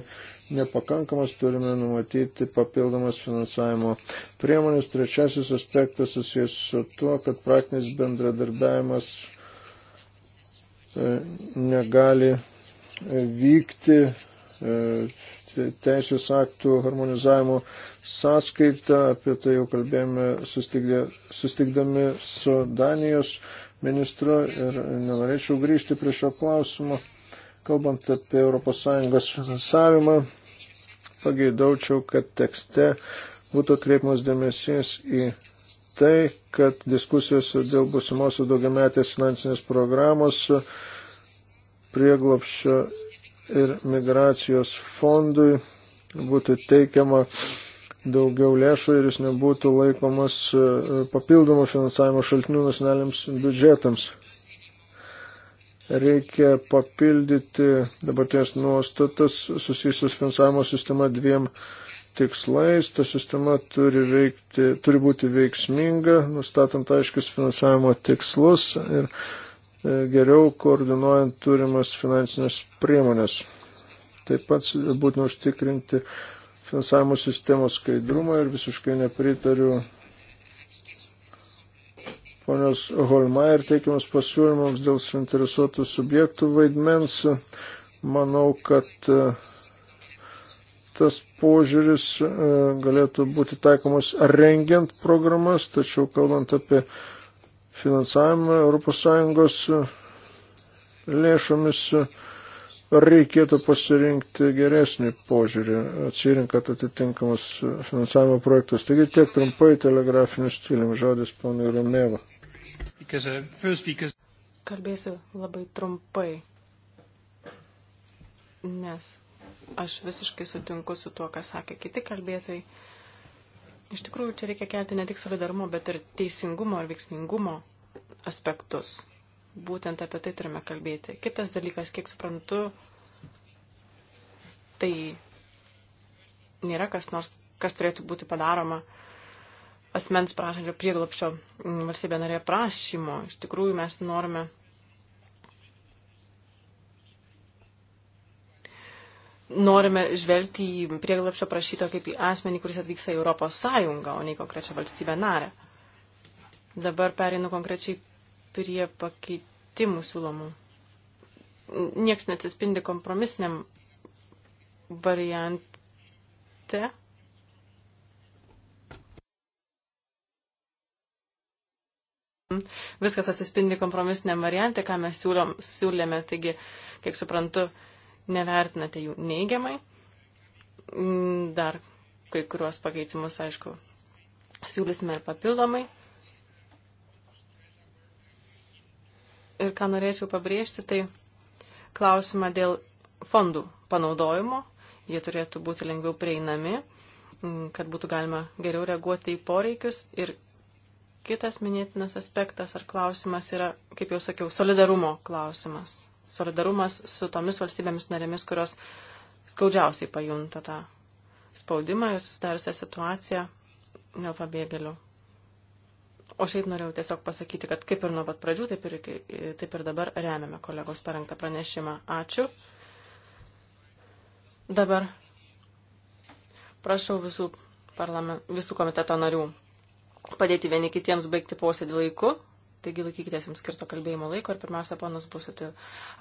nepakankamas, turime numatyti papildomas finansavimo priemonės. Trečiasis aspektas susijęs su tuo, kad praktinis bendradarbiavimas negali vykti E, teisės aktų harmonizavimo sąskaita. Apie tai jau kalbėjome sustikdami su Danijos ministru ir nenorėčiau grįžti prie šio klausimo. Kalbant apie ES finansavimą, pageidaučiau, kad tekste būtų atkreipimas dėmesys į tai, kad diskusijos dėl busimosios daugiametės finansinės programos prieglopščio ir migracijos fondui būtų teikiama daugiau lėšų ir jis nebūtų laikomas e, papildomų finansavimo šaltinių nacionaliniams biudžetams. Reikia papildyti dabartinės nuostatas susijusios finansavimo sistema dviem tikslais. Ta sistema turi, veikti, turi būti veiksminga, nustatant aiškius finansavimo tikslus ir E, geriau koordinuojant turimas finansinės priemonės. Taip pat būtina užtikrinti finansavimo sistemos skaidrumą ir visiškai nepritariu ponios Holmaier teikiamas pasiūlymams dėl suinteresuotų subjektų vaidmens. Manau, kad e, tas požiūris e, galėtų būti taikomas rengiant programas, tačiau kalbant apie finansavimą ES e, lėšomis e, reikėtų pasirinkti geresnį požiūrį, atsirinkat atitinkamus e, finansavimo projektus. Taigi tiek trumpai telegrafinius stilium žodis ponui Romėva. Uh, Kalbėsiu labai trumpai, nes aš visiškai sutinku su tuo, ką sakė kiti kalbėtojai. Iš tikrųjų, čia reikia kelti ne tik solidarumo, bet ir teisingumo ir veiksmingumo aspektus. Būtent apie tai turime kalbėti. Kitas dalykas, kiek suprantu, tai nėra kas nors, kas turėtų būti padaroma asmens prašančio prieglapšio valstybė narė prašymo. Iš tikrųjų, mes norime norime žvelgti į prieglapšio prašytą kaip į asmenį, kuris atvyksta į Europos Sąjungą, o ne į konkrečią valstybę narę. Dabar perinu konkrečiai prie pakeitimų siūlomų. Niekas neatsispindi kompromisiniam variante. Viskas atsispindi kompromisiniam variante, ką mes siūlom, siūlėme. Taigi, kiek suprantu, uh, nevertinate jų neigiamai. Dar kai kuriuos pakeitimus, aišku, siūlysime ir papildomai. Ir ką norėčiau pabrėžti, tai klausimą dėl fondų panaudojimo. Jie turėtų būti lengviau prieinami, kad būtų galima geriau reaguoti į poreikius. Ir kitas minėtinas aspektas ar klausimas yra, kaip jau sakiau, solidarumo klausimas solidarumas su tomis valstybėmis narėmis, kurios skaudžiausiai pajunta tą spaudimą, jūs susidariusią situaciją dėl pabėgėlių. O šiaip norėjau tiesiog pasakyti, kad kaip ir nuo pat pradžių, taip ir, taip ir dabar remiame kolegos parengtą pranešimą. Ačiū. Dabar prašau visų, parlament, visų komiteto narių padėti vieni kitiems baigti posėdį laiku. Taigi laikykitės jums skirto kalbėjimo laiko ir pirmiausia, ponas Busutė.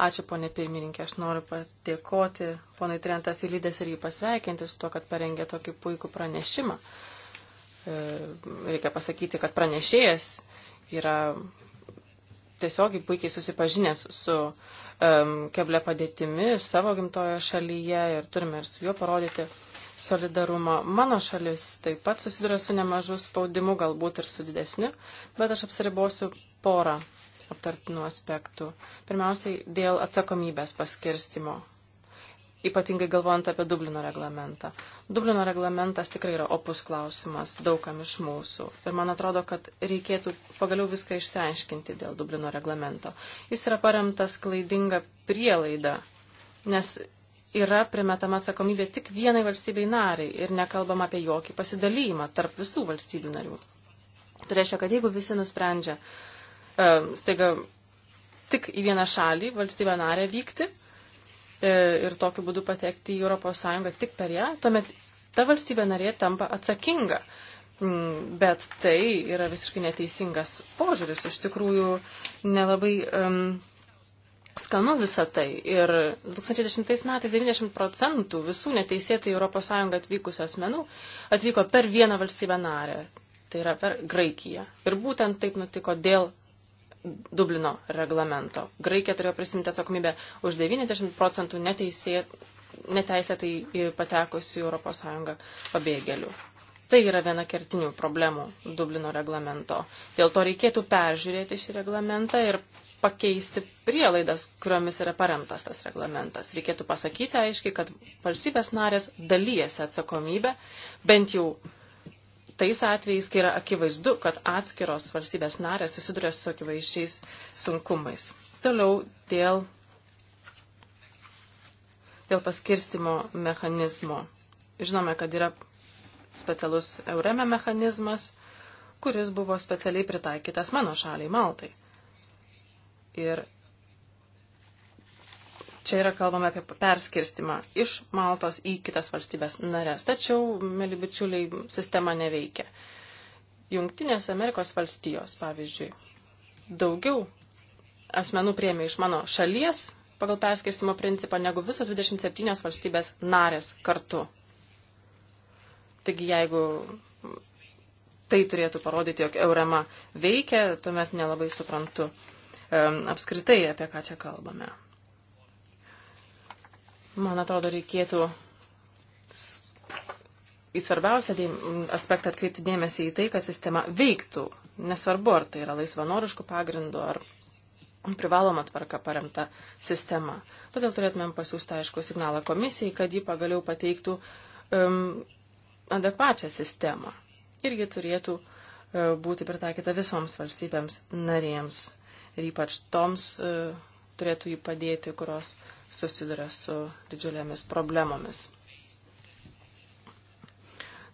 Ačiū, ponė pirmininkė. Aš noriu padėkoti ponai Trenta Filidės ir jį pasveikinti su to, kad parengė tokį puikų pranešimą. E, reikia pasakyti, kad pranešėjas yra tiesiog puikiai susipažinęs su um, keblė padėtimi savo gimtojo šalyje ir turime ir su juo parodyti solidarumą. Mano šalis taip pat susiduria su nemažu spaudimu, galbūt ir su didesniu, bet aš apsiribosiu porą aptartinų aspektų. Pirmiausiai, dėl atsakomybės paskirstimo. Ypatingai galvojant apie Dublino reglamentą. Dublino reglamentas tikrai yra opus klausimas daugam iš mūsų. Ir man atrodo, kad reikėtų pagaliau viską išsiaiškinti dėl Dublino reglamento. Jis yra paremtas klaidinga prielaida, nes yra primetama atsakomybė tik vienai valstybei nariai ir nekalbama apie jokį pasidalymą tarp visų valstybių narių. Tai reiškia, kad jeigu visi nusprendžia, E, staiga tik į vieną šalį, valstybę narę vykti e, ir tokiu būdu patekti į ES tik per ją, tuomet ta valstybė narė tampa atsakinga. Mm, bet tai yra visiškai neteisingas požiūris. Iš tikrųjų, nelabai um, skanu visą tai. Ir 2010 metais 90 procentų visų neteisėtai ES atvykusių asmenų atvyko per vieną valstybę narę. Tai yra per Graikiją. Ir būtent taip nutiko dėl Dublino reglamento. Graikija turėjo prisimti atsakomybę už 90 procentų neteisė, neteisėtai patekusių ES pabėgėlių. Tai yra viena kertinių problemų Dublino reglamento. Dėl to reikėtų peržiūrėti šį reglamentą ir pakeisti prielaidas, kuriomis yra paremtas tas reglamentas. Reikėtų pasakyti aiškiai, kad valstybės narės dalyjasi atsakomybę, bent jau tais atvejais, kai yra akivaizdu, kad atskiros valstybės narės susiduria su akivaizdžiais sunkumais. Toliau dėl, dėl paskirstimo mechanizmo. Žinome, kad yra specialus eureme mechanizmas, kuris buvo specialiai pritaikytas mano šaliai Maltai. Ir Čia yra kalbama apie perskirstimą iš Maltos į kitas valstybės narės. Tačiau, mėly bičiuliai, sistema neveikia. Junktinės Amerikos valstijos, pavyzdžiui, daugiau asmenų priemė iš mano šalies pagal perskirstimo principą negu visos 27 valstybės narės kartu. Taigi jeigu tai turėtų parodyti, jog eurema veikia, tuomet nelabai suprantu um, apskritai, apie ką čia kalbame. Man atrodo, reikėtų į svarbiausią aspektą atkreipti dėmesį į tai, kad sistema veiktų. Nesvarbu, ar tai yra laisvanoriškų pagrindų, ar privaloma tvarka paremta sistema. Todėl turėtumėm pasiūsti aišku signalą komisijai, kad ji pagaliau pateiktų um, adekvačią sistemą. Irgi turėtų uh, būti pritaikyta visoms valstybėms narėms ir ypač toms uh, turėtų jį padėti, kurios uh, susiduria su didžiulėmis problemomis.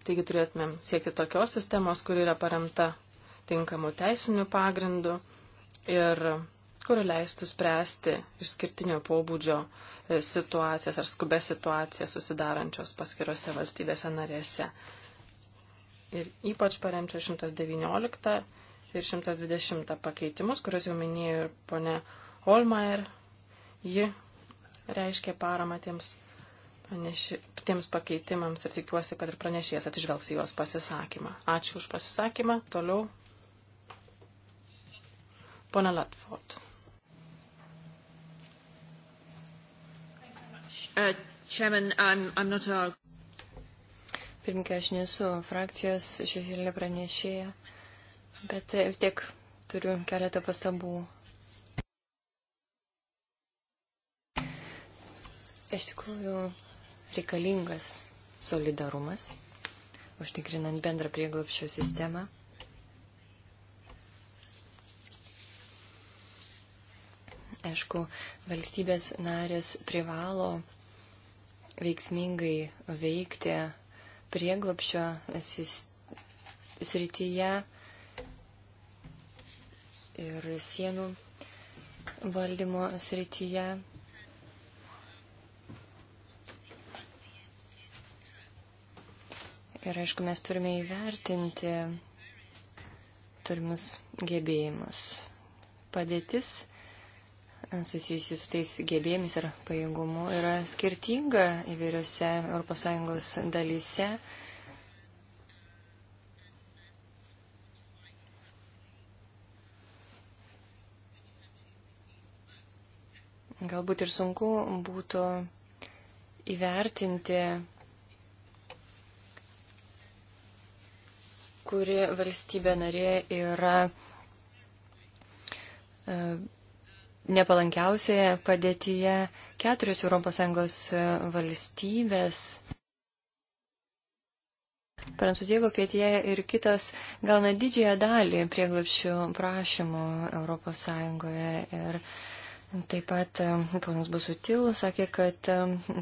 Taigi turėtumėm siekti tokios sistemos, kuri yra paremta tinkamų teisinių pagrindų ir kuri leistų spręsti išskirtinio pobūdžio e, situacijas ar skubės situacijas susidarančios paskirose valstybėse narėse. Ir ypač paremčiau 119 ir 120 pakeitimus, kuriuos jau minėjo ir ponė Olmaier. Ji reiškė paramą tiems, praneši, tiems pakeitimams ir tikiuosi, kad ir pranešėjas atižvelgs į juos pasisakymą. Ačiū už pasisakymą. Toliau. Pone Latford. Uh, chairman, I'm, I'm not a... Pirmininkė, aš nesu frakcijos šešėlė pranešėja, bet vis tiek turiu keletą pastabų Iš tikrųjų, reikalingas solidarumas, užtikrinant bendrą prieglapščio sistemą. Aišku, valstybės narės privalo veiksmingai veikti prieglapščio srityje ir sienų valdymo srityje. Ir aišku, mes turime įvertinti turimus gebėjimus. Padėtis e, susijusi su tais gebėjimais ir pajėgumu yra skirtinga įvairiose ES dalyse. Galbūt ir sunku būtų įvertinti kuri valstybė narė yra e, nepalankiausioje padėtyje. Keturios ES valstybės Prancūzija, Vokietija ir kitas gauna didžiąją dalį prieglapščių prašymų ES. Ir taip pat e, ponas Busutil sakė, kad e,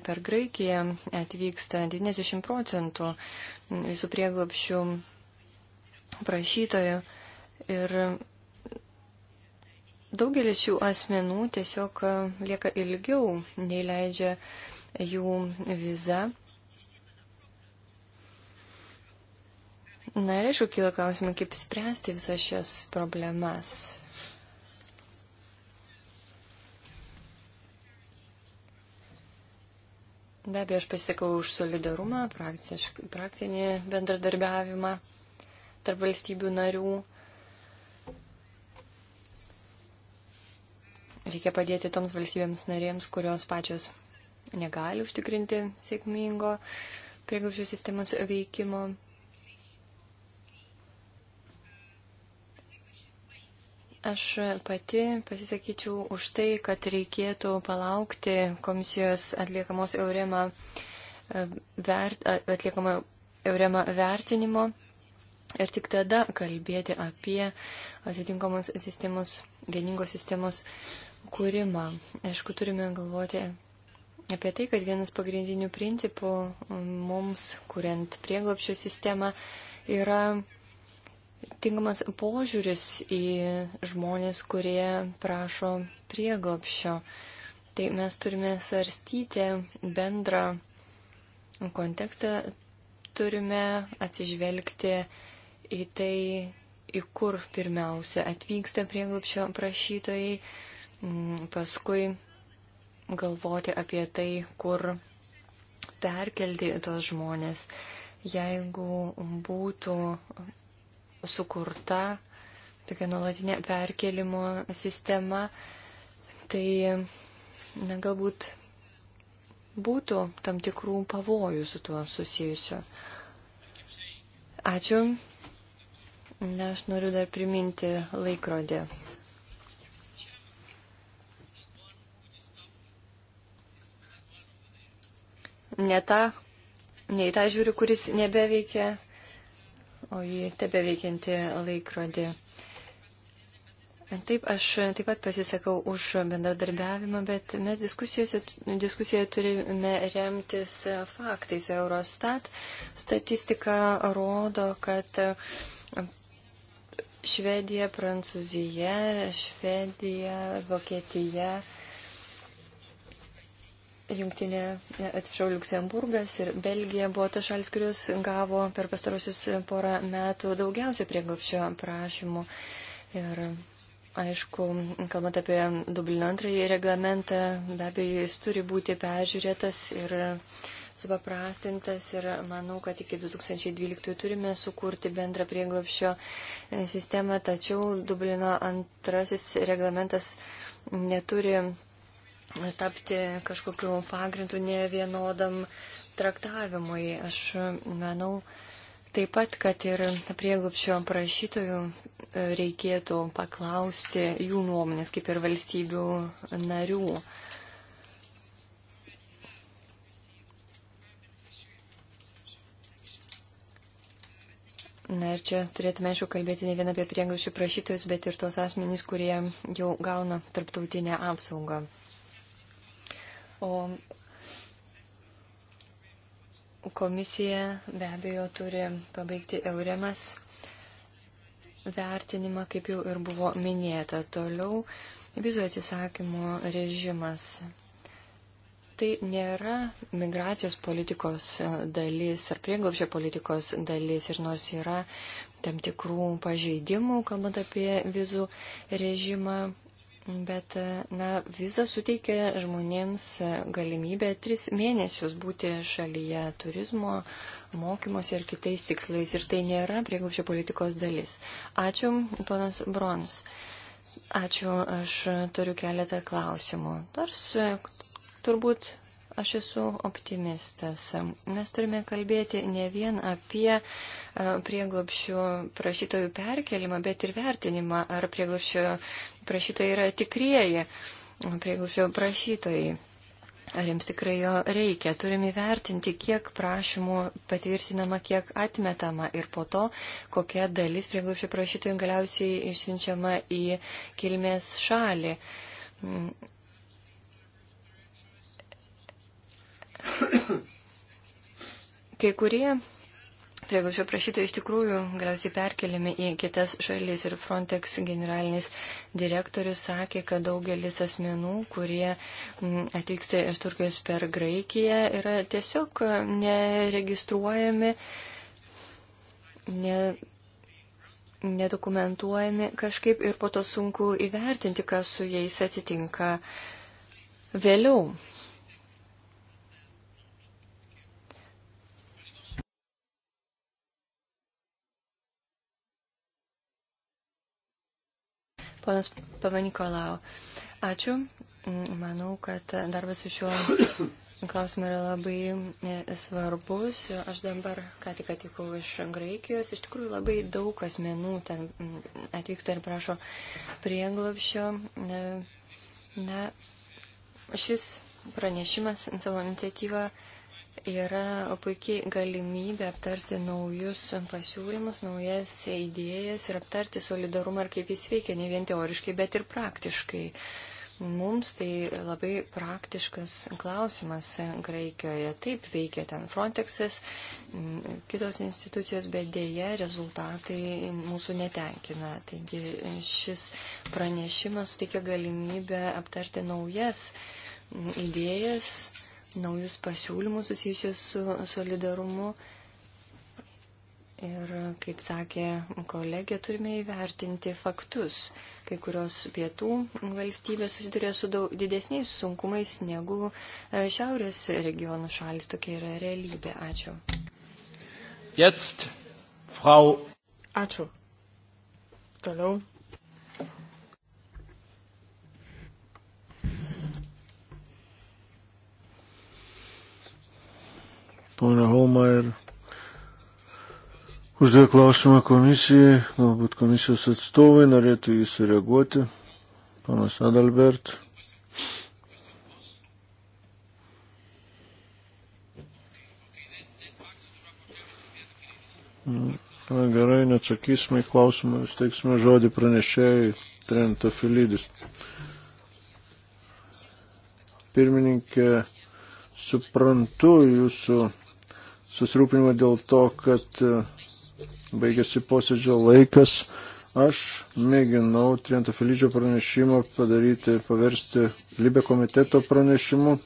per Graikiją atvyksta 90 procentų visų prieglapščių prašytojų. Ir daugelis šių asmenų tiesiog lieka ilgiau, nei leidžia jų viza. Na ir aišku, kyla klausimai, kaip spręsti visas šias problemas. Be abejo, aš pasisakau už solidarumą, praktinį bendradarbiavimą tarp valstybių narių. Reikia padėti toms valstybėms narėms, kurios pačios negali užtikrinti sėkmingo prieglobžio sistemos veikimo. Aš pati pasisakyčiau už tai, kad reikėtų palaukti komisijos atliekamos eurema, e, vert, atliekamo eurema vertinimo ir tik tada kalbėti apie atitinkamos sistemos, vieningos sistemos kūrimą. Aišku, turime galvoti apie tai, kad vienas pagrindinių principų mm, mums, kuriant prieglopščio sistemą, yra tinkamas požiūris į žmonės, kurie prašo prieglopščio. Tai mes turime sarstyti bendrą kontekstą, turime atsižvelgti į tai, į kur pirmiausia atvyksta prieglupščio prašytojai, mm, paskui galvoti apie tai, kur perkelti tos žmonės. Jeigu būtų sukurta tokia nuolatinė perkelimo sistema, tai na, galbūt būtų tam tikrų pavojų su tuo susijusio. Ačiū. Ne, aš noriu dar priminti laikrodį. Ne tą, ne į tą žiūriu, kuris nebeveikia, o į tebeveikiantį laikrodį. Taip, aš taip pat pasisakau už bendradarbiavimą, bet mes diskusijoje turime remtis faktais. Eurostat statistika rodo, kad Švedija, Prancūzija, Švedija, Vokietija, Jungtinė, atsiprašau, Luksemburgas ir Belgija buvo ta šalis, kurios gavo per pastarosius porą metų daugiausia prieglopščio prašymų. Ir aišku, kalbant apie Dublino antrąjį reglamentą, be abejo, jis turi būti peržiūrėtas ir uh, supaprastintas ir manau, kad iki 2012 turime sukurti bendrą prieglapšio e, sistemą, tačiau Dublino antrasis reglamentas neturi tapti kažkokiu pagrindu nevienodam traktavimui. Aš manau, Taip pat, kad ir prieglupščio prašytojų e, reikėtų paklausti jų nuomonės, kaip ir valstybių narių. Na ir čia turėtume, aišku, kalbėti ne vien apie prieglušių prašytojus, bet ir tos asmenys, kurie jau gauna tarptautinę apsaugą. O komisija be abejo turi pabaigti Euremas vertinimą, kaip jau ir buvo minėta. Toliau vizų atsisakymo režimas. Tai nėra migracijos politikos e, dalis ar prieglobšio politikos dalis ir nors yra tam tikrų pažeidimų, kalbant apie vizų režimą, Bet, e, na, viza suteikia žmonėms e, galimybę tris mėnesius būti šalyje turizmo, mokymosi ir kitais tikslais. Ir tai nėra prieglupščio politikos dalis. Ačiū, ponas Brons. Ačiū, aš turiu keletą klausimų. Nors Turbūt aš esu optimistas. Mes turime kalbėti ne vien apie e, prieglopšio prašytojų perkelimą, bet ir vertinimą, ar prieglopšio prašytojai yra tikrieji prieglopšio prašytojai. Ar jiems tikrai jo reikia? Turime įvertinti, kiek prašymų patvirtinama, kiek atmetama ir po to, kokia dalis prieglopšio prašytojų galiausiai išsiunčiama į kilmės šalį. Mm, Kai kurie Prieglušio prašytojai iš tikrųjų galiausiai perkeliami į kitas šalis ir Frontex generalinis direktorius sakė, kad daugelis asmenų, kurie mm, atvyksta iš Turkijos per Graikiją, yra tiesiog neregistruojami, ne, nedokumentuojami kažkaip ir po to sunku įvertinti, kas su jais atsitinka vėliau. Ponas Pavanikolau, ačiū. Manau, kad darbas su šiuo klausimu yra labai e, svarbus. Aš dabar ką tik atvykau iš Graikijos. Iš tikrųjų labai daug asmenų ten mm, atvyksta ir prašo prieglopšio. E, na, šis pranešimas savo iniciatyvą yra puikiai galimybė aptarti naujus pasiūlymus, naujas idėjas ir aptarti solidarumą ir kaip jis veikia, ne vien teoriškai, bet ir praktiškai. Mums tai labai praktiškas klausimas Graikijoje. Taip veikia ten Frontexas, kitos institucijos, bet dėje rezultatai mūsų netenkina. Taigi šis pranešimas suteikia galimybę aptarti naujas idėjas naujus pasiūlymus susijusius su solidarumu. Ir, kaip sakė kolegė, turime įvertinti faktus. Kai kurios pietų valstybės susiduria su daug, didesniais sunkumais negu e, šiaurės regionų šalis. Tokia yra realybė. Ačiū. Jetzt, Frau. Ačiū. Toliau, ponia Holma ir uždėjo klausimą komisijai, galbūt komisijos atstovai norėtų jį sureaguoti. Panas Adalbert. Na, gerai, neatsakysime į klausimą, vis teiksime žodį pranešėjai Trento Filidis. Pirmininkė, suprantu jūsų susirūpinimą dėl to, kad e, baigėsi posėdžio laikas. Aš mėginau Triento Felidžio pranešimą padaryti, paversti Libė komiteto pranešimu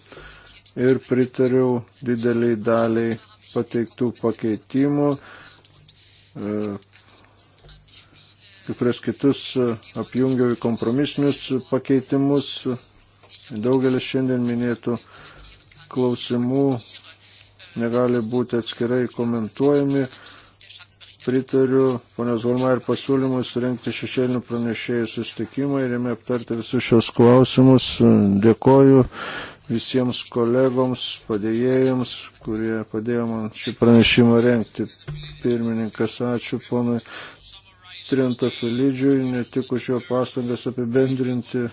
ir pritariau dideliai daliai pateiktų pakeitimų. E, kai kurias kitus e, apjungiau į kompromisinius pakeitimus. Daugelis šiandien minėtų klausimų negali būti atskirai komentuojami. Pritariu ponios Volma ir pasiūlymui surenkti šešėlinių pranešėjų sustikimą ir jame aptarti visus šios klausimus. Dėkoju visiems kolegoms, padėjėjams, kurie padėjo man šį pranešimą renkti. Pirmininkas, ačiū ponui Trento Felidžiui, ne tik už jo pastangas apibendrinti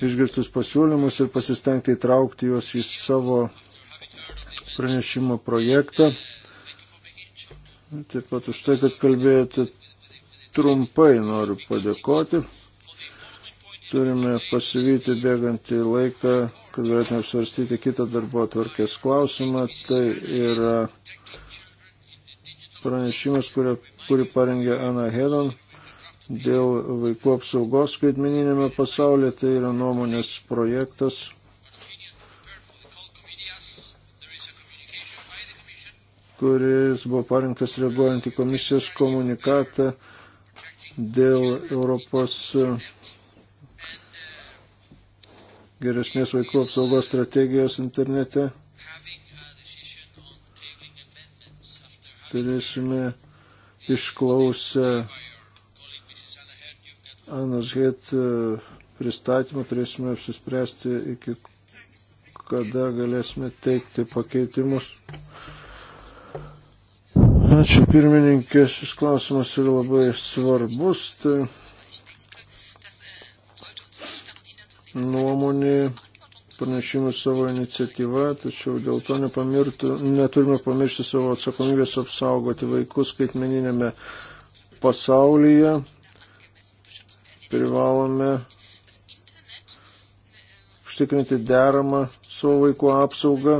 išgirstus pasiūlymus ir pasistengti įtraukti juos į savo pranešimo projektą. Taip pat už tai, kad kalbėjote trumpai, noriu padėkoti. Turime pasivyti bėgantį laiką, kad galėtume apsvarstyti kitą darbo atvarkės klausimą. Tai yra pranešimas, kurį, kurį parengė Ana Hedon dėl vaikų apsaugos skaitmeninėme pasaulyje. Tai yra nuomonės projektas kuris buvo parinktas reaguojant į komisijos komunikatą dėl Europos e, geresnės vaikų apsaugos strategijos internete. Turėsime išklausę Anas Het e, pristatymą, turėsime apsispręsti iki kada galėsime teikti pakeitimus. Ačiū pirmininkė, šis klausimas yra labai svarbus. Tai nuomonė pranešimus savo iniciatyvą, tačiau dėl to nepamirtų, neturime pamiršti savo atsakomybės apsaugoti vaikus skaitmeninėme pasaulyje. Privalome užtikrinti deramą savo vaikų apsaugą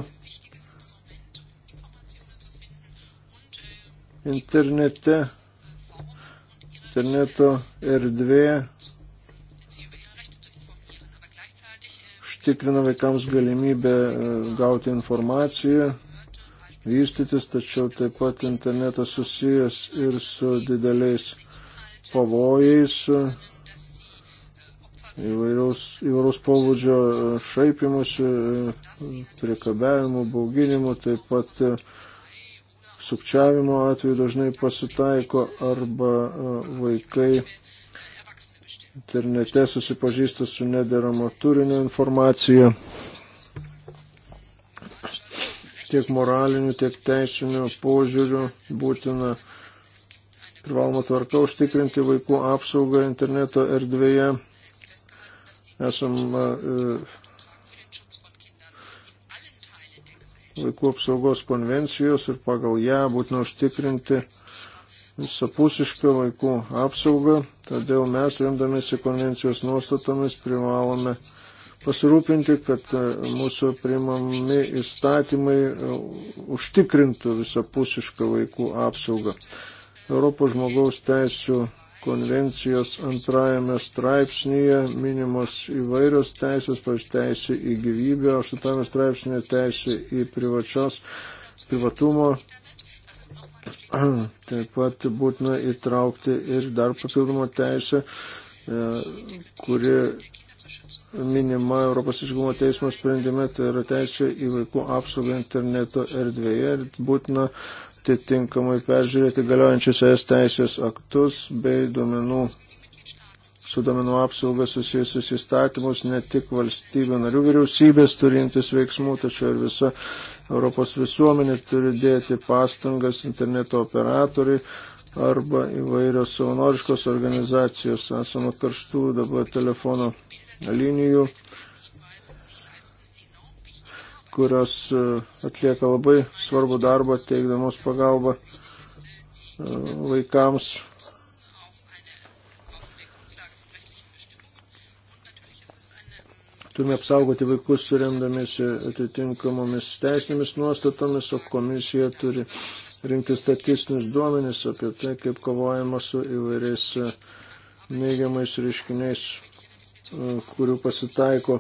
internete, interneto erdvė užtikrina vaikams galimybę e, gauti informaciją, vystytis, tačiau taip pat internetas susijęs ir su dideliais pavojais, įvairiaus, įvairaus pobūdžio e, šaipimusi, e, priekabiavimu, bauginimu, taip pat sukčiavimo atveju dažnai pasitaiko arba e, vaikai internete susipažįsta su nederamo turinio informacija tiek moraliniu, tiek teisiniu požiūriu būtina privaloma tvarka užtikrinti vaikų apsaugą interneto erdvėje. Esam e, vaikų apsaugos konvencijos ir pagal ją būtina užtikrinti visapusišką vaikų apsaugą. Todėl mes, remdamėsi konvencijos nuostatomis, privalome pasirūpinti, kad e, mūsų priimami įstatymai e, užtikrintų visapusišką vaikų apsaugą. Europos žmogaus teisų konvencijos antrajame straipsnėje minimos įvairios teisės, pavyzdžiui, teisė į gyvybę, aštuntame straipsnėje teisė į privačios, privatumo. Taip pat būtina įtraukti ir dar papildomą teisę, e, kuri minima Europos išgumo teismo sprendime, tai yra teisė į vaikų apsaugą interneto erdvėje ir būtina atitinkamai peržiūrėti galiojančius ES teisės aktus bei duomenų su domenų apsauga susijusius įstatymus ne tik valstybių narių vyriausybės turintis veiksmų, tačiau ir visa Europos visuomenė turi dėti pastangas interneto operatoriai arba įvairios savanoriškos organizacijos. Esama karštų dabar telefono linijų kurios e, atlieka labai svarbu darbą teikdamos pagalbą e, vaikams. Turime apsaugoti vaikus suremdamėsi atitinkamomis teisinėmis nuostatomis, o komisija turi rinkti statistinius duomenis apie tai, kaip kovojama su įvairiais e, neigiamais reiškiniais, kurių pasitaiko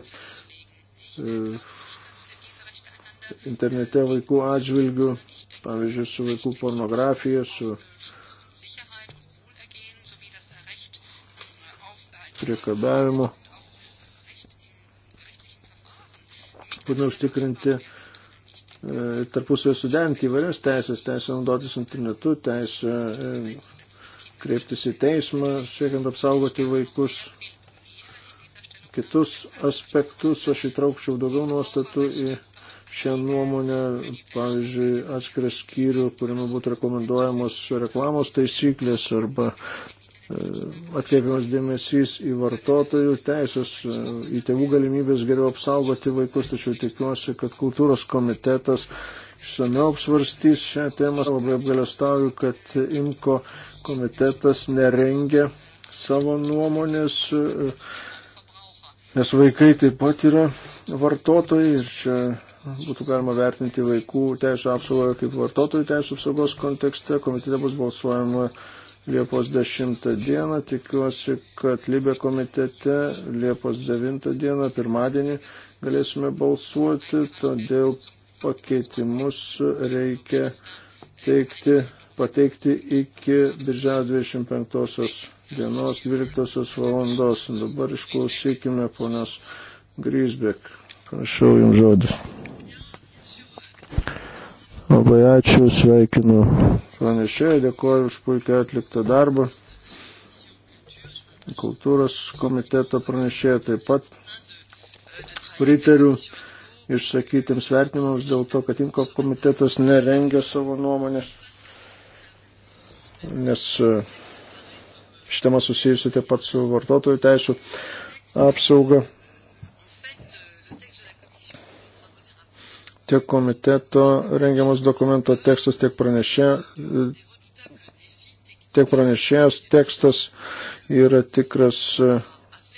internete vaikų atžvilgių, pavyzdžiui, su vaikų pornografija, su priekabiavimu. Būtina užtikrinti e, tarpusavę suderinti įvairias teisės, teisę naudotis internetu, teisę e, kreiptis į teismą, siekiant apsaugoti vaikus. Kitus aspektus aš įtraukčiau daugiau nuostatų į šią nuomonę, pavyzdžiui, atskirą skyrių, kuriame būtų rekomenduojamos reklamos taisyklės arba e, atkreipiamas dėmesys į vartotojų teisės, e, į tėvų galimybės geriau apsaugoti vaikus, tačiau tikiuosi, kad kultūros komitetas išsameu apsvarstys šią temą. Labai apgalėstauju, kad IMKO komitetas nerengia savo nuomonės, e, nes vaikai taip pat yra vartotojai ir čia būtų galima vertinti vaikų teisų apsaugą kaip vartotojų teisų apsaugos kontekste. Komitete bus balsuojama Liepos 10 dieną. Tikiuosi, kad Libė komitete Liepos 9 dieną, pirmadienį, galėsime balsuoti, todėl pakeitimus reikia teikti, pateikti iki birželio 25 dienos 12 valandos. Dabar išklausykime ponios Grisbek. Prašau jums žodis. Labai ačiū, sveikinu pranešėją, dėkuoju už puikiai atliktą darbą. Kultūros komiteto pranešėją taip pat pritariu išsakytiems vertinimams dėl to, kad Inko komitetas nerengia savo nuomonės, nes e, šitama susijusi taip pat su vartotojų teisų apsauga. tiek komiteto rengiamas dokumento tekstas, tiek, pranešė, tiek pranešėjas tekstas yra tikras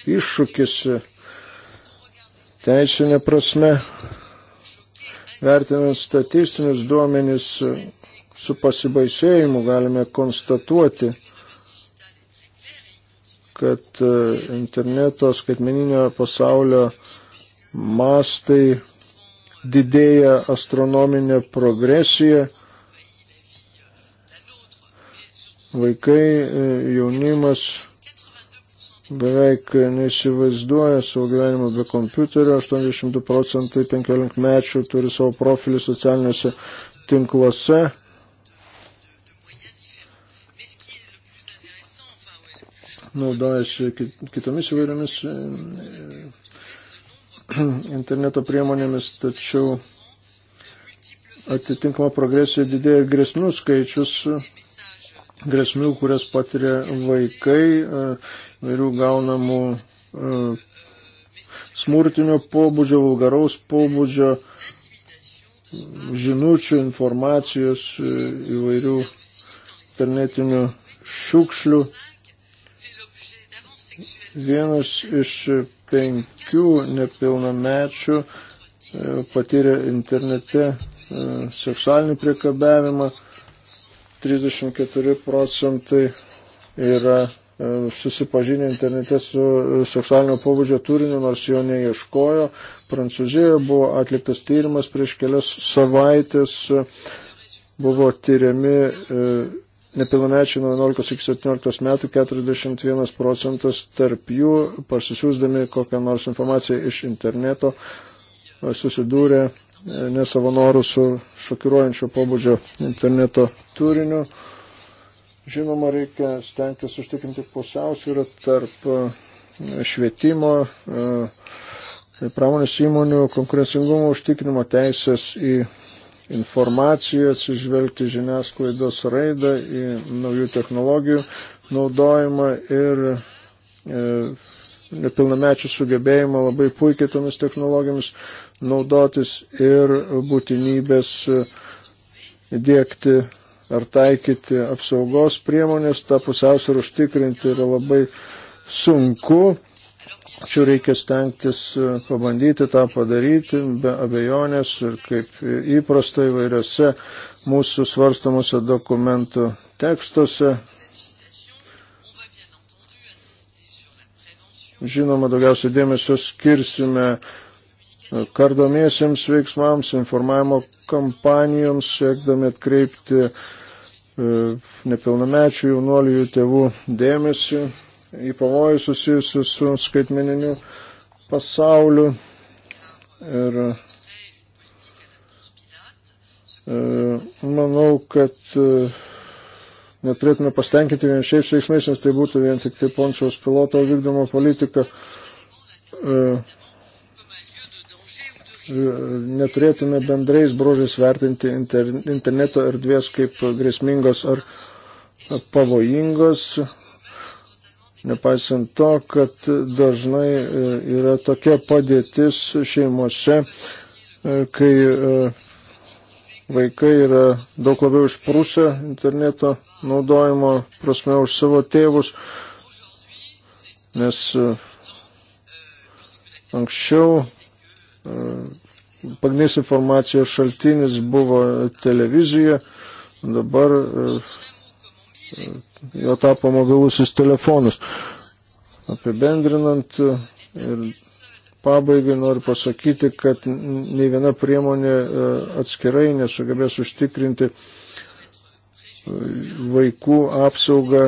iššūkis teisinė prasme. Vertinant statistinius duomenys su pasibaisėjimu galime konstatuoti, kad interneto skaitmeninio pasaulio mastai didėja astronominė progresija. Vaikai, e, jaunimas beveik neįsivaizduoja savo gyvenimo be kompiuterio, 82 procentai 15 mečių turi savo profilį socialiniuose tinkluose. Naudojasi kitomis įvairiomis e, interneto priemonėmis, tačiau atitinkama progresija didėja ir grėsmių skaičius, grėsmių, kurias patiria vaikai, e, vairių gaunamų e, smurtinio pobūdžio, vulgaraus pobūdžio, žinučių, informacijos, e, įvairių internetinių šiukšlių. Vienas iš penkių nepilnamečių e, patyrė internete e, seksualinį priekabiavimą, 34 procentai yra e, susipažinę internete su seksualinio pobūdžio turiniu, nors jo neieškojo. Prancūzijoje buvo atliktas tyrimas prieš kelias savaitės, buvo tyriami nepilnamečių nuo 11 iki 17 metų 41 procentas tarp jų pasisiūsdami kokią nors informaciją iš interneto susidūrė e, nesavo norų su šokiruojančio pobūdžio interneto turiniu. Žinoma, reikia stengtis užtikrinti pusiausvyrą tarp e, švietimo, e, pramonės įmonių, konkurencingumo užtikrinimo teisės į informaciją, atsižvelgti žiniasklaidos raidą, į naujų technologijų naudojimą ir e, nepilnamečių sugebėjimą labai puikiai tomis technologijomis naudotis ir būtinybės dėkti ar taikyti apsaugos priemonės, tą pusiausvyrą užtikrinti yra labai sunku Čia reikia stengtis e, pabandyti tą padaryti be abejonės ir kaip įprasta įvairiose mūsų svarstamose dokumentų tekstuose. Žinoma, daugiausiai dėmesio skirsime kardomiesiems veiksmams, informavimo kampanijoms, siekdami atkreipti e, nepilnamečių jaunuolių jų tėvų dėmesį į pavojų susijusių su skaitmeniniu pasauliu. Ir e, manau, kad e, neturėtume pastenkinti vien šiais veiksmais, nes tai būtų vien tik tai pončiaus piloto vykdoma politika. E, neturėtume bendrais brožais vertinti interneto erdvės kaip grėsmingos ar pavojingos. Nepaisant to, kad dažnai e, yra tokia padėtis šeimose, e, kai e, vaikai yra daug labiau išprūsę interneto naudojimo prasme už savo tėvus, nes anksčiau pagrindinis informacijos šaltinis buvo televizija, dabar jo tapo mobilusis telefonas. Apibendrinant ir pabaigai noriu pasakyti, kad nei viena priemonė e, atskirai nesugebės užtikrinti e, vaikų apsaugą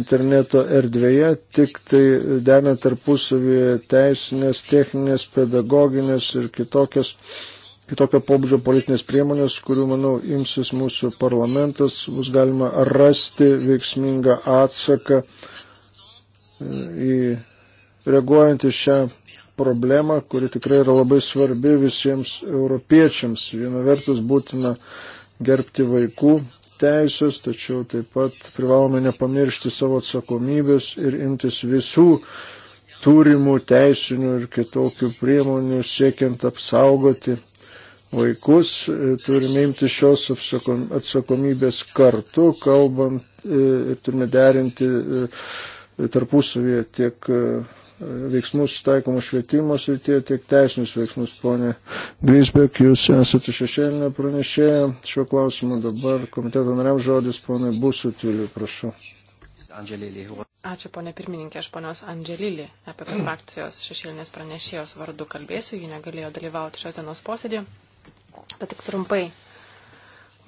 interneto erdvėje, tik tai derina tarpusavį teisinės, techninės, pedagoginės ir kitokias kitokio pobūdžio politinės priemonės, kurių, manau, imsis mūsų parlamentas, bus galima rasti veiksmingą atsaką e, į reaguojant į šią problemą, kuri tikrai yra labai svarbi visiems europiečiams. Viena vertus būtina gerbti vaikų teisės, tačiau taip pat privalome nepamiršti savo atsakomybės ir imtis visų turimų teisinių ir kitokių priemonių siekiant apsaugoti vaikus, e, turime imti šios atsakomybės kartu, kalbant e, ir turime derinti e, tarpusavėje tiek veiksmus taikomus švietimo srityje, tiek teisinius veiksmus. Pone Grisbek, jūs esate šešėlinė pranešėja. Šiuo klausimu dabar komiteto nariam žodis, pone Busutiliu, prašau. Angelili. Ačiū, ponė pirmininkė, aš ponios Andželilį, EPP frakcijos šešėlinės pranešėjos vardu kalbėsiu, ji negalėjo dalyvauti šios dienos posėdį. Bet tik trumpai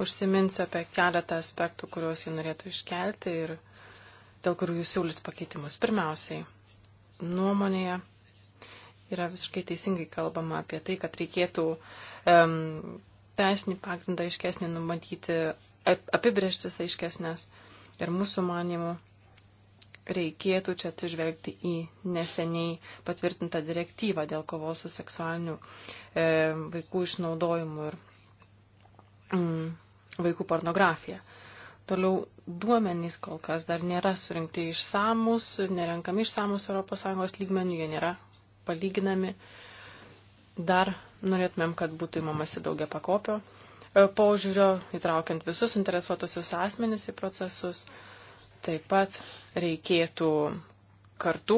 užsiminsiu apie keletą aspektų, kuriuos jį norėtų iškelti ir dėl kurių jūs siūlys pakeitimus. Pirmiausiai, nuomonėje yra visiškai teisingai kalbama apie tai, kad reikėtų um, teisinį pagrindą aiškesnį numatyti, apibrėžtis aiškesnės. Ir mūsų manimų reikėtų čia atsižvelgti į neseniai patvirtintą direktyvą dėl kovos su seksualiniu e, vaikų išnaudojimu ir mm, vaikų pornografija. Toliau duomenys kol kas dar nėra surinkti išsamus, nerenkami išsamus ES lygmenių, jie nėra palyginami. Dar norėtumėm, kad būtų įmamasi daugia pakopio e, požiūrio, įtraukiant visus interesuotusius asmenys į procesus. E, Taip pat reikėtų kartų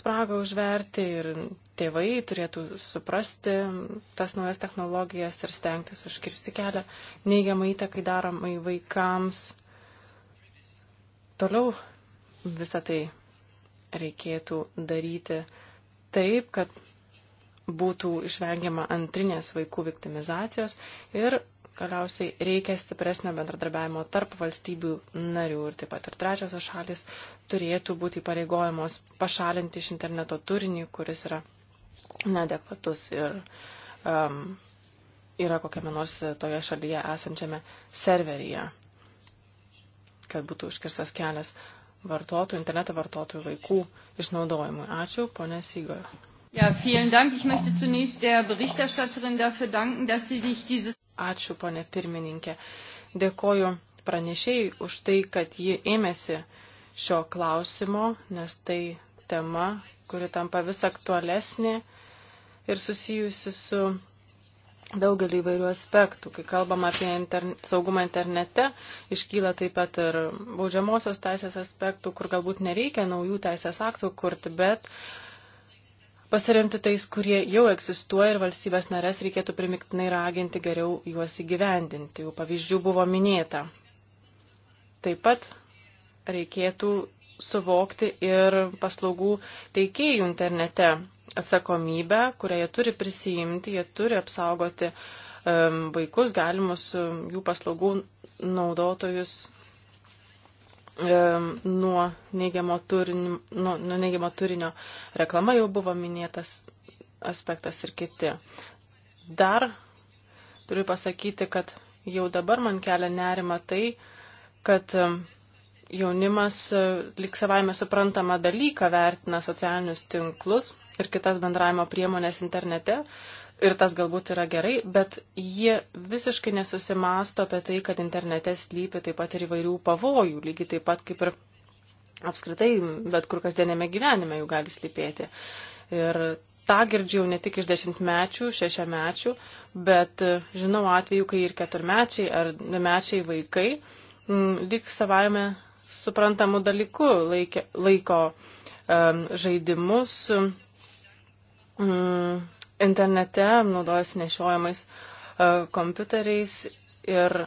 spragą užverti ir tėvai turėtų suprasti tas naujas technologijas ir stengtis užkirsti kelią neigiamai įtakai daromai vaikams. Toliau visą tai reikėtų daryti taip, kad būtų išvengiama antrinės vaikų viktimizacijos ir galiausiai reikia stipresnio bendradarbiavimo tarp valstybių narių ir taip pat ir trečiosios šalis turėtų būti pareigojamos pašalinti iš interneto turinį, kuris yra neadekvatus ir um, yra kokiame nors toje šalyje esančiame serveryje, kad būtų užkirstas kelias vartotojų, interneto vartotojų vaikų išnaudojimui. Ačiū, ponė Sygor. Ja, vielen Dank. Ich möchte zunächst der Berichterstatterin dafür danken, dass sie sich dieses. Ačiū, ponė pirmininkė. Dėkoju pranešėjai už tai, kad ji ėmėsi šio klausimo, nes tai tema, kuri tampa vis aktualesnė ir susijusi su daugeliu įvairių aspektų. Kai kalbam apie interne, saugumą internete, iškyla taip pat ir baudžiamosios teisės aspektų, kur galbūt nereikia naujų teisės aktų kurti, bet pasiremti tais, kurie jau egzistuoja ir valstybės narės reikėtų primiktinai raginti geriau juos įgyvendinti. Jau pavyzdžių buvo minėta. Taip pat reikėtų suvokti ir paslaugų teikėjų internete atsakomybę, kurią jie turi prisijimti, jie turi apsaugoti um, vaikus, galimus um, jų paslaugų naudotojus nuo neigiamo, turinio, nuo, nuo neigiamo turinio reklama jau buvo minėtas aspektas ir kiti. Dar turiu pasakyti, kad jau dabar man kelia nerima tai, kad jaunimas e, lik savaime suprantama dalyką vertina socialinius tinklus ir kitas bendravimo priemonės internete ir tas galbūt yra gerai, bet jie visiškai nesusimasto apie tai, kad internete slypi taip pat ir įvairių pavojų, lygiai taip pat kaip ir apskritai, bet kur kasdienėme gyvenime jų gali slypėti. Ir tą girdžiu ne tik iš dešimtmečių, šešiamečių, bet e, žinau atveju, kai ir keturmečiai ar dvimečiai vaikai m, lyg savaime suprantamų dalykų laikė, laiko um, žaidimus. Um, internete, naudojasi nešiojamais e, kompiuteriais ir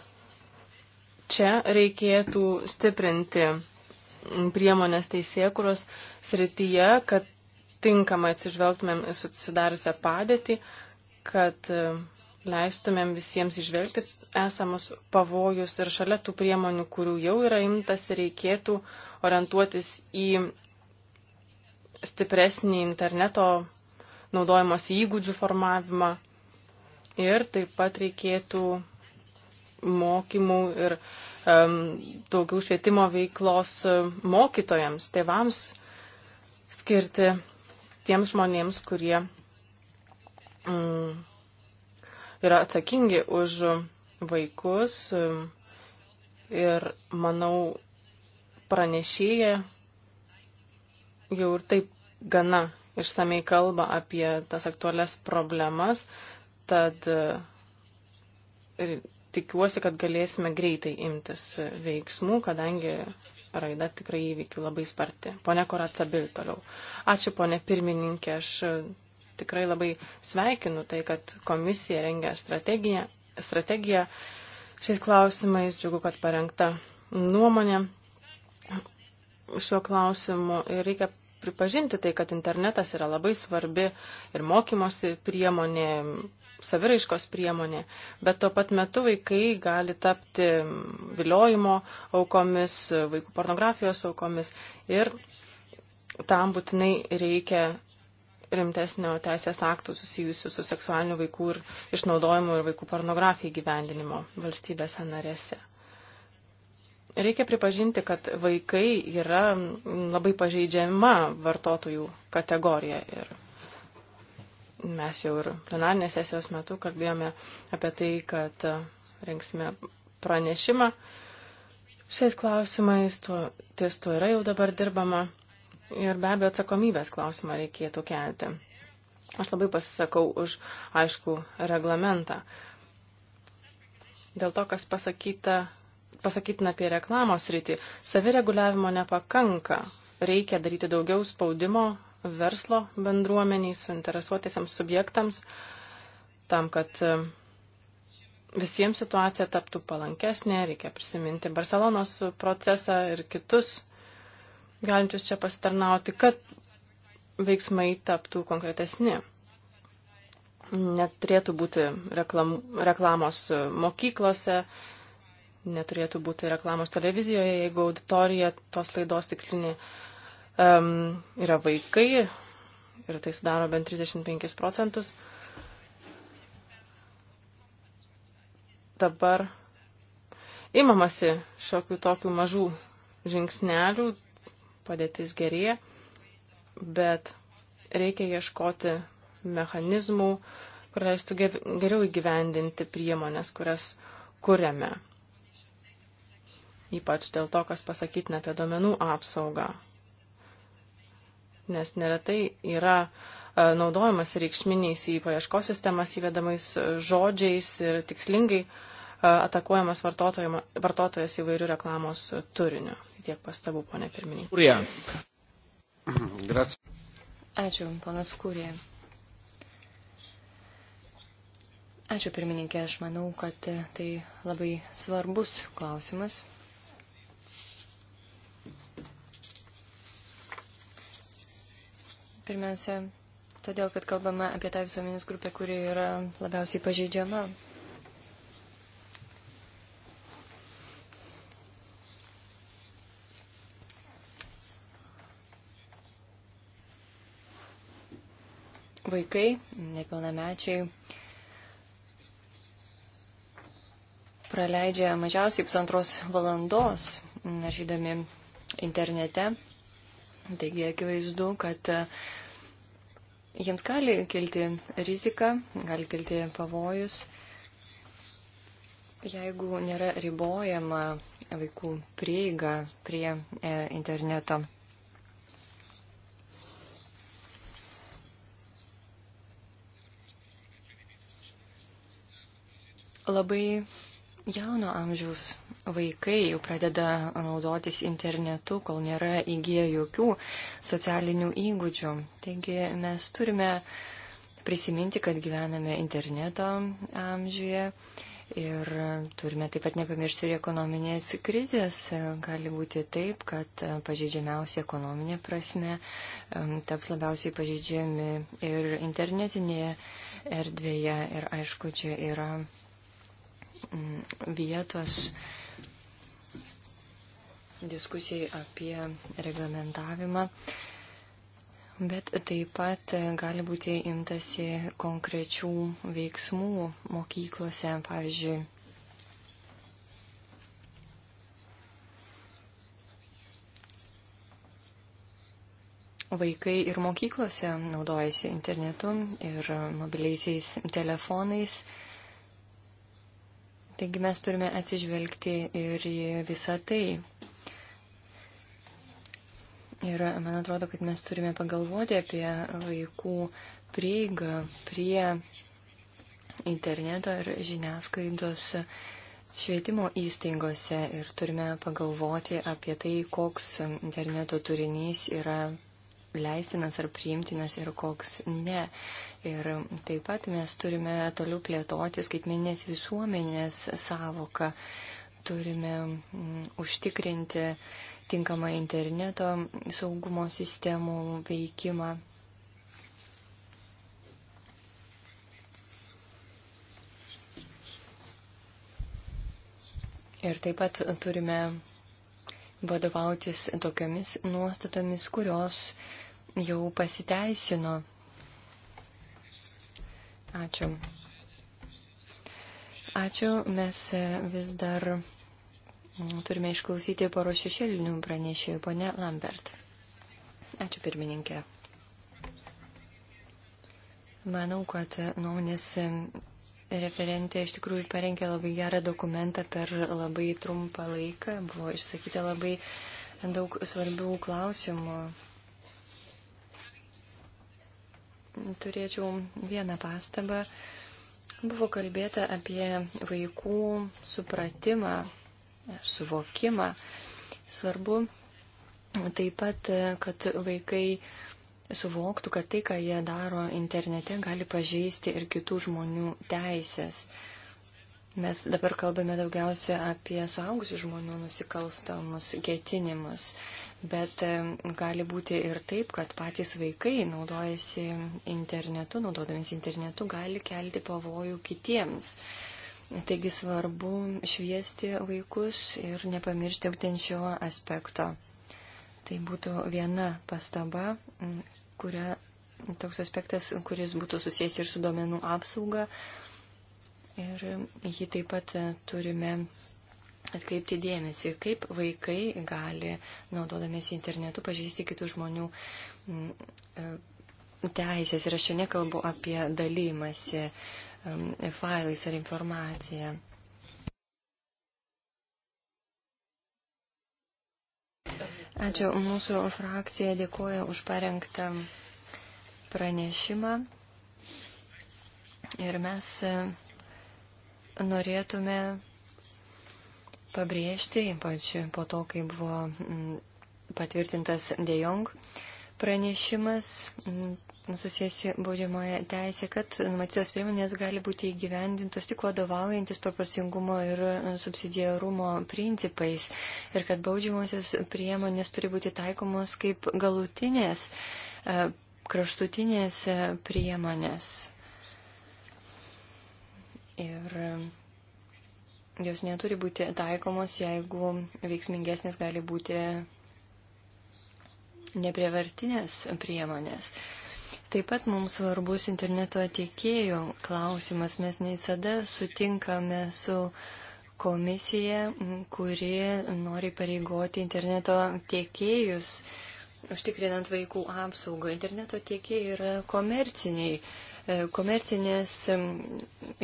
čia reikėtų stiprinti priemonės teisėkuros srityje, kad tinkamai atsižvelgtumėm į susidariusią padėtį, kad e, leistumėm visiems išvelgti esamus pavojus ir šalia tų priemonių, kurių jau yra imtas, reikėtų orientuotis į stipresnį interneto naudojamos įgūdžių formavimą. Ir taip pat reikėtų mokymų ir um, daugiau švietimo veiklos e, mokytojams, tėvams skirti tiems žmonėms, kurie um, yra atsakingi už vaikus. Um, ir, manau, pranešėja jau ir taip gana išsamei kalba apie tas aktualias problemas, tad tikiuosi, kad galėsime greitai imtis veiksmų, kadangi raida tikrai įvykių labai sparti. Pone Koracabil toliau. Ačiū, pone pirmininkė, aš tikrai labai sveikinu tai, kad komisija rengia strategiją. strategiją. Šiais klausimais džiugu, kad parengta nuomonė šiuo klausimu ir reikia pripažinti tai, kad internetas yra labai svarbi ir mokymosi priemonė, saviraiškos priemonė, bet tuo pat metu vaikai gali tapti viliojimo aukomis, vaikų pornografijos aukomis ir tam būtinai reikia rimtesnio teisės aktų susijusių su seksualiniu vaikų ir išnaudojimu ir vaikų pornografijai gyvendinimo valstybėse narėse. Reikia pripažinti, kad vaikai yra labai pažeidžiama vartotojų kategorija. Ir mes jau ir plenarinės sesijos metu kalbėjome apie tai, kad rengsime pranešimą šiais klausimais, tuo, ties tuo yra jau dabar dirbama. Ir be abejo atsakomybės klausimą reikėtų kelti. Aš labai pasisakau už aišku reglamentą. Dėl to, kas pasakyta pasakytina apie reklamos rytį. Savireguliavimo nepakanka. Reikia daryti daugiau spaudimo verslo bendruomeniai, suinteresuotėsiams subjektams, tam, kad e, visiems situacija taptų palankesnė, reikia prisiminti Barcelonos procesą ir kitus galinčius čia pasitarnauti, kad veiksmai taptų konkretesni. Neturėtų būti reklam, reklamos mokyklose, neturėtų būti reklamos televizijoje, jeigu auditorija tos laidos tikslinė um, yra vaikai ir tai sudaro bent 35 procentus. Dabar imamasi šiokių tokių mažų žingsnelių, padėtis gerėja, bet reikia ieškoti mechanizmų, kurie leistų geriau įgyvendinti priemonės, kurias kuriame ypač dėl to, kas pasakytina apie domenų apsaugą. Nes neretai yra e, naudojamas reikšminiais į paieškos sistemas įvedamais e, žodžiais ir tikslingai e, atakuojamas vartotojas įvairių reklamos turiniu. Tiek pastabų, ponė pirmininkė. Kurie. Ačiū, ponas Kūrė. Ačiū, pirmininkė. Aš manau, kad tai labai svarbus klausimas. Pirmiausia, todėl, kad kalbame apie tą visuomenės grupę, kuri yra labiausiai pažeidžiama. Vaikai, nepilnamečiai praleidžia mažiausiai pusantros valandos naršydami internete Taigi akivaizdu, kad e, jiems gali kilti rizika, gali kilti pavojus, jeigu nėra ribojama vaikų prieiga prie e, interneto. Labai Jauno amžiaus vaikai jau pradeda naudotis internetu, kol nėra įgyję jokių socialinių įgūdžių. Taigi mes turime prisiminti, kad gyvename interneto amžiuje ir turime taip pat nepamiršti ir ekonominės krizės. Gali būti taip, kad pažeidžiamiausia ekonominė prasme taps labiausiai pažeidžiami ir internetinėje erdvėje. Ir aišku, čia yra Mm, vietos diskusijai apie reglamentavimą, bet taip pat gali būti imtasi konkrečių veiksmų mokyklose, pavyzdžiui. Vaikai ir mokyklose naudojasi internetu ir mobiliaisiais telefonais. Taigi mes turime atsižvelgti ir į visą tai. Ir man atrodo, kad mes turime pagalvoti apie vaikų prieigą prie interneto ir žiniasklaidos švietimo įstaigose ir turime pagalvoti apie tai, koks interneto turinys yra leistinas ar priimtinas ir koks ne. Ir taip pat mes turime toliau plėtoti skaitmeninės visuomenės savoką, turime mm, užtikrinti tinkamą interneto saugumo sistemų veikimą. Ir taip pat turime vadovautis tokiamis nuostatomis, kurios uh, jau pasiteisino. Ačiū. Ačiū, mes e, vis dar mm, turime išklausyti poro šešėlinių pranešėjų, ponė Lambert. Ačiū pirmininkė. Manau, kad nuomonės e, referentė iš tikrųjų parengė labai gerą dokumentą per labai trumpą laiką. Buvo išsakyta labai daug svarbių klausimų turėčiau vieną pastabą. Buvo kalbėta apie vaikų supratimą, suvokimą. Svarbu taip pat, kad vaikai suvoktų, kad tai, ką jie daro internete, gali pažeisti ir kitų žmonių teisės. Uh, Mes dabar kalbame daugiausia apie suaugusių žmonių nusikalstamus ketinimus, bet gali būti ir taip, kad patys vaikai naudojasi internetu, naudodamis internetu gali kelti pavojų kitiems. Taigi svarbu šviesti vaikus ir nepamiršti būtent šio aspekto. Tai būtų viena pastaba, kuria toks aspektas, kuris būtų susijęs ir su duomenų apsauga, Ir jį taip pat turime atkreipti dėmesį, kaip vaikai gali, naudodamėsi internetu, pažįsti kitų žmonių mm, e, teisės. Ir aš čia nekalbu apie dalymasi mm, e, failais ar informaciją. Ačiū. Mūsų frakcija dėkoja už parengtą pranešimą. Ir mes e, norėtume pabrėžti, ypač po to, kai buvo mm, patvirtintas Dejong pranešimas mm, susijęs baudžiamoje teisė, kad numatytos priemonės gali būti įgyvendintos tik vadovaujantis paprasingumo ir subsidiarumo principais ir kad baudžiamosios priemonės turi būti taikomos kaip galutinės e, kraštutinės priemonės. Ir jos neturi būti taikomos, jeigu veiksmingesnės gali būti neprievartinės priemonės. Taip pat mums svarbus interneto tiekėjų klausimas. Mes ne visada sutinkame su komisija, kuri nori pareigoti interneto tiekėjus, užtikrinant vaikų apsaugą. Interneto tiekėjai yra komerciniai E, komercinės e,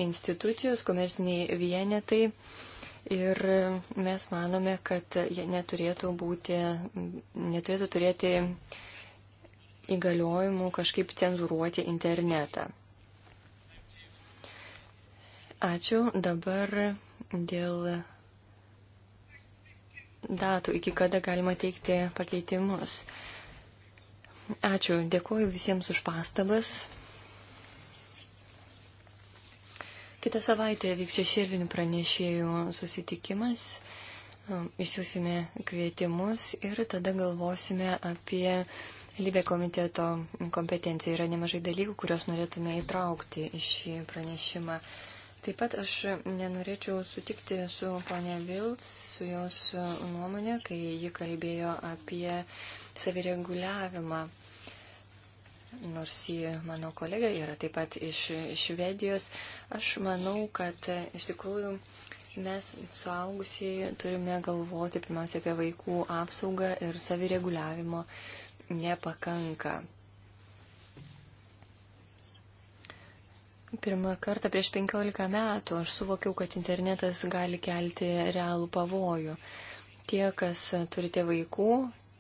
institucijos, komerciniai vienetai. Ir e, mes manome, kad jie neturėtų, būti, neturėtų turėti įgaliojimų kažkaip cenzuruoti internetą. Ačiū. Dabar dėl datų, iki kada galima teikti pakeitimus. Ačiū. Dėkuoju visiems už pastabas. Kita savaitė vyks šešėlinių pranešėjų susitikimas. Um, išsiųsime kvietimus ir tada galvosime apie Lybė komiteto kompetencija yra nemažai dalykų, kuriuos norėtume įtraukti į šį pranešimą. Taip pat aš nenorėčiau sutikti su ponia Vilts, su jos nuomonė, kai ji kalbėjo apie savireguliavimą nors jį mano kolega yra taip pat iš Švedijos, aš manau, kad iš tikrųjų mes suaugusiai turime galvoti pirmiausia apie vaikų apsaugą ir savireguliavimo nepakanka. Pirmą kartą prieš 15 metų aš suvokiau, kad internetas gali kelti realų pavojų. Tie, kas turite vaikų,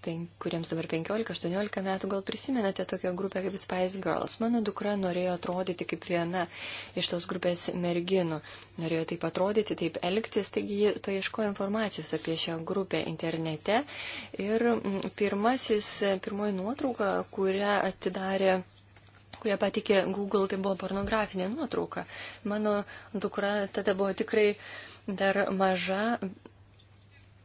pen, kuriems dabar 15-18 metų, gal prisimenate tokią grupę kaip Spice Girls. Mano dukra norėjo atrodyti kaip viena iš tos grupės merginų. Norėjo taip atrodyti, taip elgtis, taigi ji paieškojo informacijos apie šią grupę internete. Ir mm, pirmasis, pirmoji nuotrauka, kurią atidarė kurie patikė Google, tai buvo pornografinė nuotrauka. Mano dukra tada buvo tikrai dar maža,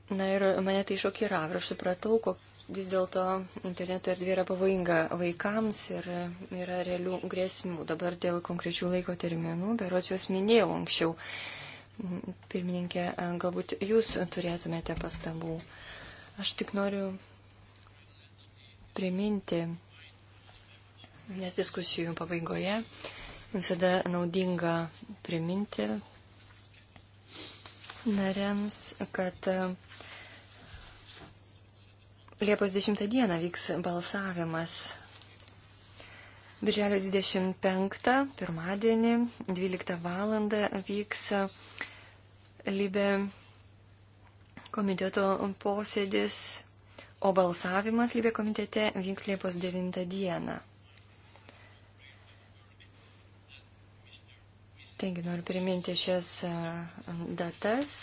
Na ir mane tai šokiravo ir aš supratau, kok, vis dėlto interneto erdvė yra pavojinga vaikams ir yra realių grėsmių. Dabar dėl konkrečių laiko terminų, berots juos minėjau anksčiau. Pirmininkė, galbūt jūs turėtumėte pastabų. Aš tik noriu priminti, nes diskusijų pabaigoje visada naudinga priminti nariams, kad Liepos 10 dieną vyks balsavimas. Birželio 25, pirmadienį, 12 val. vyks Libė komiteto posėdis, o balsavimas Libė komitete vyks Liepos 9 dieną. Taigi noriu priminti šias datas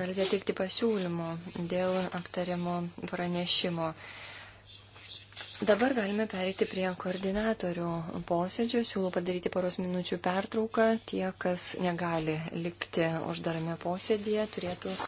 galite teikti pasiūlymų dėl aptariamo pranešimo. Dabar galime pereiti prie koordinatorių posėdžio. Siūlau padaryti poros minučių pertrauką. Tie, kas negali likti uždarame posėdėje, turėtų.